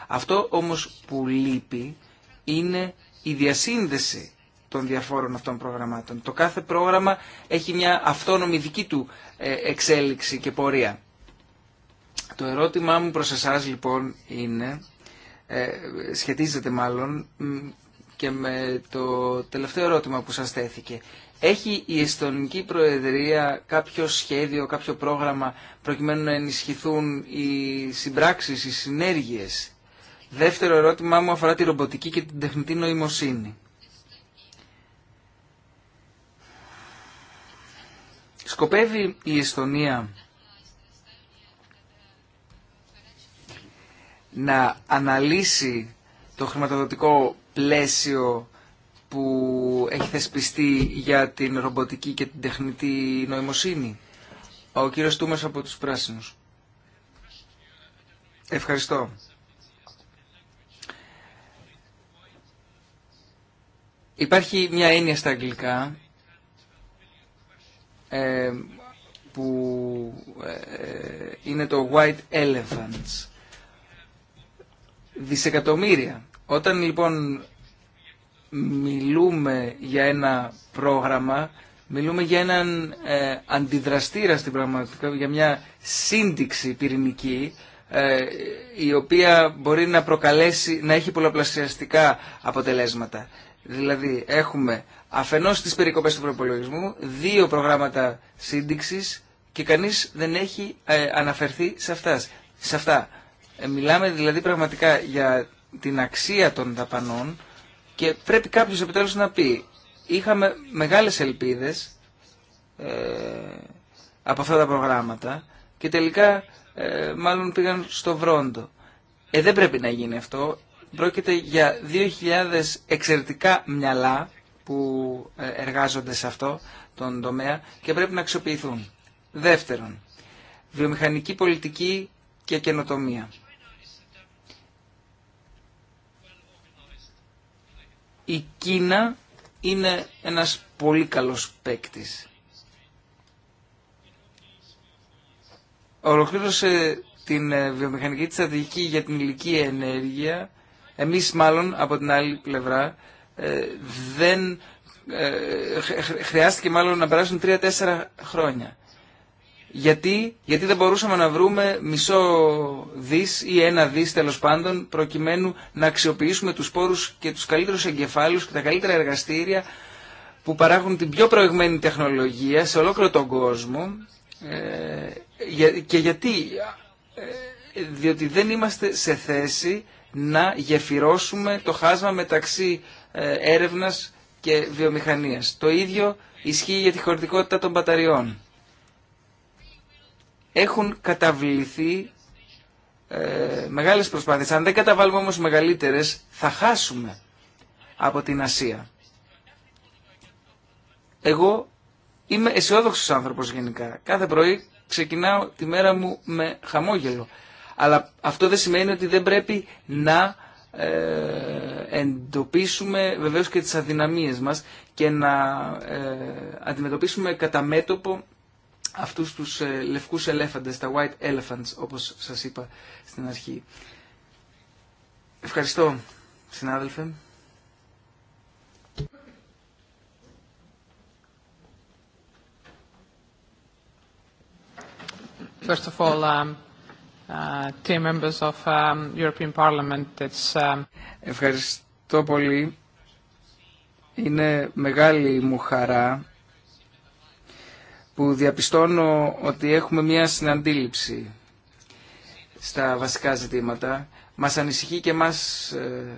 Αυτό όμως που λείπει είναι η διασύνδεση των διαφόρων αυτών προγραμμάτων. Το κάθε πρόγραμμα έχει μια αυτόνομη δική του ε, εξέλιξη και πορεία. Το ερώτημά μου προς εσάς λοιπόν είναι ε, σχετίζεται μάλλον και με το τελευταίο ερώτημα που σας θέθηκε. Έχει η Εστονική Προεδρία κάποιο σχέδιο, κάποιο πρόγραμμα προκειμένου να ενισχυθούν οι συμπράξεις, οι συνέργειες. Δεύτερο ερώτημά μου αφορά τη ρομποτική και την τεχνητή νοημοσύνη. Σκοπεύει η Εστονία να αναλύσει το χρηματοδοτικό πλαίσιο που έχει θεσπιστεί για την ρομποτική και την τεχνητή νοημοσύνη. Ο κύριος Τούμες από τους Πράσινους. Ευχαριστώ. Υπάρχει μια έννοια στα αγγλικά ε, που ε, είναι το white elephants δισεκατομμύρια. Όταν λοιπόν μιλούμε για ένα πρόγραμμα, μιλούμε για έναν ε, αντιδραστήρα στην πραγματικότητα, για μια σύνδεξη πυρηνική, ε, η οποία μπορεί να προκαλέσει, να έχει πολλαπλασιαστικά αποτελέσματα. Δηλαδή έχουμε αφενός τις περικοπές του προπολογισμού, δύο προγράμματα σύνδεξης και κανείς δεν έχει ε, αναφερθεί σε αυτά. Ε, μιλάμε δηλαδή πραγματικά για την αξία των δαπανών και πρέπει κάποιος επιτέλους να πει είχαμε μεγάλες ελπίδες ε, από αυτά τα προγράμματα και τελικά ε, μάλλον πήγαν στο βρόντο. Ε, δεν πρέπει να γίνει αυτό. Πρόκειται για 2.000 εξαιρετικά μυαλά που ε, εργάζονται σε αυτό τον τομέα και πρέπει να αξιοποιηθούν. Δεύτερον, βιομηχανική πολιτική και καινοτομία. η Κίνα είναι ένας πολύ καλός παίκτη. Ολοκλήρωσε την ε, βιομηχανική της στρατηγική για την ηλική ενέργεια. Εμείς μάλλον από την άλλη πλευρά ε, δεν ε, χρειάστηκε μάλλον να περάσουν 3-4 χρόνια. Γιατί, γιατί δεν μπορούσαμε να βρούμε μισό δις ή ένα δις τέλο πάντων προκειμένου να αξιοποιήσουμε τους πόρους και τους καλύτερους εγκεφάλους και τα καλύτερα εργαστήρια που παράγουν την πιο προηγμένη τεχνολογία σε ολόκληρο τον κόσμο ε, και γιατί ε, διότι δεν είμαστε σε θέση να γεφυρώσουμε το χάσμα μεταξύ ε, έρευνας και βιομηχανίας. Το ίδιο ισχύει για τη χωρητικότητα των μπαταριών έχουν καταβληθεί ε, μεγάλες προσπάθειες. Αν δεν καταβάλουμε όμως μεγαλύτερες θα χάσουμε από την Ασία. Εγώ είμαι αισιόδοξο άνθρωπος γενικά. Κάθε πρωί ξεκινάω τη μέρα μου με χαμόγελο. Αλλά αυτό δεν σημαίνει ότι δεν πρέπει να ε, εντοπίσουμε βεβαίως και τις αδυναμίες μας και να ε, αντιμετωπίσουμε κατά μέτωπο αυτούς τους ε, λευκούς ελέφαντες, τα white elephants όπως σας είπα στην αρχή. Ευχαριστώ συνάδελφε. First of all, um, uh, members of um, European Parliament, it's. Um, Ευχαριστώ πολύ. Είναι μεγάλη μου χαρά που διαπιστώνω ότι έχουμε μια συναντήληψη στα βασικά ζητήματα. Μας ανησυχεί και μας ε,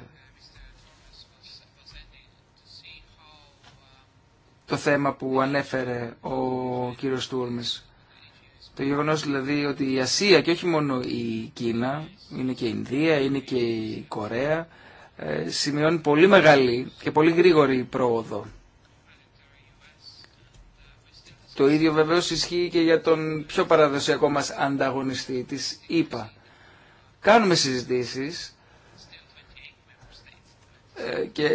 το θέμα που ανέφερε ο κύριος Τούρμες. Το γεγονός δηλαδή ότι η Ασία και όχι μόνο η Κίνα, είναι και η Ινδία, είναι και η Κορέα, ε, σημειώνει πολύ μεγάλη και πολύ γρήγορη πρόοδο. Το ίδιο βεβαίως ισχύει και για τον πιο παραδοσιακό μας ανταγωνιστή, της ΕΠΑ. Κάνουμε συζητήσεις ε, και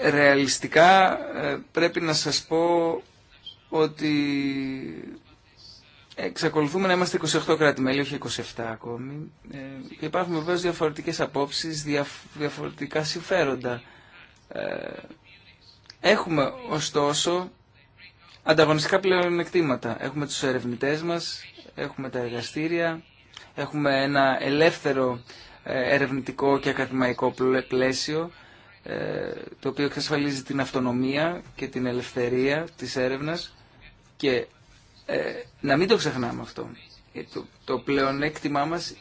ε, ρεαλιστικά ε, πρέπει να σας πω ότι εξακολουθούμε να είμαστε 28 κράτη-μέλη, όχι 27 ακόμη. Και υπάρχουν βεβαίως διαφορετικές απόψεις, διαφορετικά συμφέροντα. Έχουμε ωστόσο ανταγωνιστικά πλεονεκτήματα. Έχουμε τους ερευνητές μας, έχουμε τα εργαστήρια, έχουμε ένα ελεύθερο ε, ερευνητικό και ακαδημαϊκό πλαίσιο ε, το οποίο εξασφαλίζει την αυτονομία και την ελευθερία της έρευνας και ε, να μην το ξεχνάμε αυτό. Το, το πλεονέκτημά μας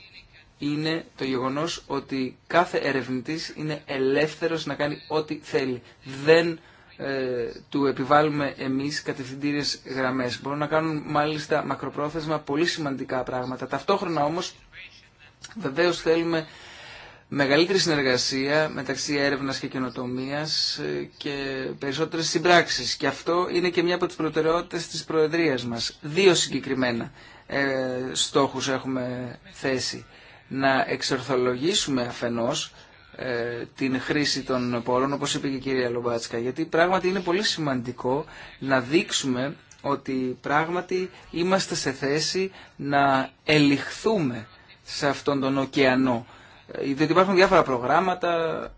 είναι το γεγονός ότι κάθε ερευνητής είναι ελεύθερος να κάνει ό,τι θέλει. Δεν ε, του επιβάλλουμε εμείς κατευθυντήριες γραμμές. Μπορούν να κάνουν μάλιστα μακροπρόθεσμα πολύ σημαντικά πράγματα. Ταυτόχρονα όμως βεβαίως θέλουμε μεγαλύτερη συνεργασία μεταξύ έρευνας και καινοτομίας ε, και περισσότερες συμπράξεις. Και αυτό είναι και μια από τις προτεραιότητες της Προεδρίας μας. Δύο συγκεκριμένα ε, στόχους έχουμε θέσει. Να εξορθολογήσουμε αφενός ε, την χρήση των πόρων, όπως είπε και η κυρία Λομπάτσκα, γιατί πράγματι είναι πολύ σημαντικό να δείξουμε ότι πράγματι είμαστε σε θέση να ελιχθούμε σε αυτόν τον ωκεανό. Ε, διότι υπάρχουν διάφορα προγράμματα,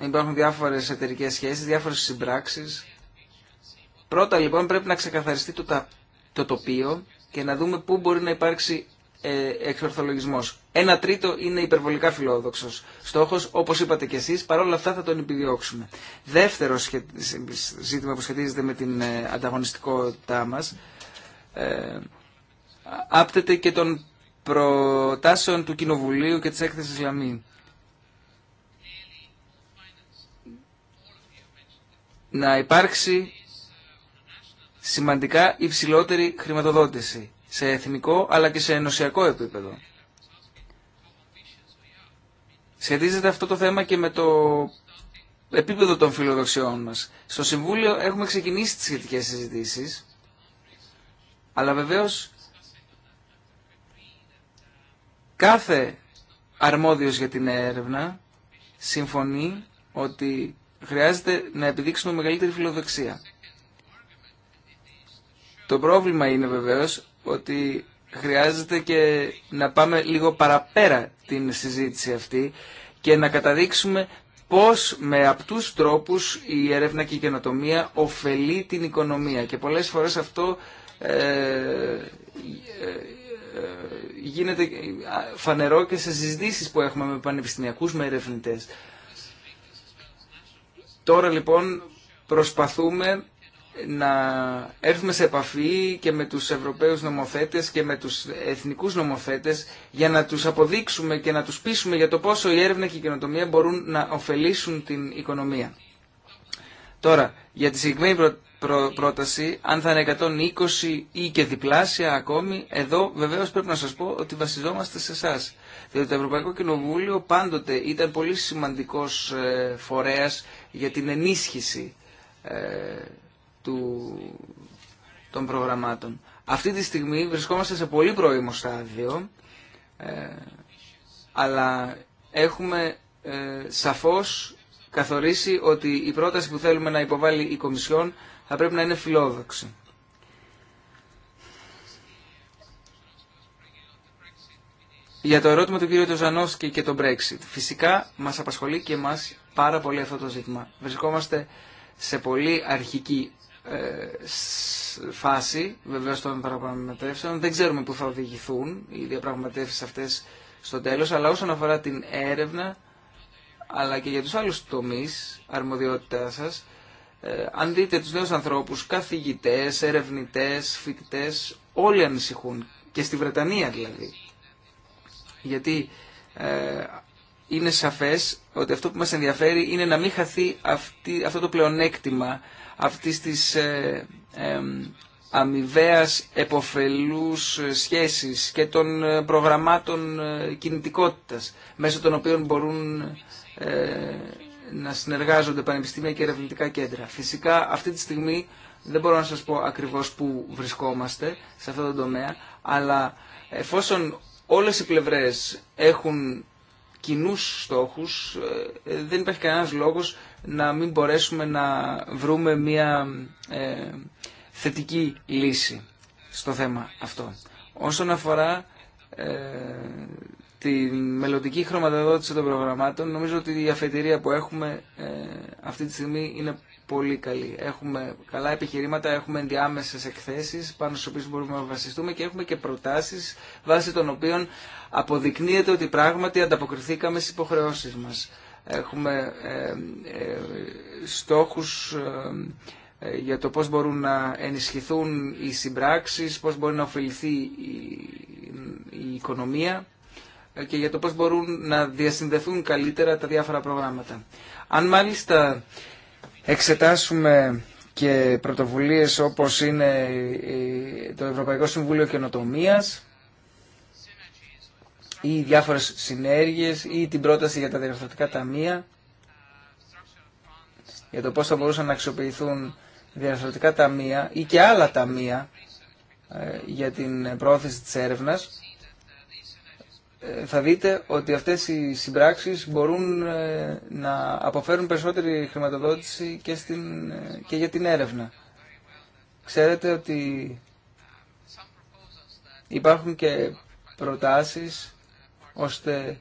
υπάρχουν διάφορες εταιρικέ σχέσεις, διάφορες συμπράξεις. Πρώτα λοιπόν πρέπει να ξεκαθαριστεί το τοπίο και να δούμε πού μπορεί να υπάρξει ε, εξορθολογισμός. Ένα τρίτο είναι υπερβολικά φιλόδοξο στόχο, όπω είπατε κι εσεί, παρόλα αυτά θα τον επιδιώξουμε. Δεύτερο ζήτημα που σχετίζεται με την ε, ανταγωνιστικότητά μα, ε, άπτεται και των προτάσεων του Κοινοβουλίου και τη Έκθεση Λαμή. Να υπάρξει σημαντικά υψηλότερη χρηματοδότηση σε εθνικό αλλά και σε ενωσιακό επίπεδο. Σχετίζεται αυτό το θέμα και με το επίπεδο των φιλοδοξιών μας. Στο Συμβούλιο έχουμε ξεκινήσει τις σχετικές συζητήσεις, αλλά βεβαίως κάθε αρμόδιος για την έρευνα συμφωνεί ότι χρειάζεται να επιδείξουμε μεγαλύτερη φιλοδοξία. Το πρόβλημα είναι βεβαίως ότι χρειάζεται και να πάμε λίγο παραπέρα την συζήτηση αυτή και να καταδείξουμε πώς με απτούς τρόπους η έρευνα και η καινοτομία ωφελεί την οικονομία. Και πολλές φορές αυτό ε, ε, ε γίνεται φανερό και σε συζητήσεις που έχουμε με πανεπιστημιακούς, με ερευνητές. Τώρα λοιπόν προσπαθούμε να έρθουμε σε επαφή και με τους Ευρωπαίους νομοθέτες και με τους εθνικούς νομοθέτες για να τους αποδείξουμε και να τους πείσουμε για το πόσο η έρευνα και η καινοτομία μπορούν να ωφελήσουν την οικονομία. Τώρα, για τη συγκεκριμένη πρόταση, αν θα είναι 120 ή και διπλάσια ακόμη, εδώ βεβαίως πρέπει να σας πω ότι βασιζόμαστε σε εσά. Διότι το Ευρωπαϊκό Κοινοβούλιο πάντοτε ήταν πολύ σημαντικός ε, φορέας για την ενίσχυση ε, των προγραμμάτων. Αυτή τη στιγμή βρισκόμαστε σε πολύ πρώιμο στάδιο, ε, αλλά έχουμε ε, σαφώς καθορίσει ότι η πρόταση που θέλουμε να υποβάλει η Κομισιόν θα πρέπει να είναι φιλόδοξη. Για το ερώτημα του κ. Τζανόφσκι και το Brexit. Φυσικά μας απασχολεί και μας πάρα πολύ αυτό το ζήτημα. Βρισκόμαστε σε πολύ αρχική ε, φάση βεβαίω των παραπραγματεύσεων. Δεν ξέρουμε πού θα οδηγηθούν οι διαπραγματεύσει αυτές στο τέλος, αλλά όσον αφορά την έρευνα, αλλά και για τους άλλους τομεί αρμοδιότητά σας, ε, αν δείτε τους νέους ανθρώπους, καθηγητέ, ερευνητέ, φοιτητέ, όλοι ανησυχούν, και στη Βρετανία δηλαδή. Γιατί ε, είναι σαφές ότι αυτό που μας ενδιαφέρει είναι να μην χαθεί αυτή, αυτό το πλεονέκτημα αυτής της ε, αμοιβαίας εποφελούς σχέσης και των ε, προγραμμάτων ε, κινητικότητας μέσω των οποίων μπορούν να συνεργάζονται πανεπιστήμια και ερευνητικά κέντρα. Φυσικά αυτή τη στιγμή δεν μπορώ να σας πω ακριβώς πού βρισκόμαστε σε αυτό το τομέα, αλλά εφόσον όλες οι πλευρές έχουν κοινούς στόχους, δεν υπάρχει κανένας λόγος να μην μπορέσουμε να βρούμε μια ε, θετική λύση στο θέμα αυτό. Όσον αφορά ε, τη μελλοντική χρωματοδότηση των προγραμμάτων, νομίζω ότι η αφετηρία που έχουμε ε, αυτή τη στιγμή είναι πολύ καλή. Έχουμε καλά επιχειρήματα, έχουμε ενδιάμεσες εκθέσεις πάνω στις οποίες μπορούμε να βασιστούμε και έχουμε και προτάσεις βάσει των οποίων αποδεικνύεται ότι πράγματι ανταποκριθήκαμε στις υποχρεώσεις μας. Έχουμε ε, ε, στόχους ε, για το πώς μπορούν να ενισχυθούν οι συμπράξεις, πώς μπορεί να ωφεληθεί η οικονομία και για το πώς μπορούν να διασυνδεθούν καλύτερα τα διάφορα προγράμματα. Αν μάλιστα εξετάσουμε και πρωτοβουλίες όπως είναι το Ευρωπαϊκό Συμβούλιο Καινοτομίας, ή διάφορες συνέργειες ή την πρόταση για τα διαρθρωτικά ταμεία για το πώς θα μπορούσαν να αξιοποιηθούν διαρθρωτικά ταμεία ή και άλλα ταμεία ε, για την πρόθεση της έρευνας ε, θα δείτε ότι αυτές οι συμπράξεις μπορούν ε, να αποφέρουν περισσότερη χρηματοδότηση και, στην, και για την έρευνα. Ξέρετε ότι υπάρχουν και προτάσεις ώστε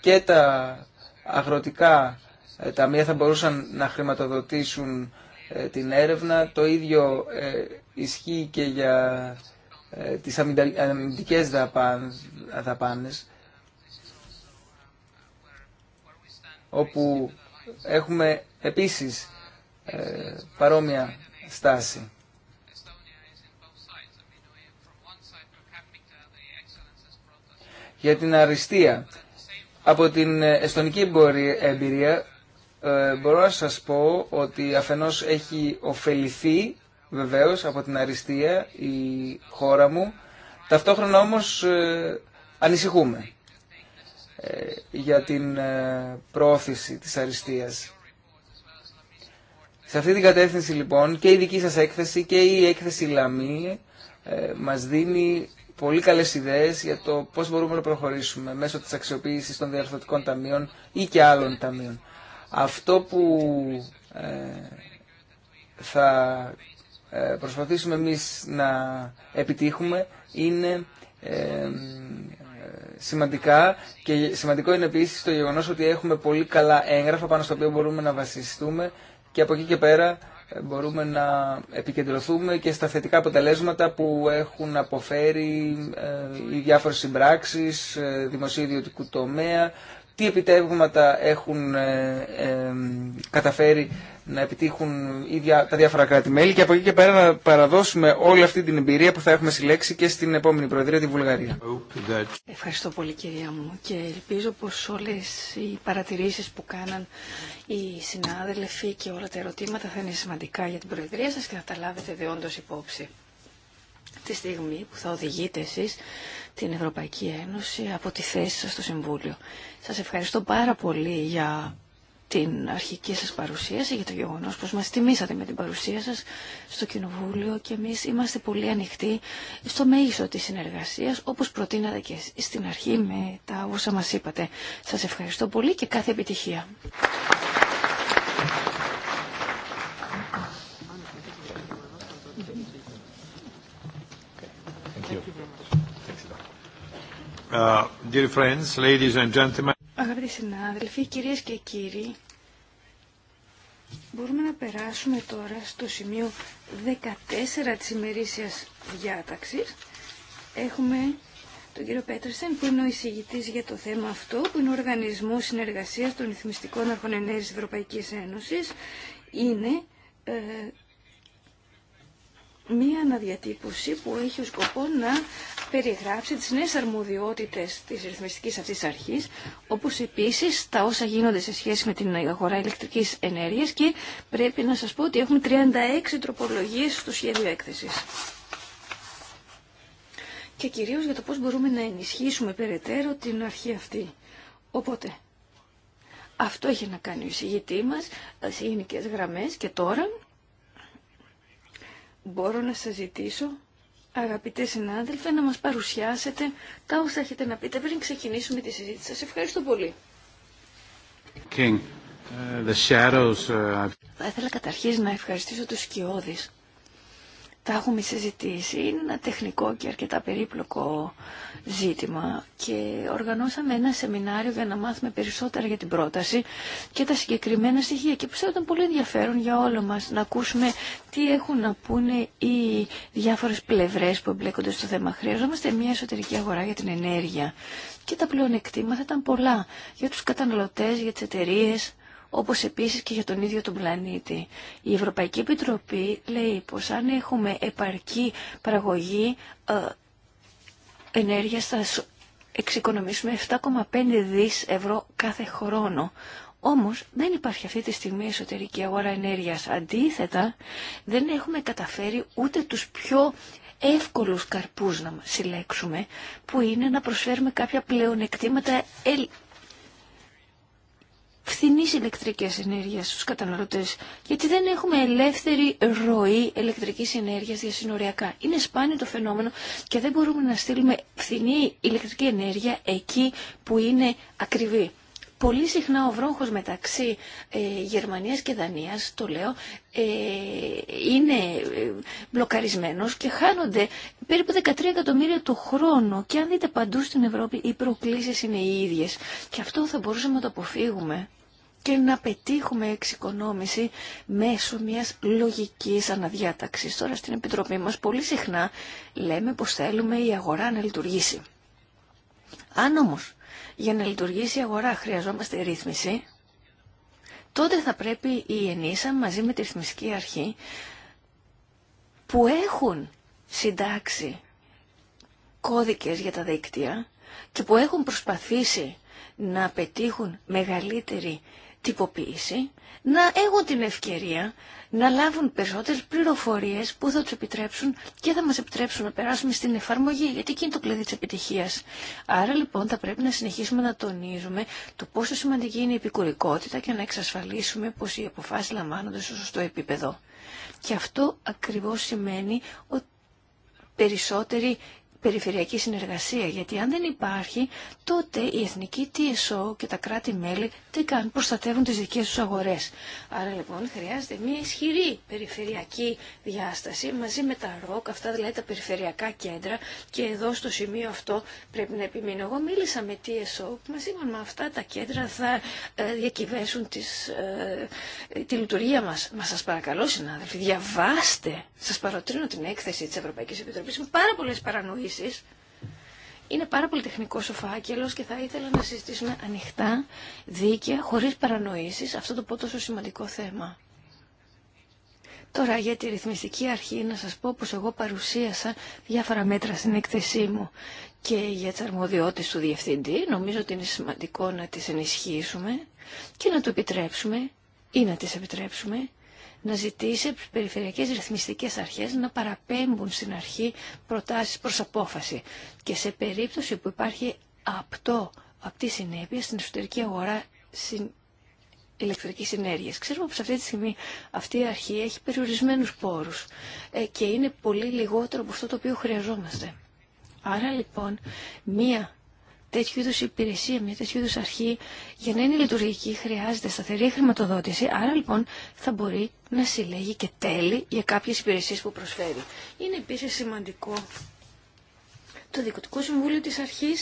και τα αγροτικά ε, ταμεία θα μπορούσαν να χρηματοδοτήσουν ε, την έρευνα. Το ίδιο ε, ισχύει και για τις αμυντικές δαπάνες, όπου έχουμε επίσης παρόμοια στάση. για την αριστεία. Από την εστονική εμπειρία ε, μπορώ να σας πω ότι αφενός έχει ωφεληθεί βεβαίως από την αριστεία η χώρα μου, ταυτόχρονα όμως ε, ανησυχούμε ε, για την πρόθεση της αριστείας. Σε αυτή την κατεύθυνση λοιπόν και η δική σας έκθεση και η έκθεση Λαμή μας δίνει πολύ καλές ιδέες για το πώς μπορούμε να προχωρήσουμε μέσω της αξιοποίησης των διαρθρωτικών ταμείων ή και άλλων ταμείων. Αυτό που ε, θα ε, προσπαθήσουμε εμείς να επιτύχουμε είναι ε, σημαντικά και σημαντικό είναι επίσης το γεγονός ότι έχουμε πολύ καλά έγγραφα πάνω στο οποίο μπορούμε να βασιστούμε και από εκεί και πέρα μπορούμε να επικεντρωθούμε και στα θετικά αποτελέσματα που έχουν αποφέρει ε, οι διάφορες συμπράξεις ε, δημοσίου ιδιωτικού τομέα, τι επιτεύγματα έχουν ε, καταφέρει να επιτύχουν ίδια, τα διάφορα κράτη-μέλη και από εκεί και πέρα να παραδώσουμε όλη αυτή την εμπειρία που θα έχουμε συλλέξει και στην επόμενη Προεδρία, τη Βουλγαρία. Ευχαριστώ πολύ κυρία μου και ελπίζω πως όλες οι παρατηρήσεις που κάναν οι συνάδελφοι και όλα τα ερωτήματα θα είναι σημαντικά για την Προεδρία σας και θα τα λάβετε δεόντως υπόψη τη στιγμή που θα οδηγείτε εσείς την Ευρωπαϊκή Ένωση από τη θέση σας στο Συμβούλιο. Σας ευχαριστώ πάρα πολύ για την αρχική σας παρουσίαση, για το γεγονός πως μας τιμήσατε με την παρουσία σας στο Κοινοβούλιο και εμείς είμαστε πολύ ανοιχτοί στο μέγιστο της συνεργασίας, όπως προτείνατε και στην αρχή με τα όσα μας είπατε. Σας ευχαριστώ πολύ και κάθε επιτυχία. Uh, dear friends, ladies and gentlemen. Αγαπητοί συνάδελφοι, κυρίες και κύριοι, μπορούμε να περάσουμε τώρα στο σημείο 14 της ημερήσιας διάταξης. Έχουμε τον κύριο Πέτρεσεν που είναι ο εισηγητής για το θέμα αυτό, που είναι ο Οργανισμός Συνεργασίας των Ιθμιστικών Αρχών Ενέργειας Ευρωπαϊκής Ένωσης. Είναι ε, μία αναδιατύπωση που έχει ο σκοπό να περιγράψει τις νέες αρμοδιότητες της ρυθμιστικής αυτής αρχής, όπως επίσης τα όσα γίνονται σε σχέση με την αγορά ηλεκτρικής ενέργειας και πρέπει να σας πω ότι έχουμε 36 τροπολογίες στο σχέδιο έκθεσης. Και κυρίως για το πώς μπορούμε να ενισχύσουμε περαιτέρω την αρχή αυτή. Οπότε, αυτό έχει να κάνει ο εισηγητή μας, σε γενικές γραμμές και τώρα μπορώ να σας ζητήσω αγαπητέ συνάδελφε, να μας παρουσιάσετε τα όσα έχετε να πείτε πριν ξεκινήσουμε τη συζήτηση. Σας ευχαριστώ πολύ. King, uh, the shadows, uh, Θα ήθελα καταρχήν να ευχαριστήσω τους Σκιώδης τα έχουμε συζητήσει. Είναι ένα τεχνικό και αρκετά περίπλοκο ζήτημα και οργανώσαμε ένα σεμινάριο για να μάθουμε περισσότερα για την πρόταση και τα συγκεκριμένα στοιχεία και πιστεύω ήταν πολύ ενδιαφέρον για όλο μας να ακούσουμε τι έχουν να πούνε οι διάφορες πλευρές που εμπλέκονται στο θέμα. Χρειαζόμαστε μια εσωτερική αγορά για την ενέργεια και τα πλεονεκτήματα ήταν πολλά για τους καταναλωτές, για τις εταιρείε όπως επίσης και για τον ίδιο τον πλανήτη. Η Ευρωπαϊκή Επιτροπή λέει πως αν έχουμε επαρκή παραγωγή ε, ενέργειας θα εξοικονομήσουμε 7,5 δις ευρώ κάθε χρόνο. Όμως δεν υπάρχει αυτή τη στιγμή εσωτερική αγορά ενέργειας. Αντίθετα, δεν έχουμε καταφέρει ούτε τους πιο εύκολους καρπούς να συλλέξουμε, που είναι να προσφέρουμε κάποια πλεονεκτήματα φθηνή ηλεκτρική ενέργεια στου καταναλωτές, γιατί δεν έχουμε ελεύθερη ροή ηλεκτρικής ενέργειας διασυνοριακά. Είναι σπάνιο το φαινόμενο και δεν μπορούμε να στείλουμε φθηνή ηλεκτρική ενέργεια εκεί που είναι ακριβή. Πολύ συχνά ο βρόχος μεταξύ ε, Γερμανίας και Δανίας, το λέω, ε, είναι ε, μπλοκαρισμένος και χάνονται περίπου 13 εκατομμύρια το χρόνο και αν δείτε παντού στην Ευρώπη οι προκλήσεις είναι οι ίδιες και αυτό θα μπορούσαμε να το αποφύγουμε και να πετύχουμε εξοικονόμηση μέσω μιας λογικής αναδιάταξης. Τώρα στην Επιτροπή μας πολύ συχνά λέμε πως θέλουμε η αγορά να λειτουργήσει. Αν όμως για να λειτουργήσει η αγορά χρειαζόμαστε ρύθμιση, τότε θα πρέπει η ΕΝΗΣΑ μαζί με τη ρυθμιστική αρχή που έχουν συντάξει κώδικες για τα δίκτυα και που έχουν προσπαθήσει να πετύχουν μεγαλύτερη τυποποίηση, να έχουν την ευκαιρία να λάβουν περισσότερες πληροφορίες που θα τους επιτρέψουν και θα μας επιτρέψουν να περάσουμε στην εφαρμογή, γιατί εκεί είναι το κλειδί της επιτυχίας. Άρα λοιπόν θα πρέπει να συνεχίσουμε να τονίζουμε το πόσο σημαντική είναι η επικουρικότητα και να εξασφαλίσουμε πως οι αποφάσεις λαμβάνονται στο σωστό επίπεδο. Και αυτό ακριβώς σημαίνει ότι περισσότεροι περιφερειακή συνεργασία. Γιατί αν δεν υπάρχει, τότε η εθνική TSO και τα κράτη-μέλη τι κάνουν, προστατεύουν τις δικές τους αγορές. Άρα λοιπόν χρειάζεται μια ισχυρή περιφερειακή διάσταση μαζί με τα ROC, αυτά δηλαδή τα περιφερειακά κέντρα και εδώ στο σημείο αυτό πρέπει να επιμείνω. Εγώ μίλησα με TSO που μαζί είπαν με αυτά τα κέντρα θα ε, διακυβέσουν τις, ε, τη λειτουργία μας. Μα σας παρακαλώ συνάδελφοι, διαβάστε, σας παροτρύνω την έκθεση της Ευρωπαϊκής Επιτροπής, με πάρα πολλέ παρανοήσει. Είναι πάρα πολύ τεχνικό ο φάκελο και θα ήθελα να συζητήσουμε ανοιχτά, δίκαια, χωρί παρανοήσει, αυτό το πότοσο σημαντικό θέμα. Τώρα για τη ρυθμιστική αρχή να σας πω πως εγώ παρουσίασα διάφορα μέτρα στην έκθεσή μου και για τις αρμοδιότητες του Διευθυντή. Νομίζω ότι είναι σημαντικό να τις ενισχύσουμε και να του επιτρέψουμε ή να τις επιτρέψουμε να ζητήσει από τι περιφερειακές ρυθμιστικές αρχές να παραπέμπουν στην αρχή προτάσει προ απόφαση. Και σε περίπτωση που υπάρχει απτό, τη συνέπεια στην εσωτερική αγορά συν, ηλεκτρικής ενέργειας. Ξέρουμε πως αυτή τη στιγμή αυτή η αρχή έχει περιορισμένους πόρους ε, και είναι πολύ λιγότερο από αυτό το οποίο χρειαζόμαστε. Άρα λοιπόν μία τέτοιου είδου υπηρεσία, μια τέτοιου είδου αρχή, για να είναι λειτουργική χρειάζεται σταθερή χρηματοδότηση, άρα λοιπόν θα μπορεί να συλλέγει και τέλη για κάποιε υπηρεσίε που προσφέρει. Είναι επίση σημαντικό το Διοικητικό Συμβούλιο τη αρχή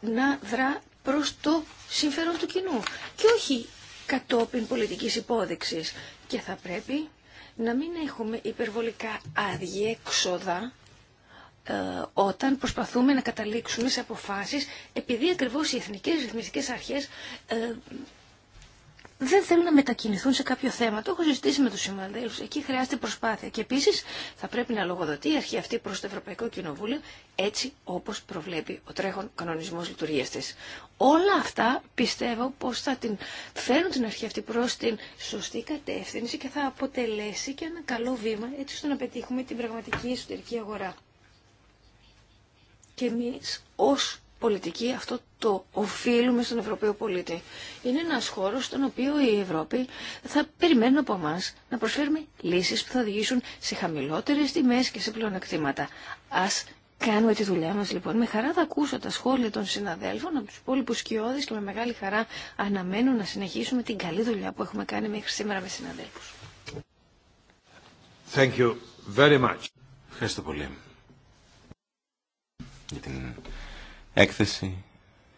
να δρά προ το συμφέρον του κοινού και όχι κατόπιν πολιτική υπόδειξη. Και θα πρέπει να μην έχουμε υπερβολικά εξόδα... Ε, όταν προσπαθούμε να καταλήξουμε σε αποφάσεις επειδή ακριβώς οι εθνικές ρυθμιστικές αρχές ε, δεν θέλουν να μετακινηθούν σε κάποιο θέμα. Το έχω ζητήσει με του συμμαντέλου. Εκεί χρειάζεται προσπάθεια. Και επίση θα πρέπει να λογοδοτεί η αρχή αυτή προ το Ευρωπαϊκό Κοινοβούλιο έτσι όπω προβλέπει ο τρέχον κανονισμό λειτουργία τη. Όλα αυτά πιστεύω πω θα την φέρουν την αρχή αυτή προ την σωστή κατεύθυνση και θα αποτελέσει και ένα καλό βήμα έτσι ώστε να πετύχουμε την πραγματική εσωτερική αγορά. Και εμείς ως πολιτικοί αυτό το οφείλουμε στον Ευρωπαίο πολίτη. Είναι ένας χώρος στον οποίο η Ευρώπη θα περιμένει από εμά να προσφέρουμε λύσεις που θα οδηγήσουν σε χαμηλότερες τιμές και σε πλεονεκτήματα. Ας Κάνουμε τη δουλειά μας λοιπόν. Με χαρά θα ακούσω τα σχόλια των συναδέλφων από τους υπόλοιπους σκιώδεις και με μεγάλη χαρά αναμένω να συνεχίσουμε την καλή δουλειά που έχουμε κάνει μέχρι σήμερα με συναδέλφους. Thank you very much. Ευχαριστώ πολύ για την έκθεση,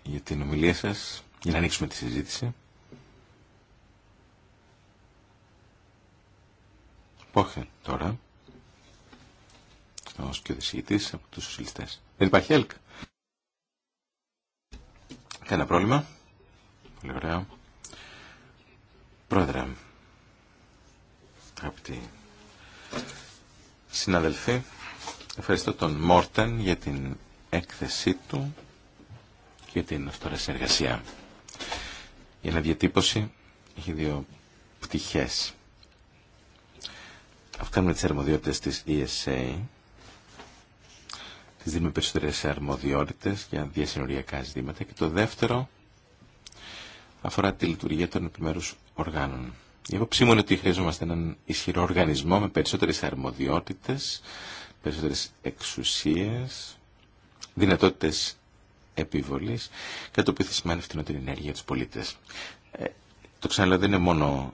για την ομιλία σας, για να ανοίξουμε τη συζήτηση. Πόχε τώρα, ως ο από τους σοσιαλιστέ. Δεν υπάρχει ΕΛΚ. Κανένα πρόβλημα. Πολύ ωραία. Πρόεδρε, αγαπητοί συναδελφοί, ευχαριστώ τον Μόρτεν για την έκθεσή του και την αυτορία. συνεργασία. Η αναδιατύπωση έχει δύο πτυχές. Αυτά με τις αρμοδιότητες της ESA. Τις δίνουμε περισσότερες αρμοδιότητες για διασυνοριακά ζητήματα. Και το δεύτερο αφορά τη λειτουργία των επιμέρους οργάνων. Η άποψή μου είναι ότι χρειαζόμαστε έναν ισχυρό οργανισμό με περισσότερες αρμοδιότητες, περισσότερες εξουσίες, δυνατότητες επιβολής, και το οποίο θα σημαίνει φτηνότερη ενέργεια για τους πολίτες. Ε, το ξαναλέω δεν είναι μόνο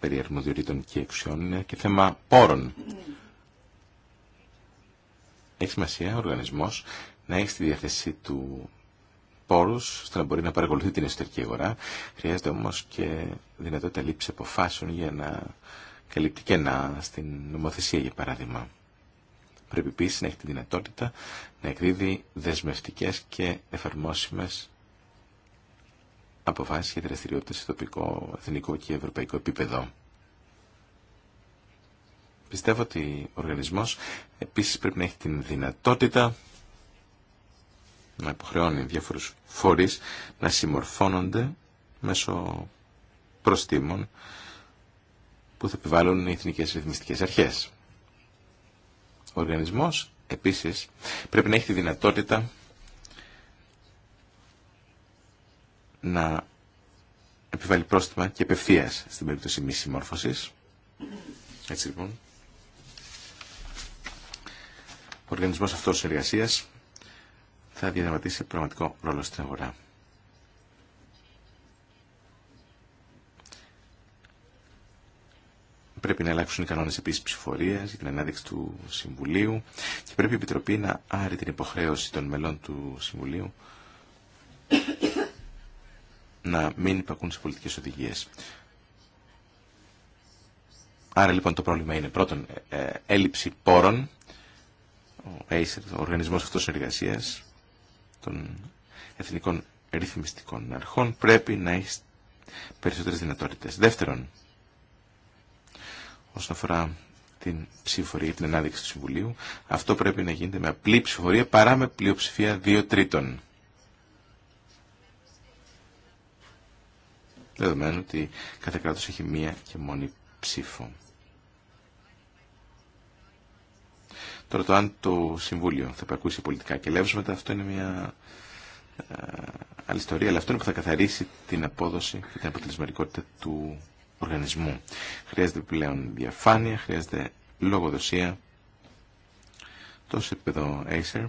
περί αρμοδιορίτων και εξουσιών, είναι και θέμα πόρων. Έχει σημασία ο οργανισμός να έχει στη διάθεσή του πόρους, ώστε να μπορεί να παρακολουθεί την εσωτερική αγορά. Χρειάζεται όμως και δυνατότητα λήψη αποφάσεων για να καλύπτει κενά στην νομοθεσία, για παράδειγμα. Πρέπει επίση να έχει τη δυνατότητα να εκδίδει δεσμευτικές και εφαρμόσιμες αποφάσεις για δραστηριότητε σε τοπικό, εθνικό και ευρωπαϊκό επίπεδο. Πιστεύω ότι ο οργανισμός επίσης πρέπει να έχει την δυνατότητα να υποχρεώνει διάφορους φορεί να συμμορφώνονται μέσω προστήμων που θα επιβάλλουν οι εθνικές ρυθμιστικές αρχές. Ο οργανισμός επίσης πρέπει να έχει τη δυνατότητα να επιβάλλει πρόστιμα και απευθεία στην περίπτωση μη συμμόρφωσης. Έτσι λοιπόν. Ο οργανισμός αυτός εργασίας θα διαδραματίσει πραγματικό ρόλο στην αγορά. Πρέπει να αλλάξουν οι κανόνες επίσης ψηφορία για την ανάδειξη του Συμβουλίου και πρέπει η Επιτροπή να άρει την υποχρέωση των μελών του Συμβουλίου να μην υπακούν σε πολιτικέ οδηγίες. Άρα λοιπόν το πρόβλημα είναι πρώτον ε, ε, έλλειψη πόρων, ο ACER, ο εργασία των Εθνικών Ρυθμιστικών Αρχών, πρέπει να έχει περισσότερε δυνατότητε. Δεύτερον, όσον αφορά την ψηφορία, την ανάδειξη του Συμβουλίου. Αυτό πρέπει να γίνεται με απλή ψηφορία παρά με πλειοψηφία δύο τρίτων. Δεδομένου ότι κάθε κράτος έχει μία και μόνη ψήφο. Τώρα το αν το Συμβούλιο θα επακούσει πολιτικά και αυτό είναι μια ε, άλλη ιστορία, αλλά αυτό είναι που θα καθαρίσει την απόδοση και την αποτελεσματικότητα του οργανισμού. Χρειάζεται πλέον διαφάνεια, χρειάζεται λογοδοσία τόσο σε επίπεδο Acer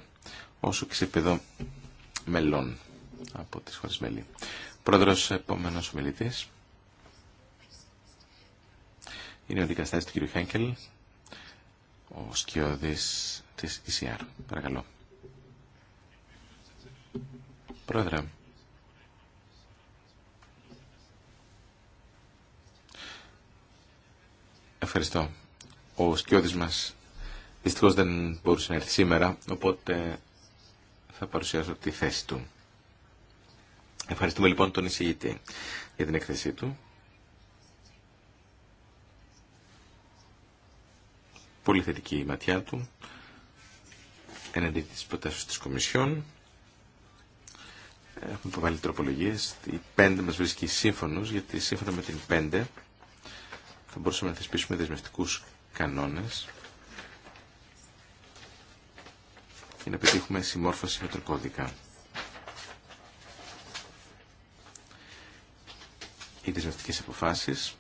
όσο και σε επίπεδο μελών από τις χώρες μέλη. Πρόεδρος επόμενος ομιλητής είναι ο δικαστάς του κ. Χένκελ, ο σκιώδης της ECR. Παρακαλώ. Πρόεδρε, Ευχαριστώ. Ο σκιώδης μας δυστυχώς δεν μπορούσε να έρθει σήμερα, οπότε θα παρουσιάσω τη θέση του. Ευχαριστούμε λοιπόν τον εισηγητή για την έκθεσή του. Πολύ θετική η ματιά του εναντί της προτάσεω της Κομισιόν. Έχουμε υποβάλει τροπολογίες. Η 5 μας βρίσκει σύμφωνος, γιατί σύμφωνα με την 5 θα μπορούσαμε να θεσπίσουμε δεσμευτικούς κανόνες και να πετύχουμε συμμόρφωση με τον κώδικα. Οι δεσμευτικές αποφάσεις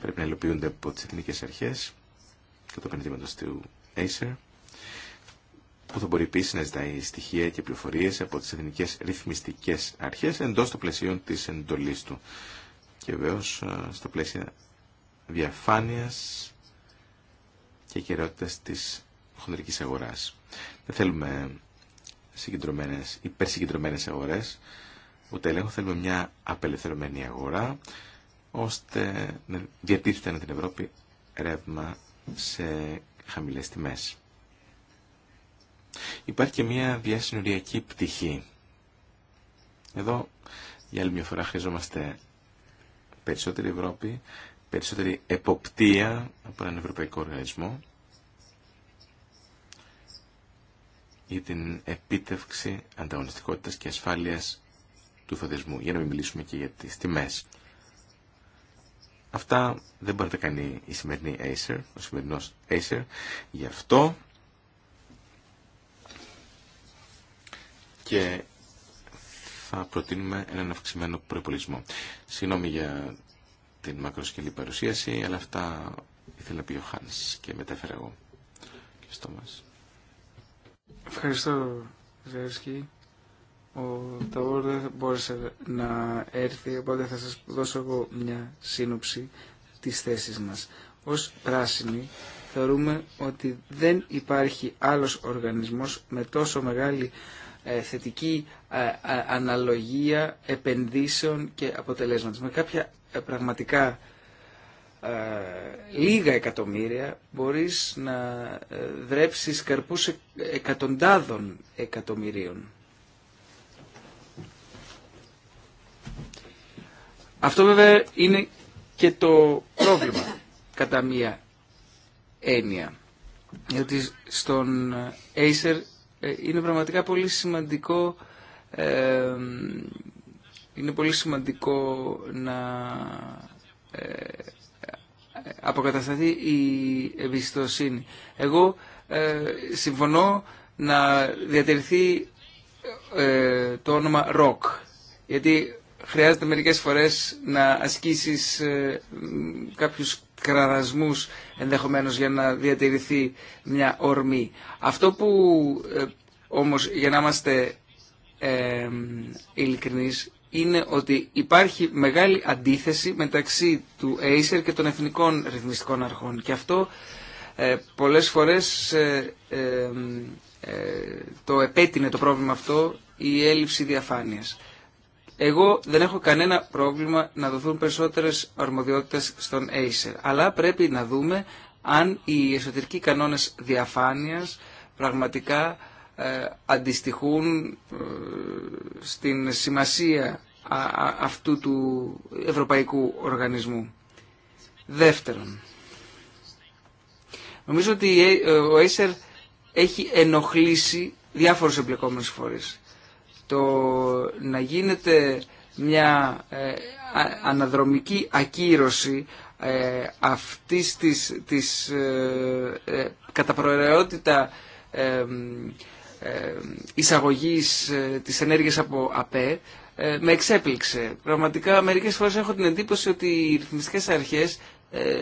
πρέπει να υλοποιούνται από τις εθνικές αρχές και το πενετήματος του Acer που θα μπορεί επίση να ζητάει στοιχεία και πληροφορίε από τι εθνικέ ρυθμιστικέ αρχέ εντό των πλαισίων τη εντολή του και βεβαίω ε, στα πλαίσια διαφάνειας και κυριότητας της χοντρικής αγοράς. Δεν θέλουμε συγκεντρωμένες, υπερσυγκεντρωμένες αγορές, ούτε έλεγχο, θέλουμε μια απελευθερωμένη αγορά, ώστε να διατίθεται την Ευρώπη ρεύμα σε χαμηλές τιμές. Υπάρχει και μια διασυνοριακή πτυχή. Εδώ για άλλη μια φορά χρειαζόμαστε Περισσότερη Ευρώπη, περισσότερη εποπτεία από έναν ευρωπαϊκό οργανισμό για την επίτευξη ανταγωνιστικότητας και ασφάλειας του φωτισμού, για να μην μιλήσουμε και για τις τιμές. Αυτά δεν μπορεί να κάνει η σημερινή Acer, ο σημερινός Acer. Γι' αυτό και θα προτείνουμε έναν αυξημένο προπολισμό. Συγγνώμη για την μακροσκελή παρουσίαση, αλλά αυτά ήθελα πει ο και μετέφερα εγώ. Και στο μας. Ευχαριστώ, Ο Ταβόρ δεν μπόρεσε να έρθει, οπότε θα σας δώσω εγώ μια σύνοψη της θέσης μας. Ως πράσινοι θεωρούμε ότι δεν υπάρχει άλλος οργανισμός με τόσο μεγάλη ε, θετική ε, ε, αναλογία επενδύσεων και αποτελέσματος. Με κάποια πραγματικά λίγα εκατομμύρια μπορείς να δρέψεις καρπούς εκατοντάδων εκατομμυρίων. Αυτό βέβαια είναι και το πρόβλημα κατά μία έννοια. Γιατί στον Acer ε, είναι πραγματικά πολύ σημαντικό είναι πολύ σημαντικό να ε, αποκατασταθεί η εμπιστοσύνη. Εγώ ε, συμφωνώ να διατηρηθεί το όνομα ROC, γιατί χρειάζεται μερικές φορές να ασκήσεις κάποιους κραδασμούς ενδεχομένως για να διατηρηθεί μια ορμή. Αυτό που ε, όμως για να είμαστε ε, ειλικρινείς είναι ότι υπάρχει μεγάλη αντίθεση μεταξύ του Acer και των εθνικών ρυθμιστικών αρχών και αυτό ε, πολλές φορές ε, το επέτεινε το πρόβλημα αυτό η έλλειψη διαφάνειας. Εγώ δεν έχω κανένα πρόβλημα να δοθούν περισσότερε αρμοδιότητες στον Acer, αλλά πρέπει να δούμε αν οι εσωτερικοί κανόνες διαφάνειας πραγματικά ε, αντιστοιχούν ε, στην σημασία αυτού του ευρωπαϊκού οργανισμού. Δεύτερον, νομίζω ότι ε, ο Acer έχει ενοχλήσει διάφορους εμπλεκόμενους φορείς το να γίνεται μια ε, αναδρομική ακύρωση ε, αυτής της, της ε, κατά προαιρεότητα εισαγωγής της ενέργειας από ΑΠΕ με εξέπληξε. Πραγματικά μερικές φορές έχω την εντύπωση ότι οι ρυθμιστικές αρχές ε,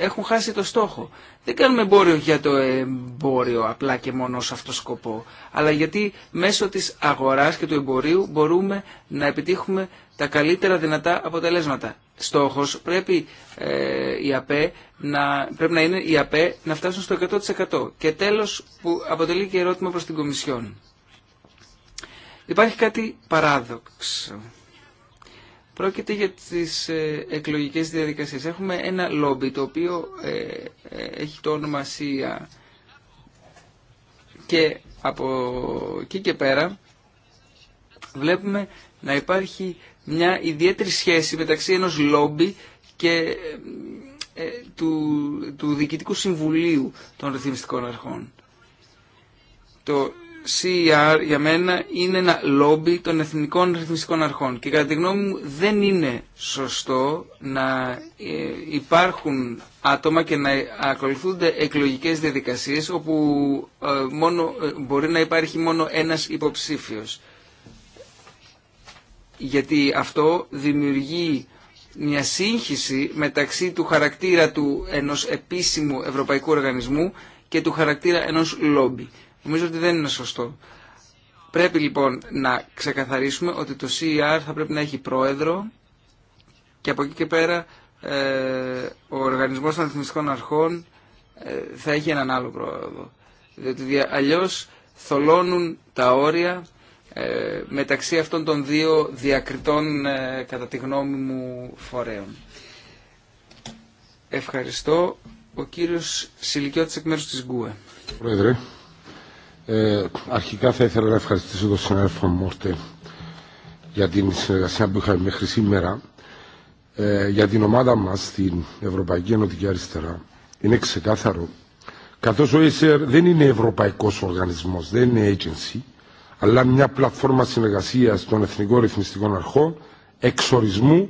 έχουν χάσει το στόχο. Δεν κάνουμε εμπόριο για το εμπόριο απλά και μόνο σε αυτό σκοπό, αλλά γιατί μέσω της αγοράς και του εμπορίου μπορούμε να επιτύχουμε τα καλύτερα δυνατά αποτελέσματα. Στόχος πρέπει ε, η ΑΠΕ να, πρέπει να είναι η ΑΠΕ να φτάσουν στο 100%. Και τέλος που αποτελεί και ερώτημα προς την Κομισιόν. Υπάρχει κάτι παράδοξο. Πρόκειται για τις ε, εκλογικές διαδικασίες. Έχουμε ένα λόμπι το οποίο ε, ε, έχει το όνομα ΣΥΑ και από εκεί και πέρα βλέπουμε να υπάρχει μια ιδιαίτερη σχέση μεταξύ ενός λόμπι και του, του Διοικητικού Συμβουλίου των Ρυθμιστικών Αρχών. Το CER για μένα είναι ένα λόμπι των εθνικών ρυθμιστικών αρχών και κατά τη γνώμη μου δεν είναι σωστό να ε, υπάρχουν άτομα και να ακολουθούνται εκλογικές διαδικασίες όπου ε, μόνο, ε, μπορεί να υπάρχει μόνο ένας υποψήφιος. Γιατί αυτό δημιουργεί μια σύγχυση μεταξύ του χαρακτήρα του ενός επίσημου ευρωπαϊκού οργανισμού και του χαρακτήρα ενός λόμπι. Νομίζω ότι δεν είναι σωστό. Πρέπει λοιπόν να ξεκαθαρίσουμε ότι το CER θα πρέπει να έχει πρόεδρο και από εκεί και πέρα ε, ο Οργανισμός των Αθηνιστικών Αρχών ε, θα έχει έναν άλλο πρόεδρο. Διότι αλλιώς θολώνουν τα όρια ε, μεταξύ αυτών των δύο διακριτών κατά τη γνώμη μου φορέων. Ευχαριστώ. Ο κύριος Σιλικιώτης εκ μέρους της ΓΚΟΕ. Πρόεδρε, ε, αρχικά θα ήθελα να ευχαριστήσω τον συνάδελφο Μόρτε για την συνεργασία που είχαμε μέχρι σήμερα. Ε, για την ομάδα μας στην Ευρωπαϊκή Ενωτική Αριστερά είναι ξεκάθαρο Καθώ ο ΕΣΕΡ δεν είναι ευρωπαϊκός οργανισμός, δεν είναι agency αλλά μια πλατφόρμα συνεργασίας των εθνικών ρυθμιστικών αρχών εξορισμού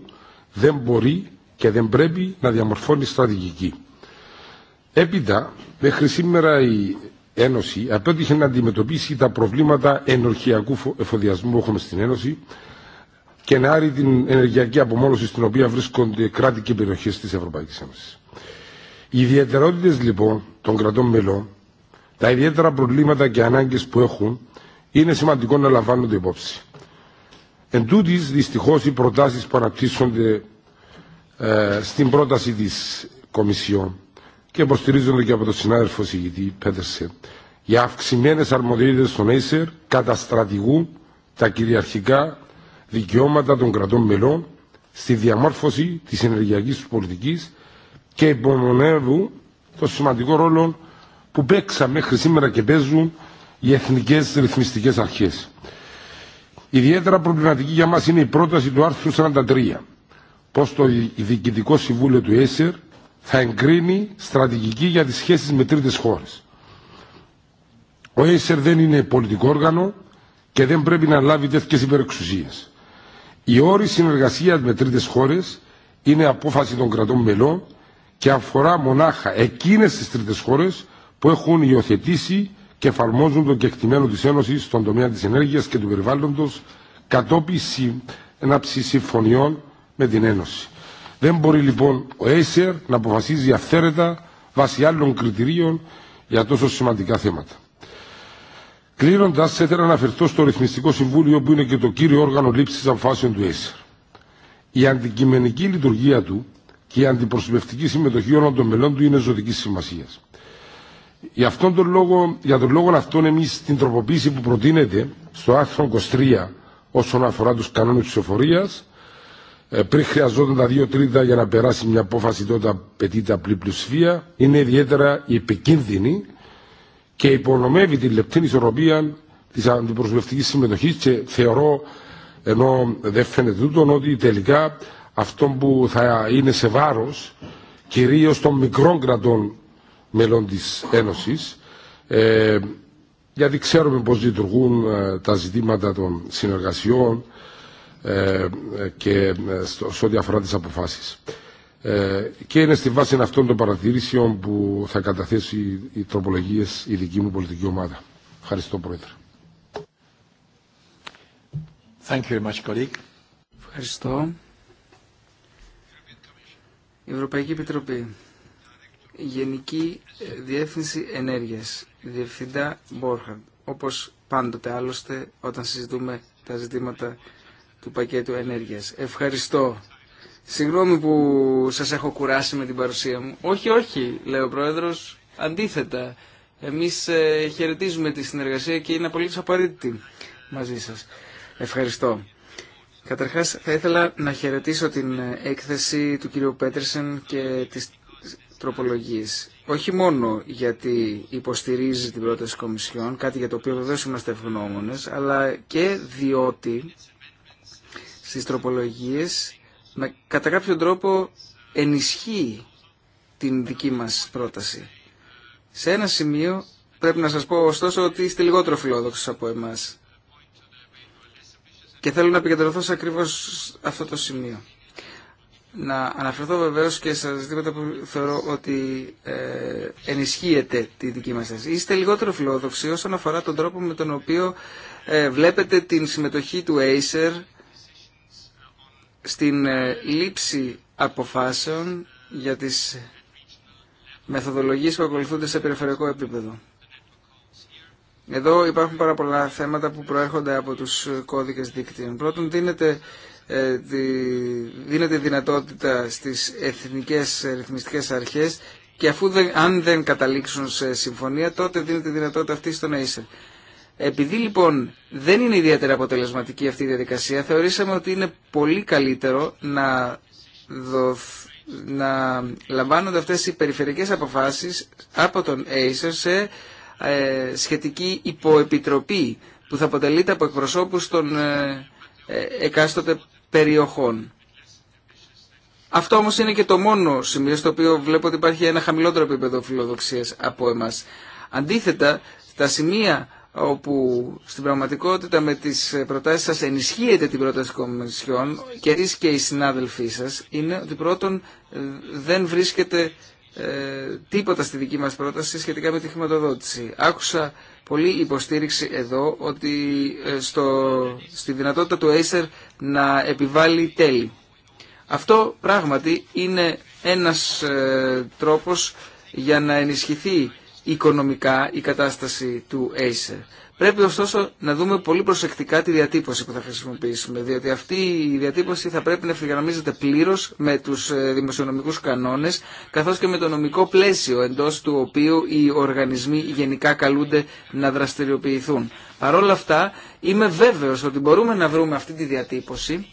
δεν μπορεί και δεν πρέπει να διαμορφώνει στρατηγική. Έπειτα, μέχρι σήμερα η Ένωση απέτυχε να αντιμετωπίσει τα προβλήματα ενορχιακού εφοδιασμού που έχουμε στην Ένωση και να άρει την ενεργειακή απομόνωση στην οποία βρίσκονται κράτη και περιοχέ τη Ευρωπαϊκή Ένωση. Οι ιδιαιτερότητε λοιπόν των κρατών μελών, τα ιδιαίτερα προβλήματα και ανάγκε που έχουν, είναι σημαντικό να λαμβάνονται υπόψη. Εν τούτης, δυστυχώς, οι προτάσεις που αναπτύσσονται ε, στην πρόταση της Κομισιόν και υποστηρίζονται και από τον συνάδελφο συγητή Πέτερσεν οι αυξημένε αρμοδιότητε των Acer καταστρατηγούν τα κυριαρχικά δικαιώματα των κρατών μελών στη διαμόρφωση τη ενεργειακή του πολιτική και υπομονεύουν το σημαντικό ρόλο που παίξαν μέχρι σήμερα και παίζουν οι εθνικέ ρυθμιστικέ αρχέ. Ιδιαίτερα προβληματική για μα είναι η πρόταση του άρθρου 43, πω το Διοικητικό Συμβούλιο του Acer θα εγκρίνει στρατηγική για τις σχέσεις με τρίτες χώρες. Ο ΕΣΕΡ δεν είναι πολιτικό όργανο και δεν πρέπει να λάβει τέτοιες υπερεξουσίες. Η όρη συνεργασία με τρίτες χώρες είναι απόφαση των κρατών μελών και αφορά μονάχα εκείνες τις τρίτες χώρες που έχουν υιοθετήσει και εφαρμόζουν τον κεκτημένο της Ένωσης στον τομέα της ενέργειας και του περιβάλλοντος κατόπιν ένα συμφωνιών με την Ένωση. Δεν μπορεί λοιπόν ο Acer να αποφασίζει αυθαίρετα βάσει άλλων κριτηρίων για τόσο σημαντικά θέματα. Κλείνοντα, θέλω να αναφερθώ στο Ρυθμιστικό Συμβούλιο που είναι και το κύριο όργανο λήψη αποφάσεων του Acer. Η αντικειμενική λειτουργία του και η αντιπροσωπευτική συμμετοχή όλων των μελών του είναι ζωτική σημασία. Για, τον λόγο, για τον λόγο αυτόν εμεί την τροποποίηση που προτείνεται στο άρθρο 23 όσον αφορά του κανόνε τη εφορία, ε, πριν χρειαζόταν τα δύο τρίτα για να περάσει μια απόφαση τότε απαιτείται απλή πλουσφία, είναι ιδιαίτερα επικίνδυνη και υπονομεύει την λεπτή ισορροπία της αντιπροσωπευτικής συμμετοχής και θεωρώ, ενώ δεν φαίνεται τούτο, ότι τελικά αυτό που θα είναι σε βάρος κυρίω των μικρών κρατών μελών της Ένωσης ε, γιατί ξέρουμε πώς λειτουργούν ε, τα ζητήματα των συνεργασιών ε, και ε, σε ό,τι αφορά τις αποφάσεις. Ε, και είναι στη βάση αυτών των παρατηρήσεων που θα καταθέσει η τροπολογίες η δική μου πολιτική ομάδα. Ευχαριστώ, Πρόεδρε. Thank you very Ευχαριστώ. Ευρωπαϊκή Επιτροπή. Γενική Διεύθυνση Ενέργειας. Διευθυντά Μπόρχαντ. Όπως πάντοτε άλλωστε όταν συζητούμε τα ζητήματα του πακέτου ενέργειας. Ευχαριστώ. Συγγνώμη που σας έχω κουράσει με την παρουσία μου. Όχι, όχι, λέει ο Πρόεδρος. Αντίθετα, εμείς ε, χαιρετίζουμε τη συνεργασία και είναι απολύτως απαραίτητη μαζί σας. Ευχαριστώ. Καταρχάς θα ήθελα να χαιρετήσω την ε, έκθεση του κυρίου Πέτρισεν και της τροπολογίες. Όχι μόνο γιατί υποστηρίζει την πρόταση Κομισιόν, κάτι για το οποίο βεβαίως είμαστε ευγνώμονες, αλλά και διότι στις τροπολογίες με, κατά κάποιο τρόπο ενισχύει την δική μας πρόταση. Σε ένα σημείο πρέπει να σας πω ωστόσο ότι είστε λιγότερο φιλόδοξο από εμάς. Και θέλω να επικεντρωθώ σε ακριβώς αυτό το σημείο. Να αναφερθώ βεβαίως και σε ζητήματα που θεωρώ ότι ε, ενισχύεται τη δική μας θέση. Είστε λιγότερο φιλόδοξοι όσον αφορά τον τρόπο με τον οποίο ε, βλέπετε την συμμετοχή του Acer στην ε, λήψη αποφάσεων για τις μεθοδολογίες που ακολουθούνται σε περιφερειακό επίπεδο. Εδώ υπάρχουν πάρα πολλά θέματα που προέρχονται από τους κώδικες δίκτυων. Πρώτον, δίνεται, ε, δυνατότητα στις εθνικές ρυθμιστικές αρχές και αφού αν δεν καταλήξουν σε συμφωνία, τότε δίνεται δυνατότητα αυτή στον Acer. Επειδή λοιπόν δεν είναι ιδιαίτερα αποτελεσματική αυτή η διαδικασία, θεωρήσαμε ότι είναι πολύ καλύτερο να, δοθ, να λαμβάνονται αυτές οι περιφερειακές αποφάσεις από τον Acer σε ε, σχετική υποεπιτροπή που θα αποτελείται από εκπροσώπους των ε, ε, εκάστοτε περιοχών. Αυτό όμως είναι και το μόνο σημείο στο οποίο βλέπω ότι υπάρχει ένα χαμηλότερο επίπεδο φιλοδοξίας από εμάς. Αντίθετα, τα σημεία όπου στην πραγματικότητα με τις προτάσεις σας ενισχύεται την πρόταση κομμισιών και εσείς και οι συνάδελφοί σας είναι ότι πρώτον ε, δεν βρίσκεται ε, τίποτα στη δική μας πρόταση σχετικά με τη χρηματοδότηση. Άκουσα πολύ υποστήριξη εδώ ότι ε, στο, στη δυνατότητα του Acer να επιβάλλει τέλη. Αυτό πράγματι είναι ένας τρόπος για να ενισχυθεί οικονομικά η κατάσταση του Acer. Πρέπει ωστόσο να δούμε πολύ προσεκτικά τη διατύπωση που θα χρησιμοποιήσουμε, διότι αυτή η διατύπωση θα πρέπει να ευθυγραμμίζεται πλήρω με του ε, δημοσιονομικού κανόνε, καθώ και με το νομικό πλαίσιο εντό του οποίου οι οργανισμοί γενικά καλούνται να δραστηριοποιηθούν. Παρ' όλα αυτά, είμαι βέβαιο ότι μπορούμε να βρούμε αυτή τη διατύπωση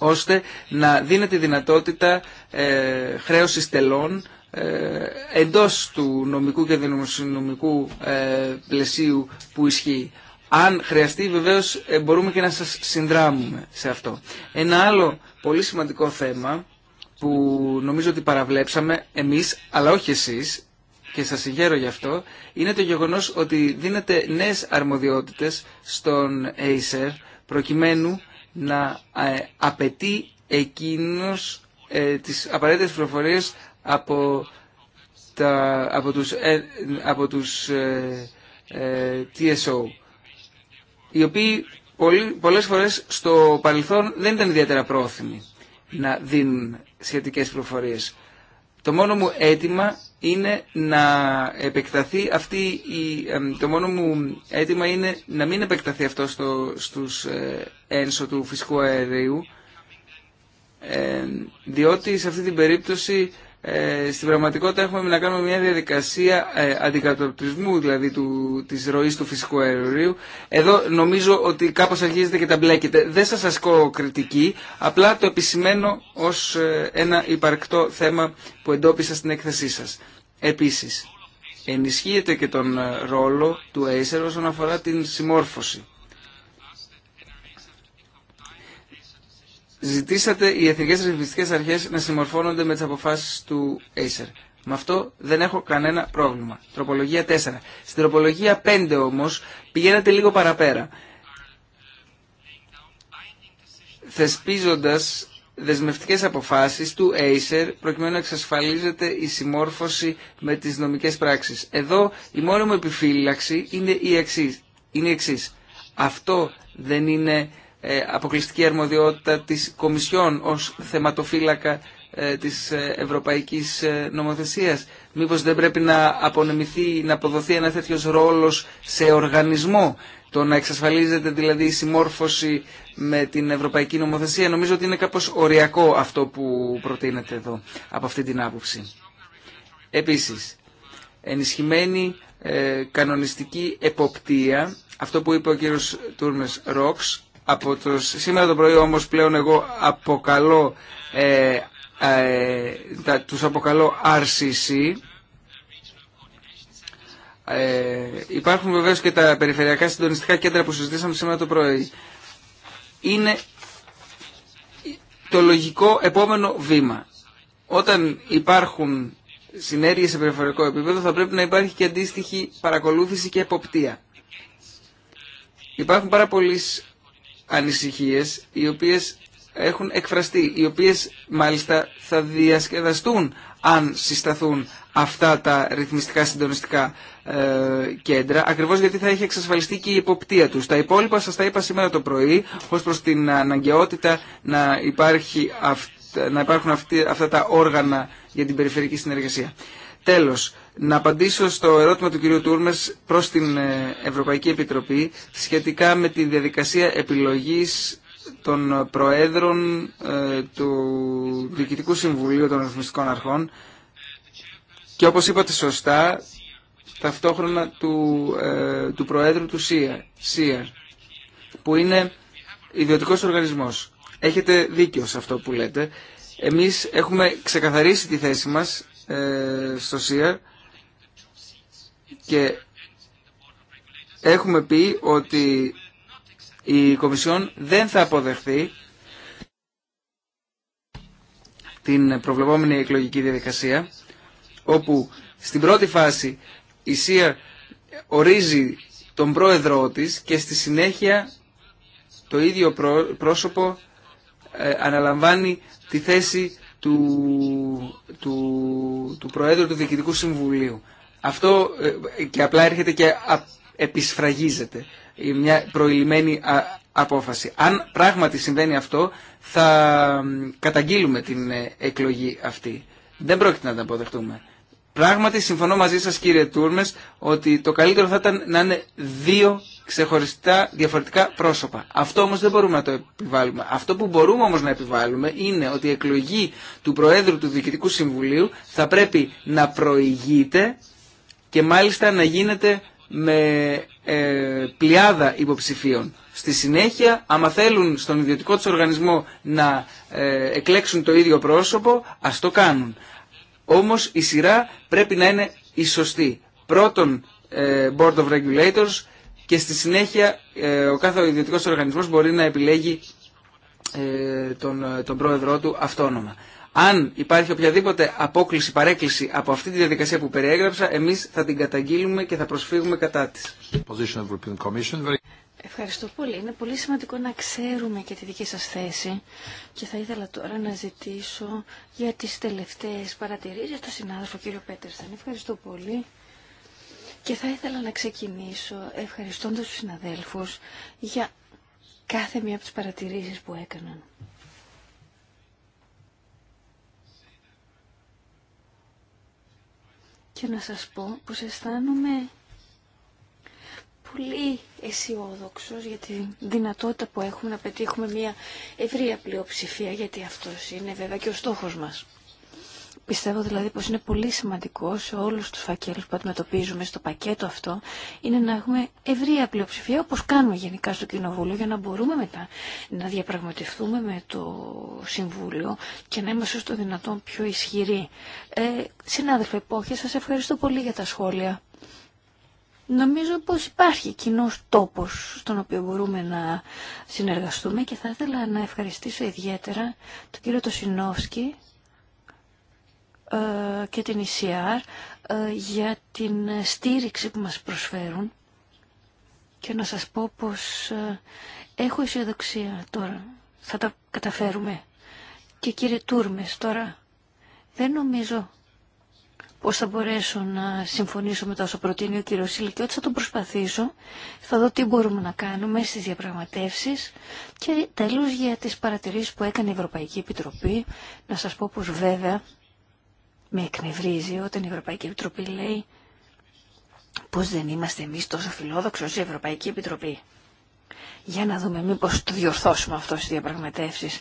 ώστε να δίνεται δυνατότητα ε, τελών ε, εντός του νομικού και δημοσιονομικού ε, πλαισίου που ισχύει. Αν χρειαστεί βεβαίως ε, μπορούμε και να σας συνδράμουμε σε αυτό. Ένα άλλο πολύ σημαντικό θέμα που νομίζω ότι παραβλέψαμε εμείς αλλά όχι εσείς και σας συγχαίρω γι' αυτό είναι το γεγονός ότι δίνεται νέες αρμοδιότητες στον Acer προκειμένου να απαιτεί εκείνος ε, τις απαραίτητες από, τα, από τους, ε, από τους ε, ε, TSO, οι οποίοι πολλές φορές στο παρελθόν δεν ήταν ιδιαίτερα πρόθυμοι να δίνουν σχετικές προφορίες. Το μόνο μου αίτημα είναι να επεκταθεί αυτή η, το μόνο μου αίτημα είναι να μην επεκταθεί αυτό στο, στους ένσω του φυσικού αερίου διότι σε αυτή την περίπτωση ε, στην πραγματικότητα έχουμε να κάνουμε μια διαδικασία ε, αντικατοπτρισμού δηλαδή του, της ροής του φυσικού αερίου. Εδώ νομίζω ότι κάπως αρχίζετε και τα μπλέκετε. Δεν σας ασκώ κριτική, απλά το επισημενο ως ε, ένα υπαρκτό θέμα που εντόπισα στην έκθεσή σας. Επίσης, ενισχύεται και τον ε, ρόλο του Acer όσον αφορά την συμμόρφωση. ζητήσατε οι Εθνικέ ρυθμιστικέ αρχές να συμμορφώνονται με τι αποφάσει του Acer. Με αυτό δεν έχω κανένα πρόβλημα. Τροπολογία 4. Στην τροπολογία 5 όμως πηγαίνατε λίγο παραπέρα. Θεσπίζοντας δεσμευτικές αποφάσεις του Acer προκειμένου να εξασφαλίζεται η συμμόρφωση με τις νομικές πράξει. Εδώ η μόνη μου επιφύλαξη είναι η εξή. Αυτό δεν είναι ε, αποκλειστική αρμοδιότητα της Κομισιόν ως θεματοφύλακα ε, της ε, ευρωπαϊκής νομοθεσίας. Μήπως δεν πρέπει να απονεμηθεί, να αποδοθεί ένα τέτοιος ρόλος σε οργανισμό, το να εξασφαλίζεται δηλαδή η συμμόρφωση με την ευρωπαϊκή νομοθεσία. Νομίζω ότι είναι κάπως οριακό αυτό που προτείνεται εδώ από αυτή την άποψη. Επίσης, ενισχυμένη κανονιστική εποπτεία, αυτό που είπε ο κύριος Τούρμες Ρόξ, από το, σήμερα το πρωί όμως πλέον εγώ αποκαλώ, ε, ε τους αποκαλώ RCC. Ε, υπάρχουν βεβαίως και τα περιφερειακά συντονιστικά κέντρα που συζητήσαμε σήμερα το πρωί. Είναι το λογικό επόμενο βήμα. Όταν υπάρχουν συνέργειες σε περιφερειακό επίπεδο θα πρέπει να υπάρχει και αντίστοιχη παρακολούθηση και εποπτεία. Υπάρχουν πάρα πολλοί ανησυχίες οι οποίες έχουν εκφραστεί, οι οποίες μάλιστα θα διασκεδαστούν αν συσταθούν αυτά τα ρυθμιστικά συντονιστικά ε, κέντρα, ακριβώς γιατί θα έχει εξασφαλιστεί και η υποπτία τους. Τα υπόλοιπα σας τα είπα σήμερα το πρωί, ως προς την αναγκαιότητα να, υπάρχει να υπάρχουν αυτή, αυτά τα όργανα για την περιφερική συνεργασία. Τέλος, να απαντήσω στο ερώτημα του κυρίου Τούρμες προς την ε, Ευρωπαϊκή Επιτροπή σχετικά με τη διαδικασία επιλογής των Προέδρων ε, του Διοικητικού Συμβουλίου των Ρυθμιστικών Αρχών και όπως είπατε σωστά, ταυτόχρονα του, ε, του Προέδρου του ΣΥΑ, ΣΥΑ, που είναι ιδιωτικός οργανισμός. Έχετε δίκιο σε αυτό που λέτε. Εμείς έχουμε ξεκαθαρίσει τη θέση μας ε, στο ΣΥΑΡ και έχουμε πει ότι η Κομισιόν δεν θα αποδεχθεί την προβλεπόμενη εκλογική διαδικασία όπου στην πρώτη φάση η ΣΥΑΡ ορίζει τον πρόεδρό της και στη συνέχεια το ίδιο πρόσωπο ε, αναλαμβάνει τη θέση του, του, του Προέδρου του Διοικητικού Συμβουλίου. Αυτό ε, και απλά έρχεται και επισφραγίζεται μια προηλημένη απόφαση. Αν πράγματι συμβαίνει αυτό θα καταγγείλουμε την ε, εκλογή αυτή. Δεν πρόκειται να τα αποδεχτούμε. Πράγματι συμφωνώ μαζί σας κύριε Τούρμες ότι το καλύτερο θα ήταν να είναι δύο ξεχωριστά διαφορετικά πρόσωπα. Αυτό όμως δεν μπορούμε να το επιβάλλουμε. Αυτό που μπορούμε όμως να επιβάλλουμε είναι ότι η εκλογή του Προέδρου του Διοικητικού Συμβουλίου θα πρέπει να προηγείται και μάλιστα να γίνεται με ε, πλειάδα υποψηφίων. Στη συνέχεια, άμα θέλουν στον ιδιωτικό του οργανισμό να ε, εκλέξουν το ίδιο πρόσωπο, ας το κάνουν. Όμως η σειρά πρέπει να είναι η σωστή. Πρώτον ε, Board of Regulators και στη συνέχεια ε, ο κάθε ιδιωτικός οργανισμός μπορεί να επιλέγει ε, τον, τον πρόεδρό του αυτόνομα. Αν υπάρχει οποιαδήποτε απόκληση, παρέκκληση από αυτή τη διαδικασία που περιέγραψα, εμείς θα την καταγγείλουμε και θα προσφύγουμε κατά της. Ευχαριστώ πολύ. Είναι πολύ σημαντικό να ξέρουμε και τη δική σας θέση και θα ήθελα τώρα να ζητήσω για τις τελευταίες παρατηρήσεις του συνάδελφου κύριο Πέτερσταν. Ευχαριστώ πολύ. Και θα ήθελα να ξεκινήσω ευχαριστώντας τους συναδέλφους για κάθε μία από τις παρατηρήσεις που έκαναν. Και να σας πω πως αισθάνομαι πολύ αισιόδοξο για τη δυνατότητα που έχουμε να πετύχουμε μια ευρία πλειοψηφία, γιατί αυτός είναι βέβαια και ο στόχος μας. Πιστεύω δηλαδή πως είναι πολύ σημαντικό σε όλους τους φακέλους που αντιμετωπίζουμε στο πακέτο αυτό είναι να έχουμε ευρία πλειοψηφία όπως κάνουμε γενικά στο Κοινοβούλιο για να μπορούμε μετά να διαπραγματευτούμε με το Συμβούλιο και να είμαστε στο δυνατόν πιο ισχυροί. Ε, συνάδελφε Πόχε, σας ευχαριστώ πολύ για τα σχόλια. Νομίζω πως υπάρχει κοινό τόπος στον οποίο μπορούμε να συνεργαστούμε και θα ήθελα να ευχαριστήσω ιδιαίτερα τον κύριο Τοσινόφσκι ε, και την ECR ε, για την στήριξη που μας προσφέρουν και να σας πω πως ε, έχω αισιοδοξία τώρα. Θα τα καταφέρουμε. Και κύριε Τούρμες τώρα, δεν νομίζω πώς θα μπορέσω να συμφωνήσω με το όσο προτείνει ο κύριος Σίλη και ότι θα τον προσπαθήσω. Θα δω τι μπορούμε να κάνουμε στις διαπραγματεύσεις και τέλος για τις παρατηρήσεις που έκανε η Ευρωπαϊκή Επιτροπή. Να σας πω πως βέβαια με εκνευρίζει όταν η Ευρωπαϊκή Επιτροπή λέει πως δεν είμαστε εμείς τόσο φιλόδοξοι ως η Ευρωπαϊκή Επιτροπή. Για να δούμε μήπως το διορθώσουμε αυτό στις διαπραγματεύσεις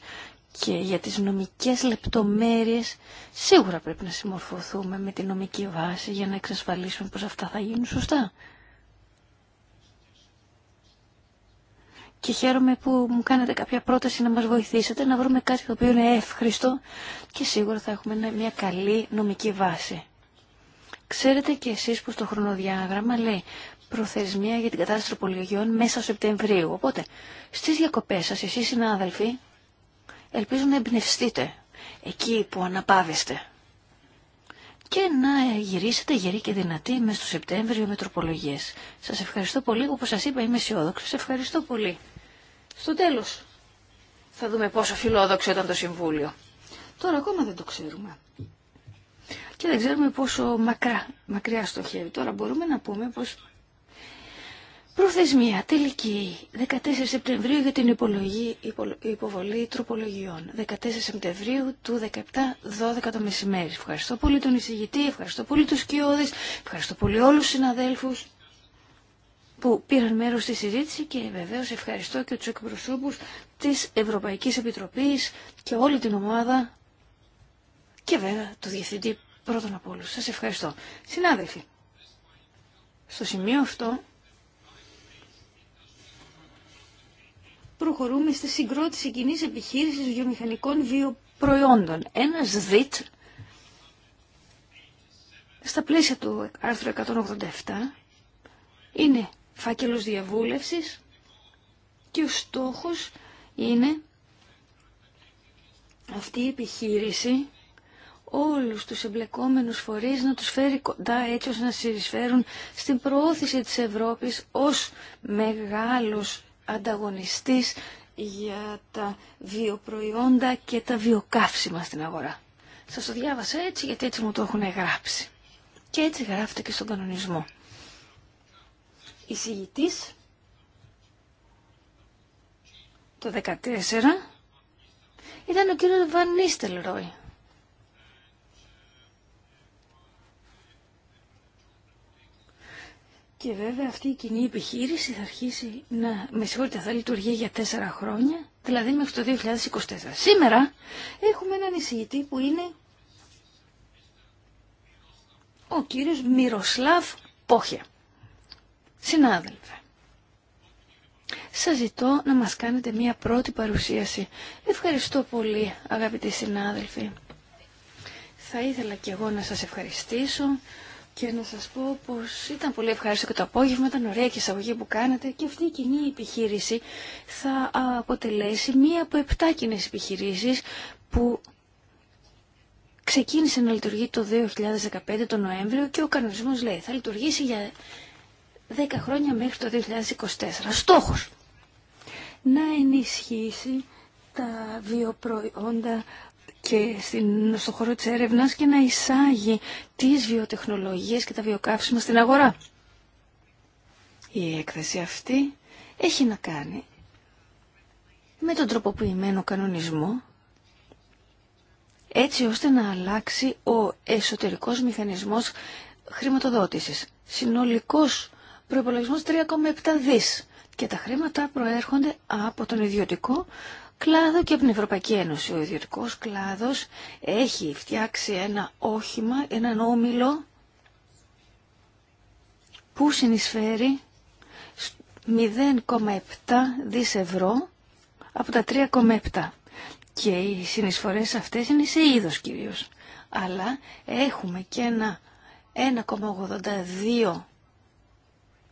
και για τις νομικές λεπτομέρειες σίγουρα πρέπει να συμμορφωθούμε με τη νομική βάση για να εξασφαλίσουμε πως αυτά θα γίνουν σωστά. Και χαίρομαι που μου κάνετε κάποια πρόταση να μας βοηθήσετε να βρούμε κάτι το οποίο είναι εύχριστο και σίγουρα θα έχουμε μια καλή νομική βάση. Ξέρετε και εσείς που το χρονοδιάγραμμα λέει προθεσμία για την κατάσταση τροπολογιών μέσα Σεπτεμβρίου. Οπότε, στις διακοπές σας, εσείς συνάδελφοι, ελπίζω να εμπνευστείτε εκεί που αναπάβεστε και να γυρίσετε γεροί και δυνατοί με στο Σεπτέμβριο με τροπολογίες. Σας ευχαριστώ πολύ, όπως σας είπα είμαι αισιόδοξο. Σας ευχαριστώ πολύ. Στο τέλος θα δούμε πόσο φιλόδοξο ήταν το Συμβούλιο. Τώρα ακόμα δεν το ξέρουμε. Και δεν ξέρουμε πόσο μακρά, μακριά στοχεύει. Τώρα μπορούμε να πούμε πως Προθεσμία τελική 14 Σεπτεμβρίου για την υπολογή, υποβολή τροπολογιών. 14 Σεπτεμβρίου του 17, 12 το μεσημέρι. Ευχαριστώ πολύ τον εισηγητή, ευχαριστώ πολύ τους κοιόδης, ευχαριστώ πολύ όλους τους συναδέλφους που πήραν μέρος στη συζήτηση και βεβαίως ευχαριστώ και τους εκπροσώπους της Ευρωπαϊκής Επιτροπής και όλη την ομάδα και βέβαια το Διευθυντή πρώτον από όλους. Σας ευχαριστώ. Συνάδελφοι, στο σημείο αυτό προχωρούμε στη συγκρότηση κοινή επιχείρηση βιομηχανικών βιοπροϊόντων. Ένας ΔΙΤ στα πλαίσια του άρθρου 187 είναι φάκελος διαβούλευσης και ο στόχος είναι αυτή η επιχείρηση όλους τους εμπλεκόμενους φορείς να τους φέρει κοντά έτσι ώστε να συρισφέρουν στην προώθηση της Ευρώπης ως μεγάλος ανταγωνιστής για τα βιοπροϊόντα και τα βιοκαύσιμα στην αγορά. Σας το διάβασα έτσι γιατί έτσι μου το έχουν γράψει. Και έτσι γράφεται και στον κανονισμό. Η συγητής, το 14 ήταν ο κύριος Βαν Ρόι. Και βέβαια αυτή η κοινή επιχείρηση θα αρχίσει να, με συγχωρείτε, θα λειτουργεί για τέσσερα χρόνια, δηλαδή μέχρι το 2024. Σήμερα έχουμε έναν εισηγητή που είναι ο κύριος Μυροσλάβ Πόχια. Συνάδελφε, σας ζητώ να μας κάνετε μία πρώτη παρουσίαση. Ευχαριστώ πολύ αγαπητοί συνάδελφοι. Θα ήθελα κι εγώ να σας ευχαριστήσω και να σας πω πως ήταν πολύ ευχάριστο και το απόγευμα, ήταν ωραία και εισαγωγή που κάνατε και αυτή η κοινή επιχείρηση θα αποτελέσει μία από επτά κοινές επιχειρήσεις που ξεκίνησε να λειτουργεί το 2015 τον Νοέμβριο και ο κανονισμός λέει θα λειτουργήσει για 10 χρόνια μέχρι το 2024. Στόχος να ενισχύσει τα βιοπροϊόντα και στην, στο χώρο της έρευνας και να εισάγει τις βιοτεχνολογίες και τα βιοκαύσιμα στην αγορά. Η έκθεση αυτή έχει να κάνει με τον τροποποιημένο κανονισμό έτσι ώστε να αλλάξει ο εσωτερικός μηχανισμός χρηματοδότησης. Συνολικός προϋπολογισμός 3,7 δις και τα χρήματα προέρχονται από τον ιδιωτικό κλάδο και από την Ευρωπαϊκή Ένωση. Ο ιδιωτικό κλάδος έχει φτιάξει ένα όχημα, έναν όμιλο που συνεισφέρει 0,7 δις ευρώ από τα 3,7. Και οι συνεισφορές αυτές είναι σε είδος κυρίως. Αλλά έχουμε και ένα 1,82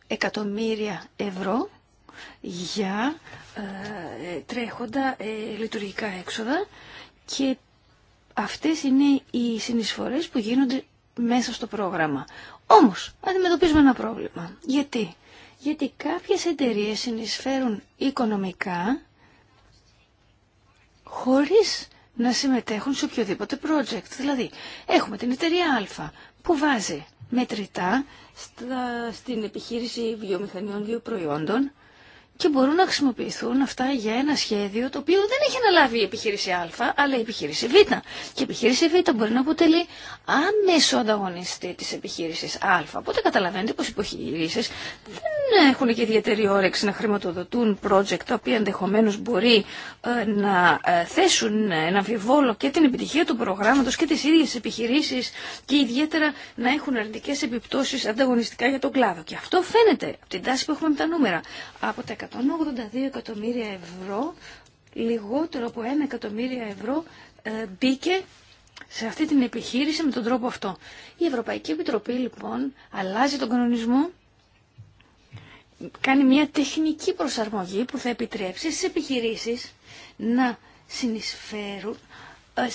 εκατομμύρια ευρώ για ε, τρέχοντα ε, λειτουργικά έξοδα και αυτές είναι οι συνεισφορές που γίνονται μέσα στο πρόγραμμα. Όμως, αντιμετωπίζουμε ένα πρόβλημα. Γιατί? Γιατί κάποιες εταιρείες συνεισφέρουν οικονομικά χωρίς να συμμετέχουν σε οποιοδήποτε project. Δηλαδή, έχουμε την εταιρεία Α που βάζει μετρητά στην επιχείρηση βιομηχανιών βιοπροϊόντων και μπορούν να χρησιμοποιηθούν αυτά για ένα σχέδιο το οποίο δεν έχει αναλάβει η επιχείρηση Α, αλλά η επιχείρηση Β. Και η επιχείρηση Β μπορεί να αποτελεί άμεσο ανταγωνιστή τη επιχείρηση Α. Οπότε καταλαβαίνετε πω οι επιχειρήσει δεν έχουν και ιδιαίτερη όρεξη να χρηματοδοτούν project τα οποία ενδεχομένω μπορεί ε, να ε, θέσουν ένα αμφιβόλο και την επιτυχία του προγράμματο και τι ίδιε επιχειρήσει και ιδιαίτερα να έχουν αρνητικέ επιπτώσει ανταγωνιστικά για τον κλάδο. Και αυτό φαίνεται από την τάση που έχουμε με τα νούμερα. Από τα 182 εκατομμύρια ευρώ, λιγότερο από 1 εκατομμύρια ευρώ ε, μπήκε σε αυτή την επιχείρηση με τον τρόπο αυτό. Η Ευρωπαϊκή Επιτροπή λοιπόν αλλάζει τον κανονισμό, κάνει μια τεχνική προσαρμογή που θα επιτρέψει στις επιχειρήσεις να συνεισφέρουν ε,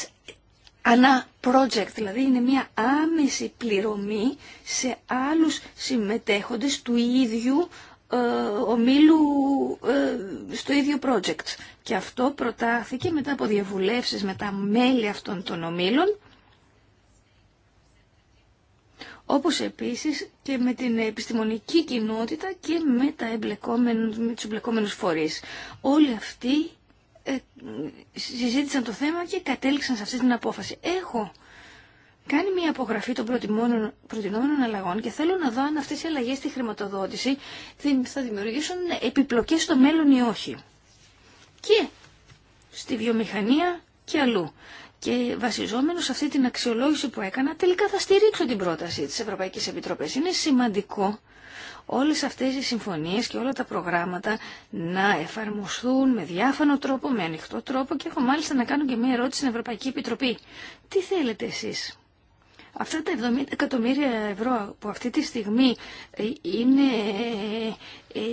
ανά project, δηλαδή είναι μια άμεση πληρωμή σε άλλους συμμετέχοντες του ίδιου ε, ομίλου ε, στο ίδιο project. Και αυτό προτάθηκε μετά από διαβουλεύσεις με τα μέλη αυτών των ομίλων, όπως επίσης και με την επιστημονική κοινότητα και με, τα με τους εμπλεκόμενους φορείς. Όλοι αυτοί ε, συζήτησαν το θέμα και κατέληξαν σε αυτή την απόφαση. Έχω κάνει μια απογραφή των προτινόμενων αλλαγών και θέλω να δω αν αυτέ οι αλλαγέ στη χρηματοδότηση θα δημιουργήσουν επιπλοκέ στο μέλλον ή όχι. Και στη βιομηχανία και αλλού. Και βασιζόμενο σε αυτή την αξιολόγηση που έκανα, τελικά θα στηρίξω την πρόταση τη Ευρωπαϊκή Επιτροπή. Είναι σημαντικό όλε αυτέ οι συμφωνίε και όλα τα προγράμματα να εφαρμοστούν με διάφανο τρόπο, με ανοιχτό τρόπο και έχω μάλιστα να κάνω και μια ερώτηση στην Ευρωπαϊκή Επιτροπή. Τι θέλετε εσεί, Αυτά τα 70 εκατομμύρια ευρώ που αυτή τη στιγμή ε, είναι ε,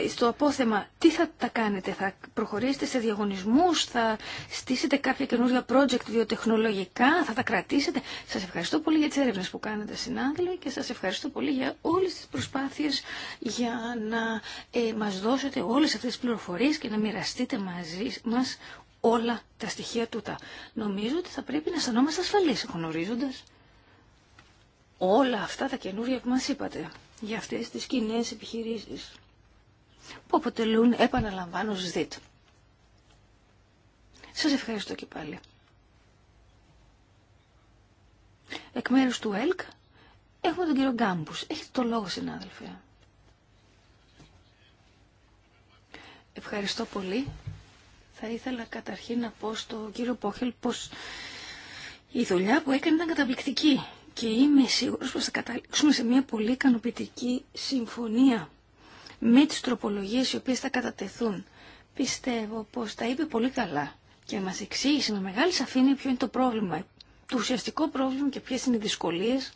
ε, στο απόθεμα τι θα τα κάνετε, θα προχωρήσετε σε διαγωνισμούς, θα στήσετε κάποια καινούργια project βιοτεχνολογικά, θα τα κρατήσετε. Σας ευχαριστώ πολύ για τις έρευνες που κάνετε συνάδελφοι και σας ευχαριστώ πολύ για όλες τις προσπάθειες για να ε, μας δώσετε όλες αυτές τις πληροφορίες και να μοιραστείτε μαζί μας όλα τα στοιχεία τούτα. Νομίζω ότι θα πρέπει να αισθανόμαστε ασφαλείς γνωρίζοντα όλα αυτά τα καινούργια που μας είπατε για αυτές τις κοινέ επιχειρήσεις που αποτελούν επαναλαμβάνω ΣΔΙΤ. Σας ευχαριστώ και πάλι. Εκ μέρους του ΕΛΚ έχουμε τον κύριο Γκάμπους. Έχετε το λόγο συνάδελφε. Ευχαριστώ πολύ. Θα ήθελα καταρχήν να πω στον κύριο Πόχελ πως η δουλειά που έκανε ήταν καταπληκτική και είμαι σίγουρος πως θα καταλήξουμε σε μια πολύ ικανοποιητική συμφωνία με τις τροπολογίες οι οποίες θα κατατεθούν. Πιστεύω πως τα είπε πολύ καλά και μας εξήγησε με μεγάλη σαφήνεια ποιο είναι το πρόβλημα, το ουσιαστικό πρόβλημα και ποιες είναι οι δυσκολίες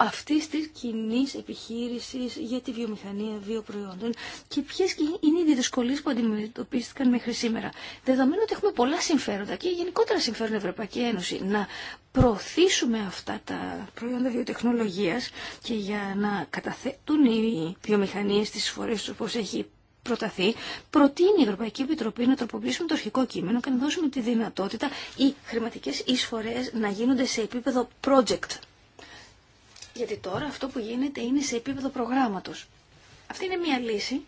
αυτή τη κοινή επιχείρηση για τη βιομηχανία βιοπροϊόντων και ποιε είναι οι δυσκολίε που αντιμετωπίστηκαν μέχρι σήμερα. Δεδομένου ότι έχουμε πολλά συμφέροντα και γενικότερα συμφέρον Ευρωπαϊκή Ένωση να προωθήσουμε αυτά τα προϊόντα βιοτεχνολογίας και για να καταθέτουν οι βιομηχανίε βιομηχανίες τις του όπως έχει προταθεί, προτείνει η Ευρωπαϊκή Επιτροπή να τροποποιήσουμε το αρχικό κείμενο και να δώσουμε τη δυνατότητα οι χρηματικές εισφορές να γίνονται σε επίπεδο project. Γιατί τώρα αυτό που γίνεται είναι σε επίπεδο προγράμματος. Αυτή είναι μια λύση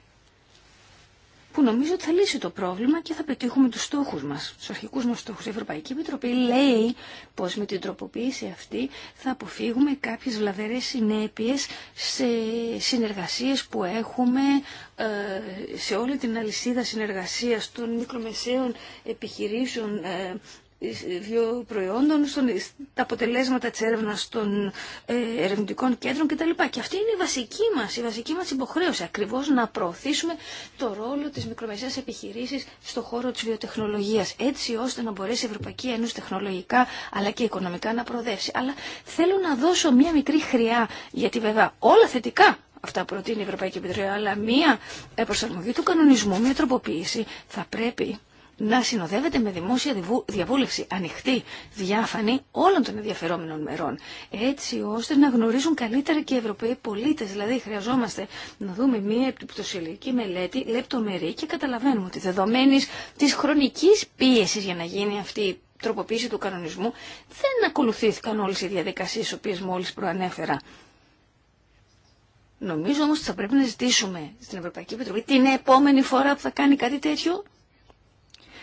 που νομίζω ότι θα λύσει το πρόβλημα και θα πετύχουμε τους στόχους μας, τους αρχικούς μας στόχους. Η Ευρωπαϊκή Επιτροπή λέει πως με την τροποποίηση αυτή θα αποφύγουμε κάποιες βλαβερές συνέπειες σε συνεργασίες που έχουμε ε, σε όλη την αλυσίδα συνεργασίας των μικρομεσαίων επιχειρήσεων ε, δύο προϊόντων, τα αποτελέσματα της έρευνας των ε, ερευνητικών κέντρων κτλ. Και αυτή είναι η βασική μας, η βασική μας υποχρέωση, ακριβώς να προωθήσουμε το ρόλο της μικρομεσαίας επιχειρήσης στον χώρο της βιοτεχνολογίας, έτσι ώστε να μπορέσει η Ευρωπαϊκή Ένωση τεχνολογικά αλλά και οικονομικά να προοδεύσει. Αλλά θέλω να δώσω μια μικρή χρειά, γιατί βέβαια όλα θετικά αυτά προτείνει η Ευρωπαϊκή Επιτροπή, αλλά μία ε, προσαρμογή του κανονισμού, μία τροποποίηση θα πρέπει να συνοδεύεται με δημόσια διαβούλευση ανοιχτή, διάφανη όλων των ενδιαφερόμενων μερών. Έτσι ώστε να γνωρίζουν καλύτερα και οι Ευρωπαίοι πολίτε. Δηλαδή, χρειαζόμαστε να δούμε μία επιπτωσιακή μελέτη λεπτομερή και καταλαβαίνουμε ότι δεδομένη τη χρονική πίεση για να γίνει αυτή η τροποποίηση του κανονισμού δεν ακολουθήθηκαν όλε οι διαδικασίε τι οποίε μόλι προανέφερα. Νομίζω όμως ότι θα πρέπει να ζητήσουμε στην Ευρωπαϊκή Επιτροπή την επόμενη φορά που θα κάνει κάτι τέτοιο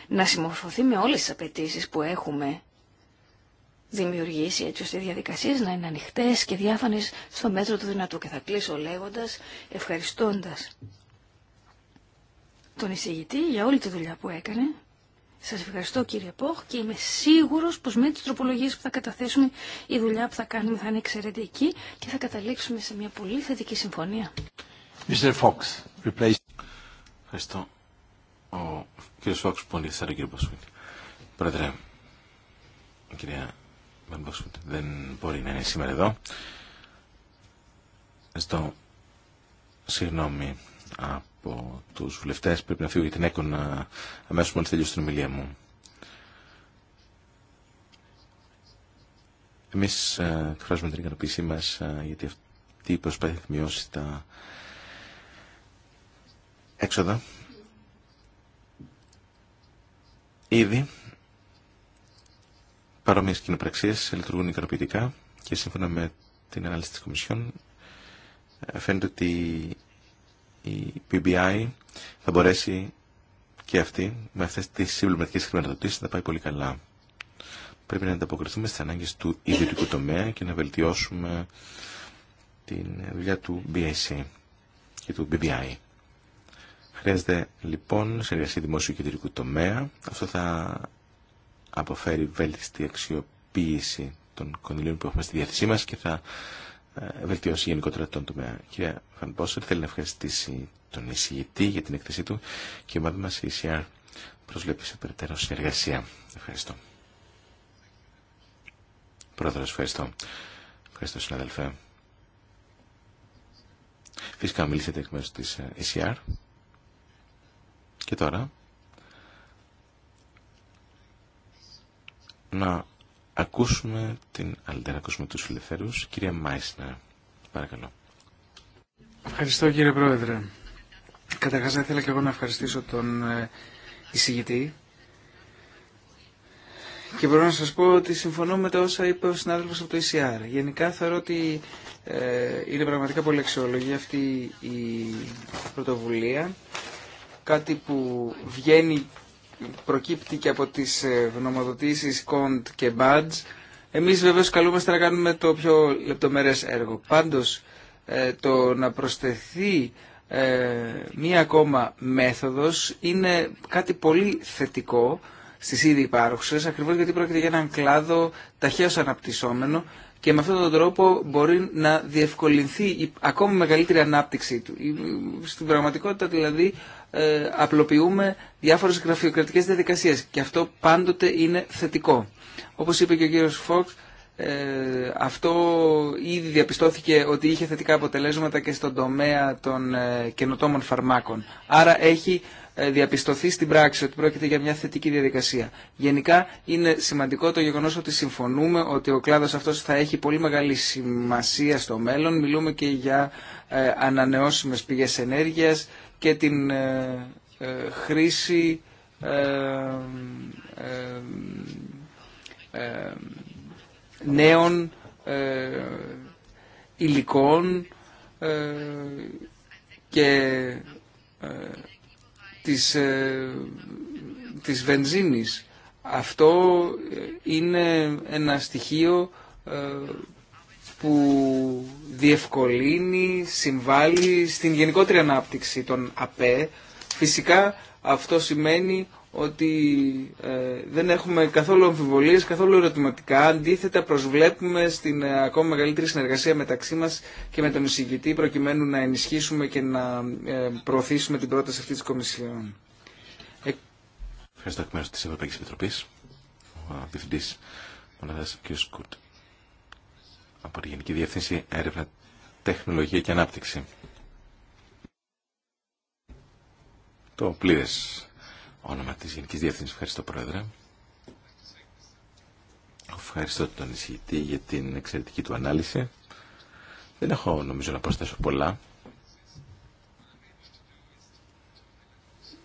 να συμμορφωθεί με όλες τις απαιτήσει που έχουμε δημιουργήσει έτσι ώστε οι διαδικασίες να είναι ανοιχτέ και διάφανες στο μέτρο του δυνατού. Και θα κλείσω λέγοντας, ευχαριστώντας τον εισηγητή για όλη τη δουλειά που έκανε. Σας ευχαριστώ κύριε Πόχ και είμαι σίγουρος πως με τις τροπολογίες που θα καταθέσουμε η δουλειά που θα κάνουμε θα είναι εξαιρετική και θα καταλήξουμε σε μια πολύ θετική συμφωνία. Mr. Fox, Ευχαριστώ. Ο κ. Φόξ, που σαν τον κ. Πρόεδρε, η κυρία δεν μπορεί να είναι σήμερα εδώ. Ζητώ συγγνώμη από τους βουλευτές, πρέπει να φύγω για την έκονα αμέσως μόλις τελειώσει την ομιλία μου. Εμείς ε, εκφράζουμε την ικανοποίησή μας ε, γιατί αυτή η προσπάθεια θα μειώσει τα έξοδα Ήδη παρόμοιες κοινοπραξίες λειτουργούν ικανοποιητικά και σύμφωνα με την ανάλυση της Κομισιόν ε, φαίνεται ότι η PBI θα μπορέσει και αυτή με αυτές τις συμπληρωματικές χρηματοδοτήσεις να πάει πολύ καλά. Πρέπει να ανταποκριθούμε στις ανάγκες του ιδιωτικού τομέα και να βελτιώσουμε την δουλειά του BIC και του BBI. Χρειάζεται λοιπόν συνεργασία συνεργασία και ιδιωτικού τομέα. Αυτό θα αποφέρει βέλτιστη αξιοποίηση των κονδυλίων που έχουμε στη διάθεσή μα και θα ε, βελτιώσει γενικότερα τον τομέα. Κυρία Φανπόσερ, θέλει να ευχαριστήσει τον εισηγητή για την έκθεσή του και η ομάδα μα η ECR προσβλέπει σε περαιτέρω συνεργασία. Ευχαριστώ. Πρόεδρο, ευχαριστώ. Ευχαριστώ, συναδελφέ. Φυσικά, μιλήσατε εκ μέρου τη ECR. Ε, και τώρα να ακούσουμε την Αλντέρα, να ακούσουμε τους Κυρία Μάισνερ, παρακαλώ. Ευχαριστώ κύριε Πρόεδρε. Καταρχάς θα ήθελα και εγώ να ευχαριστήσω τον ε, εισηγητή και μπορώ να σας πω ότι συμφωνώ με τα όσα είπε ο συνάδελφος από το ECR. Γενικά θεωρώ ότι ε, είναι πραγματικά πολύ αξιολογή αυτή η πρωτοβουλία κάτι που βγαίνει, προκύπτει και από τις ε, γνωμοδοτήσεις Κοντ και Μπάντζ. Εμείς βεβαίως καλούμαστε να κάνουμε το πιο λεπτομερές έργο. Πάντως ε, το να προσθεθεί ε, μία ακόμα μέθοδος είναι κάτι πολύ θετικό στις ήδη υπάρχουσες, ακριβώς γιατί πρόκειται για έναν κλάδο ταχαίως αναπτυσσόμενο και με αυτόν τον τρόπο μπορεί να διευκολυνθεί η ακόμη μεγαλύτερη ανάπτυξή του. Στην πραγματικότητα δηλαδή ε, απλοποιούμε διάφορες γραφειοκρατικές διαδικασίες και αυτό πάντοτε είναι θετικό. Όπως είπε και ο κύριος Φόξ, ε, αυτό ήδη διαπιστώθηκε ότι είχε θετικά αποτελέσματα και στον τομέα των ε, καινοτόμων φαρμάκων. Άρα έχει ε, διαπιστωθεί στην πράξη ότι πρόκειται για μια θετική διαδικασία. Γενικά είναι σημαντικό το γεγονός ότι συμφωνούμε ότι ο κλάδος αυτός θα έχει πολύ μεγάλη σημασία στο μέλλον. Μιλούμε και για ε, ανανεώσιμες πηγές ενέργειας και την ε, χρήση νέων υλικών και της, ε, της βενζίνης. Αυτό ε, είναι ένα στοιχείο ε, που διευκολύνει, συμβάλλει στην γενικότερη ανάπτυξη των ΑΠΕ. Φυσικά αυτό σημαίνει ότι ε, δεν έχουμε καθόλου αμφιβολίες, καθόλου ερωτηματικά. Αντίθετα προσβλέπουμε στην ε, ακόμα μεγαλύτερη συνεργασία μεταξύ μας και με τον εισηγητή προκειμένου να ενισχύσουμε και να ε, προωθήσουμε την πρόταση αυτή της Κομισιόν. Ε... Ευχαριστώ εκ μέρους της Ευρωπαϊκής Επιτροπής. Ο Διευθυντής Μοναδάς κ. από τη Γενική Διεύθυνση Έρευνα, Τεχνολογία και Ανάπτυξη. Το πλήρες όνομα της Γενικής Διεύθυνσης. Ευχαριστώ Πρόεδρε. Ευχαριστώ τον εισηγητή για την εξαιρετική του ανάλυση. Δεν έχω νομίζω να προσθέσω πολλά.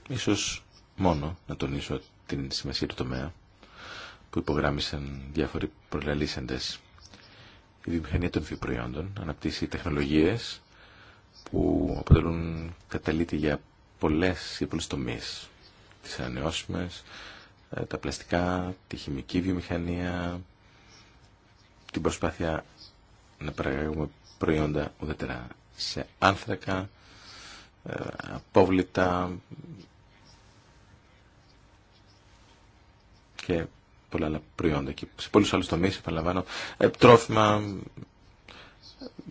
Ίσως μόνο να τονίσω την σημασία του τομέα που υπογράμμισαν διάφοροι προλαλήσαντες. Η βιομηχανία των βιοπροϊόντων αναπτύσσει τεχνολογίες που αποτελούν καταλήτη για πολλές, ή πολλές τομείς τις ανεώσιμες, ε, τα πλαστικά, τη χημική βιομηχανία, την προσπάθεια να παραγάγουμε προϊόντα ουδέτερα σε άνθρακα, ε, απόβλητα και πολλά άλλα προϊόντα. Και σε πολλούς άλλους τομείς, επαναλαμβάνω, ε, τρόφιμα,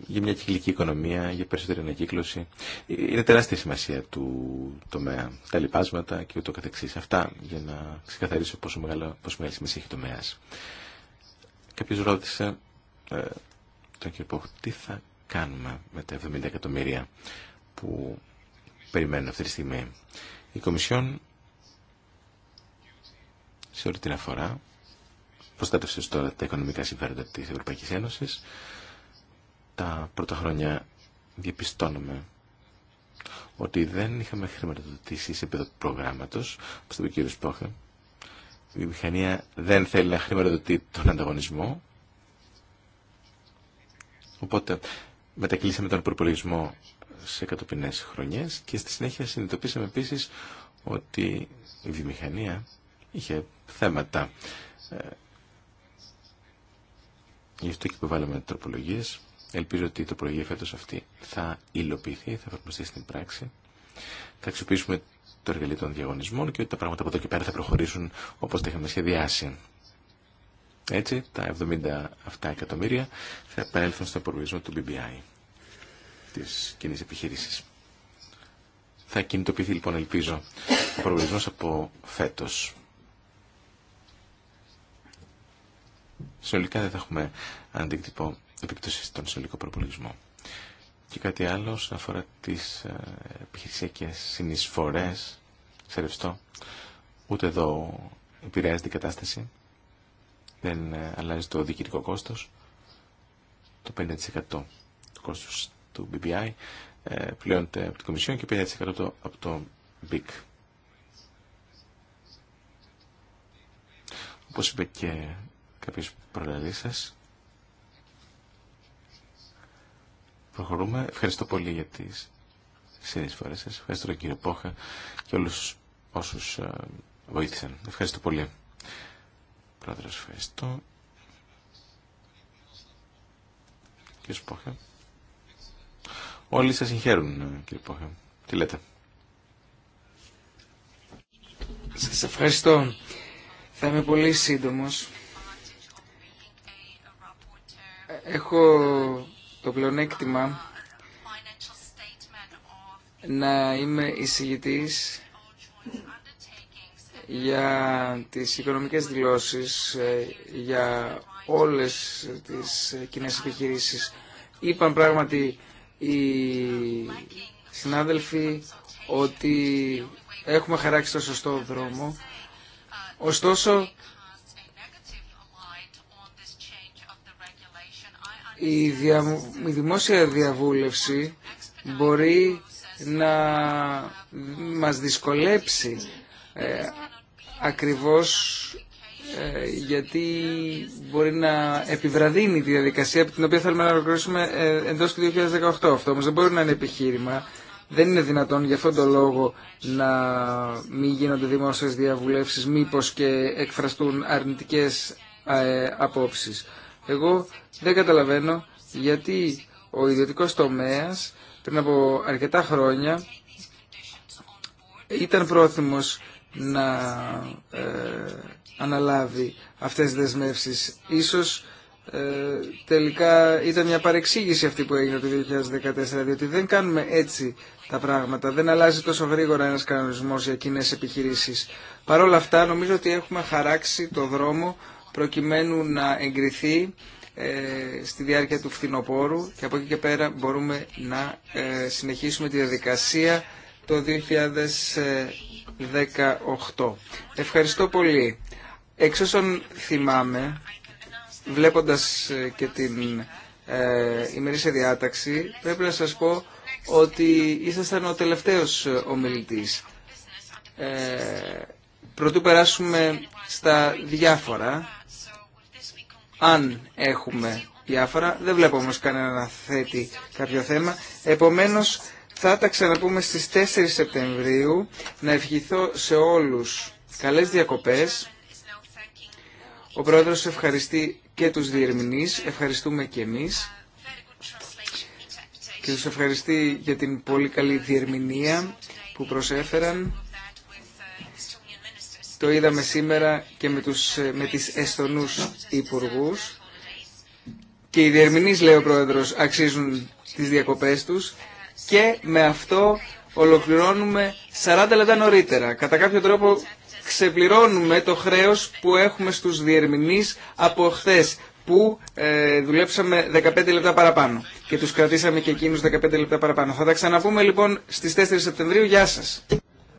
για μια κυκλική οικονομία, για περισσότερη ανακύκλωση. Είναι τεράστια σημασία του τομέα. Τα λοιπάσματα και ούτω καθεξής. Αυτά για να ξεκαθαρίσω πόσο, μεγάλο, πόσο μεγάλη σημασία έχει τομέα. Κάποιος ρώτησε ε, τον κύριο Πόχ, τι θα κάνουμε με τα 70 εκατομμύρια που περιμένουν αυτή τη στιγμή. Η Κομισιόν σε όλη την αφορά προστάτευσε τώρα τα οικονομικά συμφέροντα της Ευρωπαϊκής Ένωσης τα πρώτα χρόνια διαπιστώνουμε ότι δεν είχαμε χρηματοδοτήσει σε επίπεδο προγράμματος, όπω το είπε ο κ. Η βιομηχανία δεν θέλει να χρηματοδοτεί τον ανταγωνισμό. Οπότε μετακυλήσαμε τον προπολογισμό σε κατοπινές χρονιές και στη συνέχεια συνειδητοποίησαμε επίση ότι η βιομηχανία είχε θέματα. Ε, γι' αυτό και υποβάλαμε τροπολογίες Ελπίζω ότι το προηγείο φέτος αυτή θα υλοποιηθεί, θα εφαρμοστεί στην πράξη. Θα αξιοποιήσουμε το εργαλείο των διαγωνισμών και ότι τα πράγματα από εδώ και πέρα θα προχωρήσουν όπως τα είχαμε σχεδιάσει. Έτσι, τα 77 εκατομμύρια θα επέλθουν στον προορισμό του BBI, της κοινή επιχείρηση. Θα κινητοποιηθεί λοιπόν, ελπίζω, ο προβλησμό από φέτο. Συνολικά δεν θα έχουμε αντίκτυπο επίπτωση στον συνολικό προπολογισμό. Και κάτι άλλο αφορά τις ε, επιχειρησιακές συνεισφορές σε ρευστό. Ούτε εδώ επηρεάζεται η κατάσταση. Δεν ε, αλλάζει το διοικητικό κόστος. Το 5% του κόστους του BBI πλέονται από την Κομισιόν και 50% το, από το BIC. Όπως είπε και κάποιος προλαλής σας, Προχωρούμε. Ευχαριστώ πολύ για τις φορέ σα. Ευχαριστώ τον κύριο Πόχα και όλους όσους ε, βοήθησαν. Ευχαριστώ πολύ. Πρόεδρος, ευχαριστώ. Κύριε Πόχα. Όλοι σα συγχαίρουν, ε, κύριε Πόχα. Τι λέτε. Σας ευχαριστώ. Θα είμαι πολύ σύντομος. Ε, έχω το πλεονέκτημα να είμαι εισηγητής για τις οικονομικές δηλώσεις ε, για όλες τις κοινέ επιχειρήσεις. Είπαν πράγματι οι συνάδελφοι ότι έχουμε χαράξει το σωστό δρόμο. Ωστόσο, η, δια, δημόσια διαβούλευση μπορεί να μας δυσκολέψει ε, ακριβώς ε, γιατί μπορεί να επιβραδύνει τη διαδικασία από την οποία θέλουμε να ολοκληρώσουμε ε, εντός του 2018. Αυτό όμως δεν μπορεί να είναι επιχείρημα. Δεν είναι δυνατόν για αυτόν τον λόγο να μην γίνονται δημόσιες διαβουλεύσεις μήπως και εκφραστούν αρνητικές ε, απόψεις. Εγώ δεν καταλαβαίνω γιατί ο ιδιωτικός τομέας πριν από αρκετά χρόνια ήταν πρόθυμος να ε, αναλάβει αυτές τις δεσμεύσεις. Ίσως ε, τελικά ήταν μια παρεξήγηση αυτή που έγινε το 2014, διότι δεν κάνουμε έτσι τα πράγματα. Δεν αλλάζει τόσο γρήγορα ένας κανονισμός για κοινέ επιχειρήσεις. Παρ' όλα αυτά νομίζω ότι έχουμε χαράξει το δρόμο προκειμένου να εγκριθεί ε, στη διάρκεια του φθινοπόρου και από εκεί και πέρα μπορούμε να ε, συνεχίσουμε τη διαδικασία το 2018. Ευχαριστώ πολύ. Εξ όσων θυμάμαι, βλέποντας ε, και την ε, ημερήσια διάταξη, πρέπει να σας πω ότι ήσασταν ο τελευταίος ομιλητής. Ε, προτού περάσουμε στα διάφορα, αν έχουμε διάφορα. Δεν βλέπω όμως κανένα να θέτει κάποιο θέμα. Επομένως θα τα ξαναπούμε στις 4 Σεπτεμβρίου. Να ευχηθώ σε όλους καλές διακοπές. Ο Πρόεδρος ευχαριστεί και τους διερμηνείς. Ευχαριστούμε και εμείς. Και τους ευχαριστεί για την πολύ καλή διερμηνία που προσέφεραν. Το είδαμε σήμερα και με, τους, με τις εστονούς υπουργούς. Και οι διερμηνείς, λέει ο Πρόεδρος, αξίζουν τις διακοπές τους. Και με αυτό ολοκληρώνουμε 40 λεπτά νωρίτερα. Κατά κάποιο τρόπο ξεπληρώνουμε το χρέος που έχουμε στους διερμηνείς από χθε που ε, δουλέψαμε 15 λεπτά παραπάνω και τους κρατήσαμε και εκείνους 15 λεπτά παραπάνω. Θα τα ξαναπούμε λοιπόν στις 4 Σεπτεμβρίου. Γεια σας.